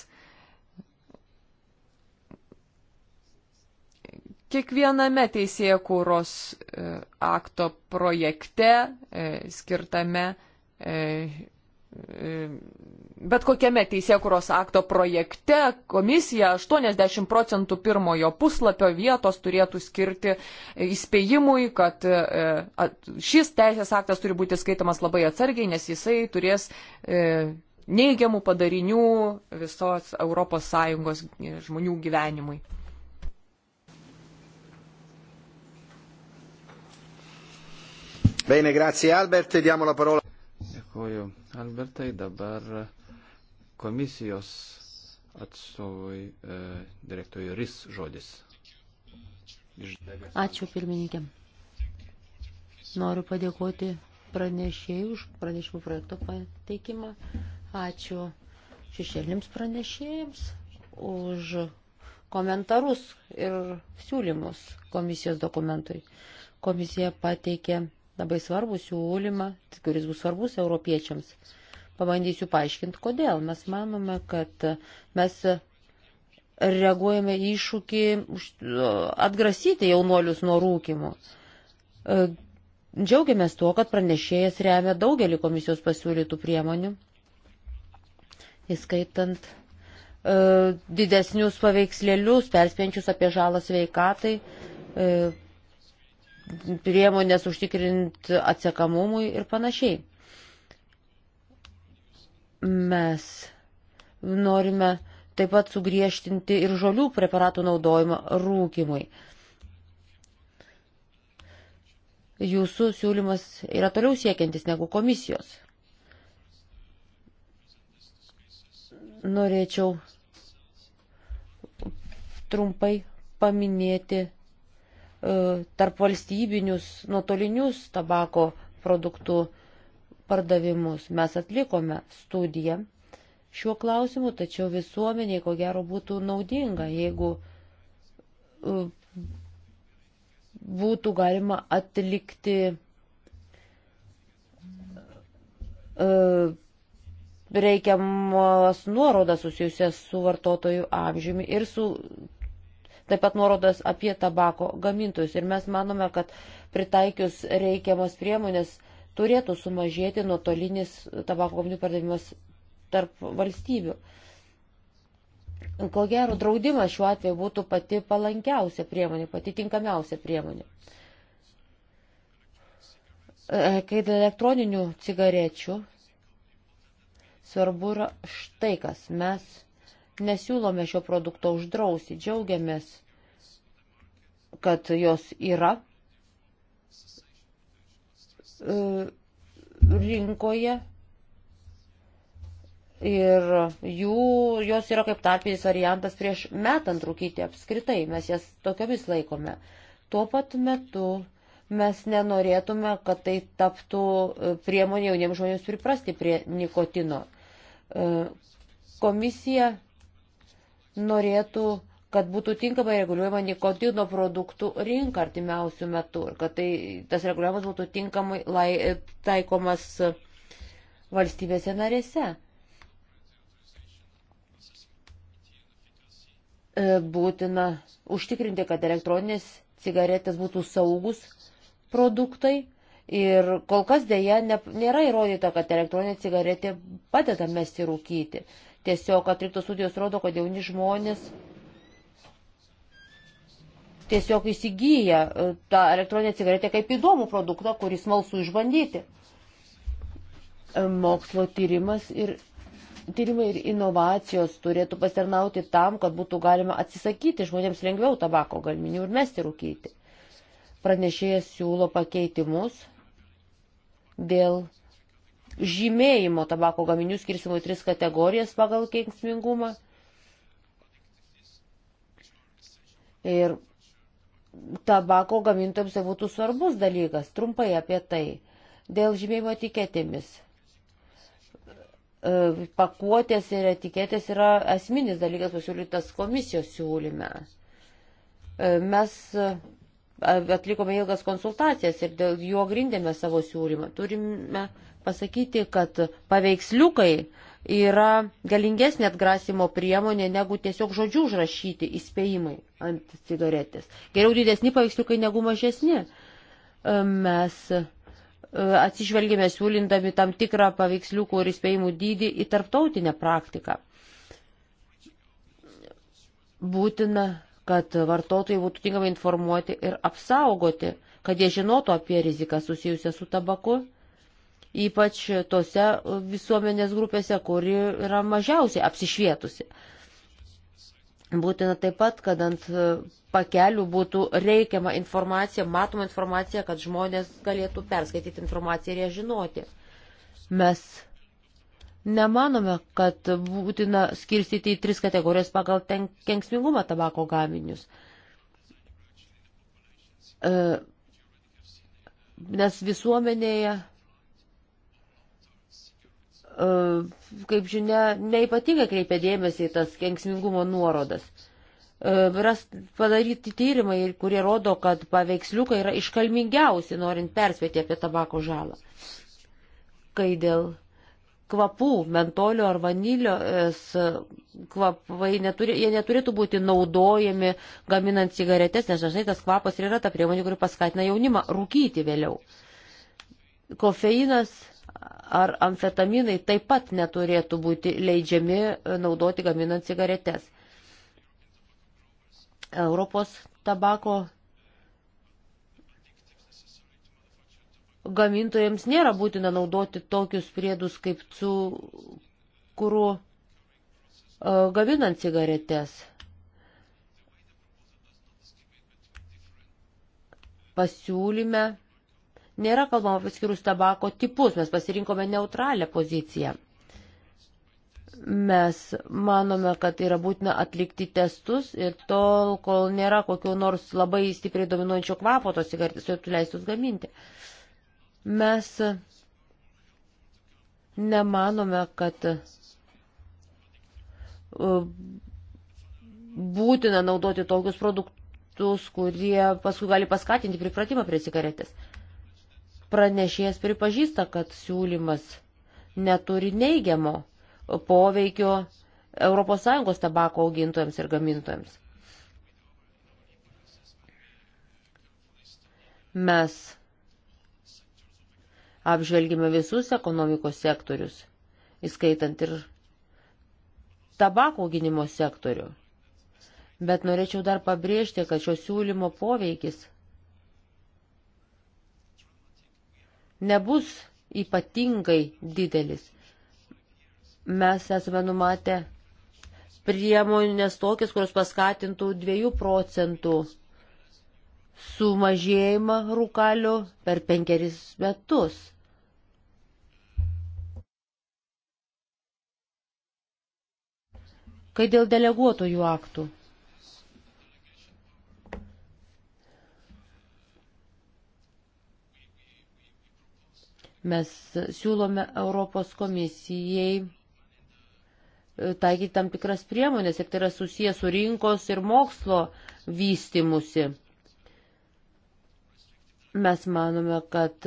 kiekviename teisėkūros e, akto projekte e, skirtame, e, bet kokiame teisėkūros akto projekte komisija 80 procentų pirmojo puslapio vietos turėtų skirti įspėjimui, kad šis teisės aktas turi būti skaitamas labai atsargiai, nes jisai turės neigiamų padarinių visos ES žmonių gyvenimui. Bene, grazie Albert, diamo la parola. Dėkuoju, Albertai, dabar komisijos atstovui e, direktoriui RIS žodis. Iš... Ačiū pirmininkė. Noriu padėkoti pranešėjai už pranešimų projekto pateikimą. Ačiū šešėlėms pranešėjams už komentarus ir siūlymus komisijos dokumentui. Komisija pateikė labai svarbų siūlymą, kuris bus svarbus europiečiams. Pabandysiu paaiškinti, kodėl. Mes manome, kad mes reaguojame iššūkį atgrasyti jaunuolius nuo rūkimų. E, džiaugiamės tuo, kad pranešėjas remia daugelį komisijos pasiūlytų priemonių, įskaitant e, didesnius paveikslėlius, perspėjančius apie žalą sveikatai, e, priemonės užtikrinti atsekamumui ir panašiai. Mes norime taip pat sugriežtinti ir žolių preparatų naudojimą rūkimui. Jūsų siūlymas yra toliau siekiantis negu komisijos. Norėčiau trumpai paminėti E, tarp valstybinius nuotolinius tabako produktų pardavimus. Mes atlikome studiją šiuo klausimu, tačiau visuomeniai ko gero būtų naudinga, jeigu e, būtų galima atlikti e, reikiamas nuorodas susijusias su vartotojų amžiumi ir su taip pat nuorodas apie tabako gamintojus. Ir mes manome, kad pritaikius reikiamas priemonės turėtų sumažėti nuotolinis tabako gaminių pardavimas tarp valstybių. Ko gero, draudimas šiuo atveju būtų pati palankiausia priemonė, pati tinkamiausia priemonė. E, kai dėl elektroninių cigarečių svarbu yra štai kas. Mes nesiūlome šio produkto uždrausti, džiaugiamės, kad jos yra e, rinkoje ir jų, jos yra kaip tarpinis variantas prieš metant rūkyti apskritai, mes jas tokiomis laikome. Tuo pat metu mes nenorėtume, kad tai taptų e, priemonė jauniems žmonėms priprasti prie nikotino. E, komisija norėtų, kad būtų tinkamai reguliuojama nikotino produktų rinka artimiausių metų ir kad tai, tas reguliavimas būtų tinkamai lai, taikomas valstybėse narėse. E, būtina užtikrinti, kad elektroninės cigaretės būtų saugus produktai ir kol kas dėja ne, nėra įrodyta, kad elektroninė cigaretė padeda mesti rūkyti. Tiesiog atliktos studijos rodo, kad jauni žmonės tiesiog įsigyja e, tą elektroninę cigaretę kaip įdomų produktą, kurį smalsu išbandyti. E, mokslo tyrimas ir, tyrimai ir inovacijos turėtų pasirnauti tam, kad būtų galima atsisakyti žmonėms lengviau tabako gaminių ir mesti rūkyti. Pranešėjas siūlo pakeitimus dėl žymėjimo tabako gaminių skirsimų į tris kategorijas pagal kenksmingumą. Ir tabako gamintojams tai būtų svarbus dalykas, trumpai apie tai, dėl žymėjimo etiketėmis. E, pakuotės ir etiketės yra esminis dalykas pasiūlytas komisijos siūlyme. E, mes e, atlikome ilgas konsultacijas ir dėl jo grindėme savo siūlymą. Turime pasakyti, kad paveiksliukai yra galingesnė atgrasimo priemonė negu tiesiog žodžių užrašyti įspėjimai ant cigaretės. Geriau didesni paveiksliukai negu mažesni. Mes e, atsižvelgėme siūlindami tam tikrą paveiksliukų ir įspėjimų dydį į tarptautinę praktiką. Būtina, kad vartotojai būtų tinkamai informuoti ir apsaugoti, kad jie žinotų apie riziką susijusią su tabaku ypač tose visuomenės grupėse, kuri yra mažiausiai apsišvietusi. Būtina taip pat, kad ant pakelių būtų reikiama informacija, matoma informacija, kad žmonės galėtų perskaityti informaciją ir ją žinoti. Mes nemanome, kad būtina skirstyti į tris kategorijas pagal kenksmingumą tabako gaminius. E, nes visuomenėje kaip žinia, neipatingai kreipia dėmesį į tas kenksmingumo nuorodas. E, yra padaryti tyrimai, kurie rodo, kad paveiksliukai yra iškalmingiausi, norint perspėti apie tabako žalą. Kai dėl kvapų, mentolio ar vanilio e, kvapai, neturi, jie neturėtų būti naudojami gaminant cigaretės, nes dažnai tas kvapas ir yra ta priemonė, kuri paskatina jaunimą rūkyti vėliau. Kofeinas ar amfetaminai taip pat neturėtų būti leidžiami e, naudoti gaminant cigaretes. Europos tabako gamintojams nėra būtina naudoti tokius priedus kaip cukrų e, gaminant cigaretes. Pasiūlyme Nėra kalbama apie skirus tabako tipus, mes pasirinkome neutralią poziciją. Mes manome, kad yra būtina atlikti testus ir tol, kol nėra kokio nors labai stipriai dominuojančio kvapo, tos cigaretės turėtų leistus gaminti. Mes nemanome, kad e, būtina naudoti tokius produktus, kurie paskui gali paskatinti pripratimą prie cigaretės. Pranešėjas pripažįsta, kad siūlymas neturi neigiamo poveikio ES tabako augintojams ir gamintojams. Mes apžvelgime visus ekonomikos sektorius, įskaitant ir tabako auginimo sektorių. Bet norėčiau dar pabrėžti, kad šio siūlymo poveikis nebus ypatingai didelis. Mes esame numatę priemonės tokias, kurios paskatintų 2 procentų sumažėjimą rūkalių per penkeris metus. Kai dėl deleguotojų aktų Mes siūlome Europos komisijai e, taikyti tam tikras priemonės, ir tai yra susijęs su rinkos ir mokslo vystimusi. Mes manome, kad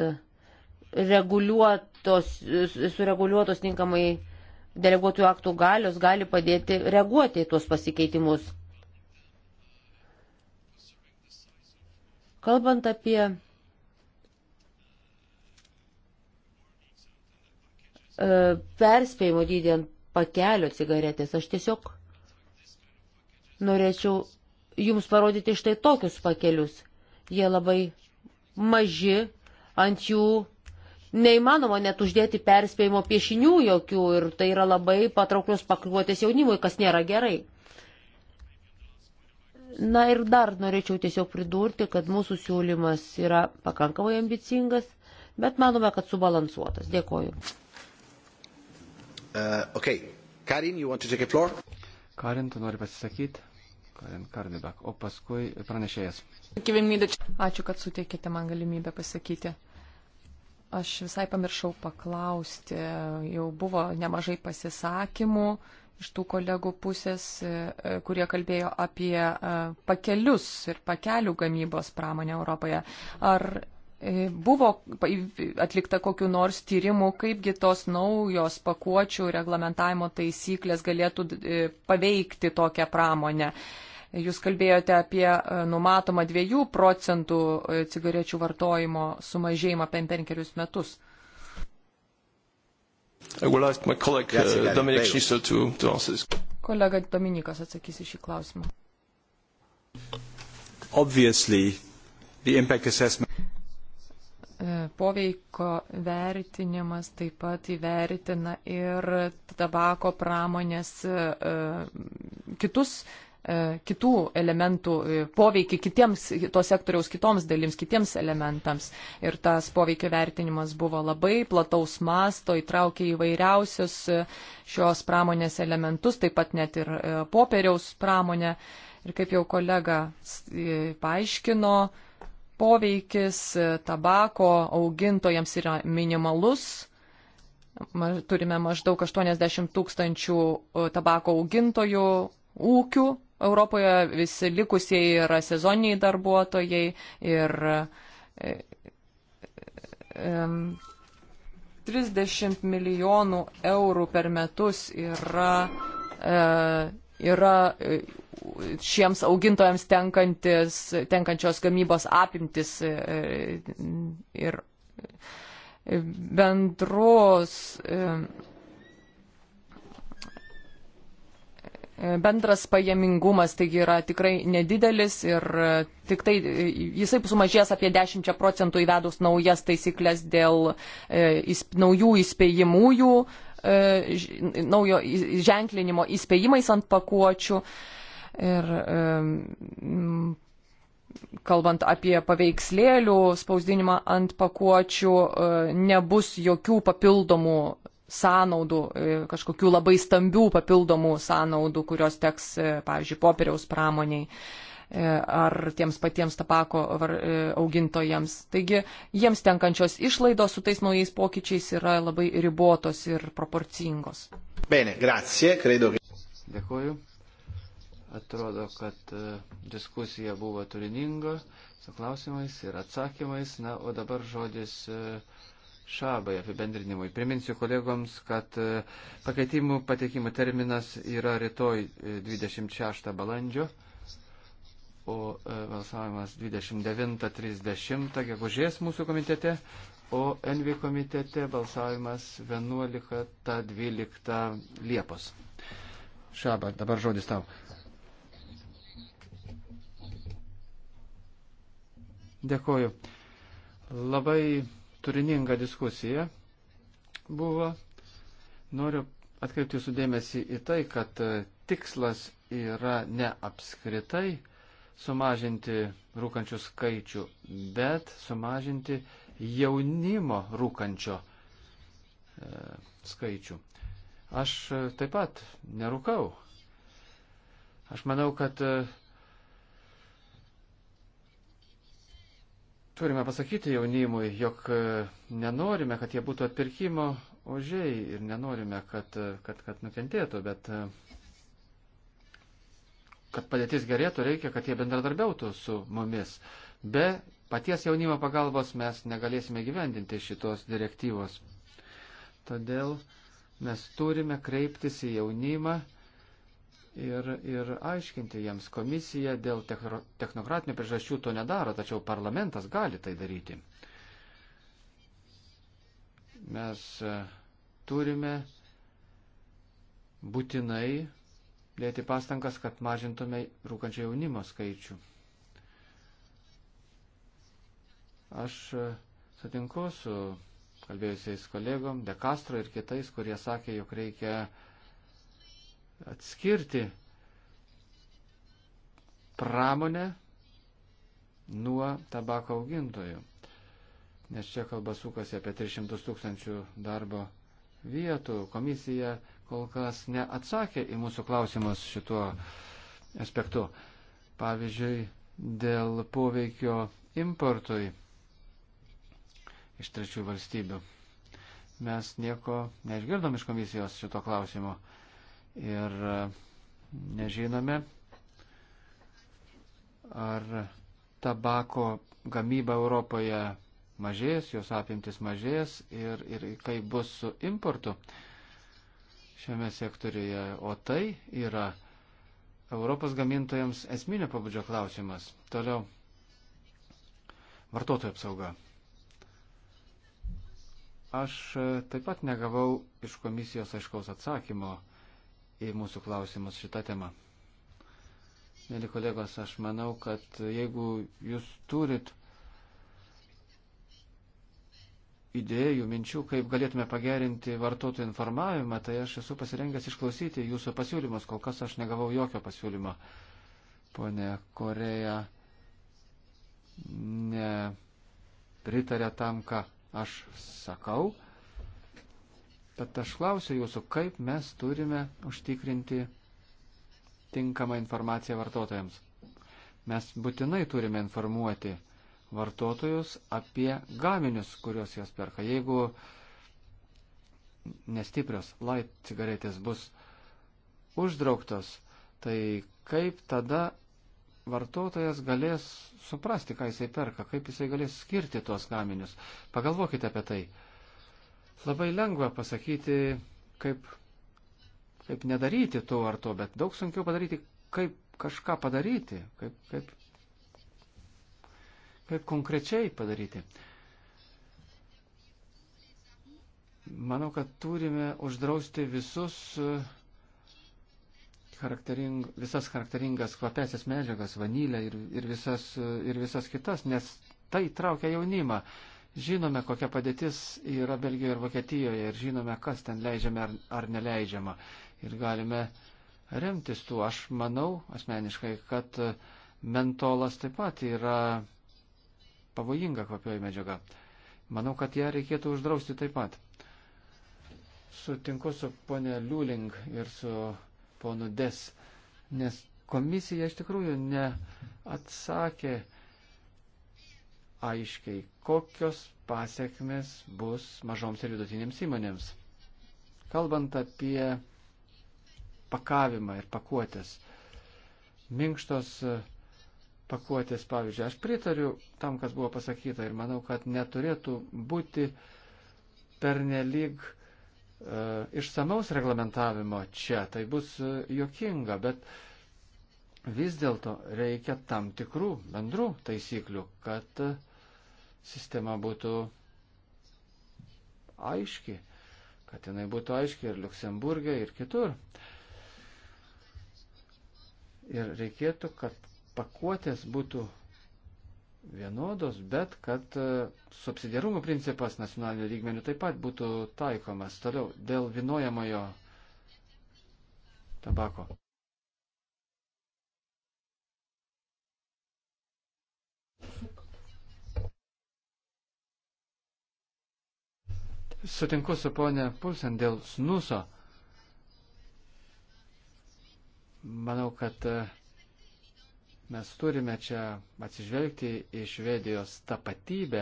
reguliuotos, sureguliuotos tinkamai deleguotų aktų galios gali padėti reaguoti į tuos pasikeitimus. Kalbant apie E, perspėjimo dydį ant pakelio cigaretės. Aš tiesiog norėčiau jums parodyti štai tokius pakelius. Jie labai maži, ant jų neįmanoma net uždėti perspėjimo piešinių jokių ir tai yra labai patrauklios pakliuotės jaunimui, kas nėra gerai. Na ir dar norėčiau tiesiog pridurti, kad mūsų siūlymas yra pakankamai ambicingas, bet manome, kad subalansuotas. Dėkoju. Uh, okay. Karin, you want to take a floor? Karin, tu nori pasisakyti? Karin Karnibak, o paskui pranešėjas. Ačiū, kad suteikėte man galimybę pasakyti. Aš visai pamiršau paklausti. Jau buvo nemažai pasisakymų iš tų kolegų pusės, e, kurie kalbėjo apie e, pakelius ir pakelių gamybos pramonę Europoje. Ar E, buvo atlikta kokiu nors tyrimu, kaipgi tos naujos pakuočių reglamentavimo taisyklės galėtų e, paveikti tokią pramonę. Jūs kalbėjote apie e, numatomą 2 procentų cigarečių vartojimo sumažėjimą per penkerius metus. Colleague, uh, Dominic to, to Kolega Dominikas atsakys į šį klausimą. Obviously, the impact assessment E, poveiko vertinimas taip pat įvertina ir tabako pramonės e, kitus, e, kitų elementų poveikį kitiems, to sektoriaus kitoms dalims, kitiems elementams. Ir tas poveikio vertinimas buvo labai plataus masto, įtraukė įvairiausius šios pramonės elementus, taip pat net ir popieriaus pramonę. Ir kaip jau kolega paaiškino, poveikis e, tabako augintojams yra minimalus. Turime maždaug 80 tūkstančių e, tabako augintojų ūkių. Europoje visi likusieji yra sezoniniai darbuotojai ir 30 e, milijonų eurų per metus yra yra e, šiems augintojams tenkančios gamybos apimtis e, e, ir bendros bendras pajamingumas taigi yra tikrai nedidelis ir tik tai jisai sumažės apie 10 procentų įvedus naujas taisyklės dėl e, įsp, naujų įspėjimųjų E, naujo ženklinimo įspėjimais ant pakuočių. Ir e, kalbant apie paveikslėlių spausdinimą ant pakuočių, e, nebus jokių papildomų sąnaudų, kažkokių labai stambių papildomų sąnaudų, kurios teks, pavyzdžiui, popieriaus pramoniai. E, ar tiems patiems tabako e, augintojams. Taigi jiems tenkančios išlaidos su tais naujais pokyčiais yra labai ribotos ir proporcingos. Bene, grazie, credo. Dėkuoju. Atrodo, kad e, diskusija buvo turininga su klausimais ir atsakymais. Na, o dabar žodis šabai apibendrinimui. Priminsiu kolegoms, kad pakeitimų pateikimo terminas yra rytoj 26 balandžio o e, balsavimas 29.30 gegužės mūsų komitete, o Envi komitete balsavimas 11.12 Liepos. Šaba, dabar žodis tau. Dėkoju. Labai turininga diskusija buvo. Noriu atkreipti jūsų dėmesį į tai, kad tikslas yra ne apskritai sumažinti rūkančių skaičių, bet sumažinti jaunimo rūkančio e, skaičių. Aš e, taip pat nerūkau. Aš manau, kad e, turime pasakyti jaunimui, jog e, nenorime, kad jie būtų atpirkimo ožiai ir nenorime, kad, e, kad, kad nukentėtų, bet e, kad padėtis gerėtų, reikia, kad jie bendradarbiautų su mumis. Be paties jaunimo pagalbos mes negalėsime gyvendinti šitos direktyvos. Todėl mes turime kreiptis į jaunimą ir, ir aiškinti jiems. Komisija dėl technokratinių priežasčių to nedaro, tačiau parlamentas gali tai daryti. Mes e, turime būtinai dėti pastangas, kad mažintume rūkančio jaunimo skaičių. Aš e, sutinku su kalbėjusiais kolegom, De Castro ir kitais, kurie sakė, jog reikia atskirti pramonę nuo tabako augintojų. Nes čia kalba sukasi apie 300 tūkstančių darbo vietų. Komisija kol kas neatsakė į mūsų klausimus šituo aspektu. Pavyzdžiui, dėl poveikio importui iš trečių valstybių. Mes nieko nežgirdom iš komisijos šito klausimo ir e, nežinome, ar tabako gamyba Europoje mažės, jos apimtis mažės ir, ir kaip bus su importu šiame sektoriuje. O tai yra Europos gamintojams esminio pabudžio klausimas. Toliau. Vartotojų apsauga. Aš e, taip pat negavau iš komisijos aiškaus atsakymo į mūsų klausimus šitą temą. Mėly kolegos, aš manau, kad jeigu jūs turit idėjų, minčių, kaip galėtume pagerinti vartotojų informavimą, tai aš esu pasirengęs išklausyti jūsų pasiūlymus. Kol kas aš negavau jokio pasiūlymo. Pone Koreja nepritarė tam, ką aš sakau. Tad aš klausiu jūsų, kaip mes turime užtikrinti tinkamą informaciją vartotojams. Mes būtinai turime informuoti vartotojus apie gaminius, kuriuos jos perka. Jeigu nestiprios light cigaretės bus uždrauktos, tai kaip tada vartotojas galės suprasti, ką jisai perka, kaip jisai galės skirti tuos gaminius. Pagalvokite apie tai. Labai lengva pasakyti, kaip, kaip nedaryti to ar to, bet daug sunkiau padaryti, kaip kažką padaryti, kaip, kaip kaip konkrečiai padaryti. Manau, kad turime uždrausti visus e, charaktering, visas charakteringas kvapesias medžiagas, vanilę ir, ir, visas, e, ir visas kitas, nes tai traukia jaunimą. Žinome, kokia padėtis yra Belgijoje ir Vokietijoje ir žinome, kas ten leidžiama ar, ar neleidžiama. Ir galime remtis tuo. Aš manau asmeniškai, kad e, mentolas taip pat yra pavojinga kvapioji medžiaga. Manau, kad ją reikėtų uždrausti taip pat. Sutinku su ponė Liuling ir su ponu Des, nes komisija iš tikrųjų neatsakė aiškiai, kokios pasiekmes bus mažoms ir vidutinėms įmonėms. Kalbant apie pakavimą ir pakuotės, minkštos uh, pakuotės, pavyzdžiui. Aš pritariu tam, kas buvo pasakyta ir manau, kad neturėtų būti pernelyg e, išsamaus reglamentavimo čia. Tai bus e, jokinga, bet vis dėlto reikia tam tikrų bendrų taisyklių, kad e, sistema būtų aiški, kad jinai būtų aiški ir Luksemburgė, ir kitur. Ir reikėtų, kad pakuotės būtų vienodos, bet kad e, subsidiarumo principas nacionaliniu lygmeniu taip pat būtų taikomas toliau dėl vinojamojo tabako. Sutinku su ponė Pulsen dėl snuso. Manau, kad uh, Mes turime čia atsižvelgti į Švedijos tapatybę,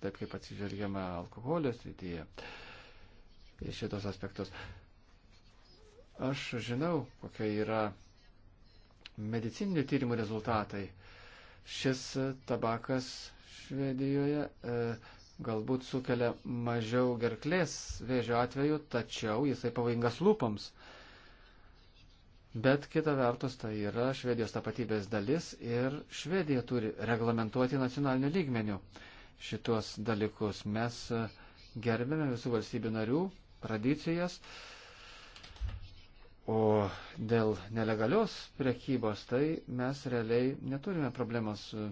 taip kaip atsižvelgiama alkoholio srityje, į šitos aspektus. Aš žinau, kokia yra medicininių tyrimų rezultatai. Šis tabakas Švedijoje e, galbūt sukelia mažiau gerklės vėžio atveju, tačiau jisai pavojingas lūpoms. E, bet kita vertus tai yra Švedijos tapatybės dalis ir Švedija turi reglamentuoti nacionaliniu lygmeniu šitos dalykus. Mes e, gerbėme visų valstybių narių tradicijas, o dėl nelegalios prekybos tai mes realiai neturime problemos e,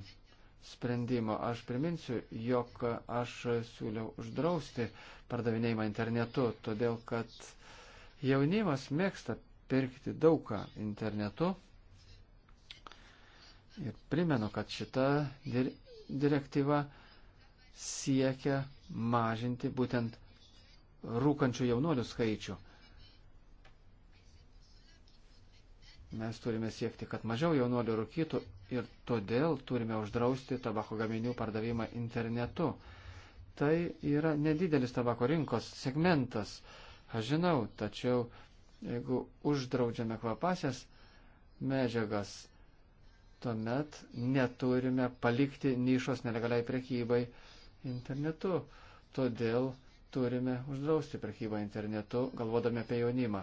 sprendimo. Aš priminsiu, jog aš siūliau uždrausti pardavinėjimą internetu, todėl kad jaunimas mėgsta pirkti daugą internetu. Ir primenu, kad šita dir direktyva siekia mažinti būtent rūkančių jaunolių skaičių. Mes turime siekti, kad mažiau jaunolių rūkytų ir todėl turime uždrausti tabako gaminių pardavimą internetu. Tai yra nedidelis tabako rinkos segmentas, aš žinau, tačiau Jeigu uždraudžiame kvapasias medžiagas, tuomet neturime palikti nišos nelegaliai prekybai internetu. Todėl turime uždrausti prekybą internetu, galvodami apie jaunimą.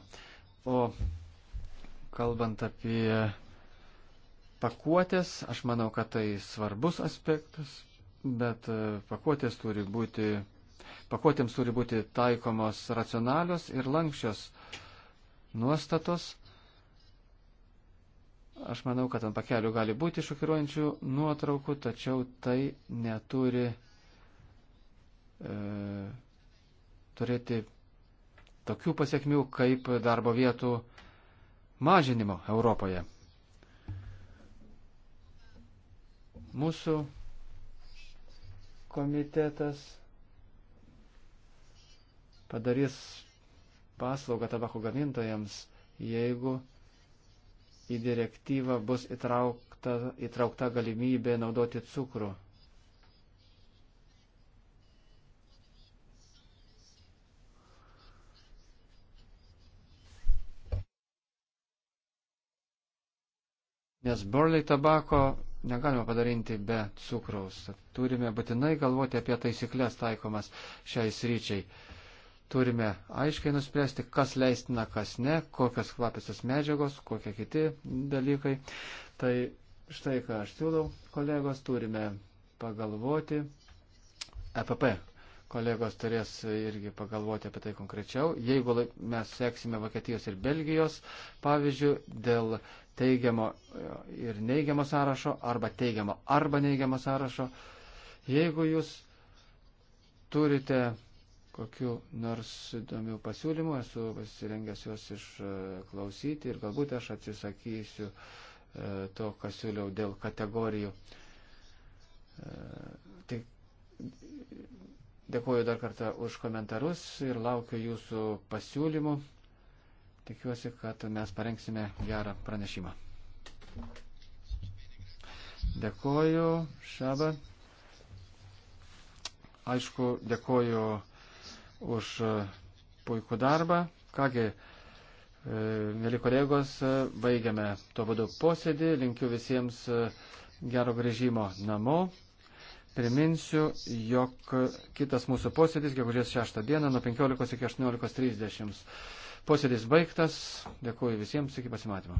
O kalbant apie pakuotės, aš manau, kad tai svarbus aspektas, bet e, pakuotės turi būti, pakuotėms turi būti taikomos racionalios ir lankščios nuostatos. Aš manau, kad ant pakelių gali būti šokiruojančių nuotraukų, tačiau tai neturi e, turėti tokių pasiekmių kaip darbo vietų mažinimo Europoje. Mūsų komitetas padarys paslaugą tabako gamintojams, jeigu į direktyvą bus įtraukta, įtraukta galimybė naudoti cukrų. Nes burlai tabako negalima padarinti be cukraus. Turime būtinai galvoti apie taisyklės taikomas šiai sryčiai. Turime aiškiai nuspręsti, kas leistina, kas ne, kokios kvapisios medžiagos, kokie kiti dalykai. Tai štai ką aš siūlau, kolegos, turime pagalvoti. EPP kolegos turės irgi pagalvoti apie tai konkrečiau. Jeigu mes seksime Vokietijos ir Belgijos pavyzdžių dėl teigiamo ir neigiamo sąrašo arba teigiamo arba neigiamo sąrašo, jeigu jūs turite kokiu nors įdomiu pasiūlymu, esu pasirengęs juos išklausyti ir galbūt aš atsisakysiu e, to, kas siūliau dėl kategorijų. E, Tik dėkuoju dar kartą už komentarus ir laukiu jūsų pasiūlymų. Tikiuosi, kad mes parengsime gerą pranešimą. Dėkuoju, Šaba. Aišku, dėkuoju už e, puikų darbą. Kągi, e, mėly kolegos, e, baigiame tuo būdu posėdį. Linkiu visiems gero grįžimo namo. Priminsiu, jog kitas mūsų posėdis, gegužės 6 dieną, nuo 15 iki 18.30. Posėdis baigtas. Dėkuoju visiems, iki pasimatymo.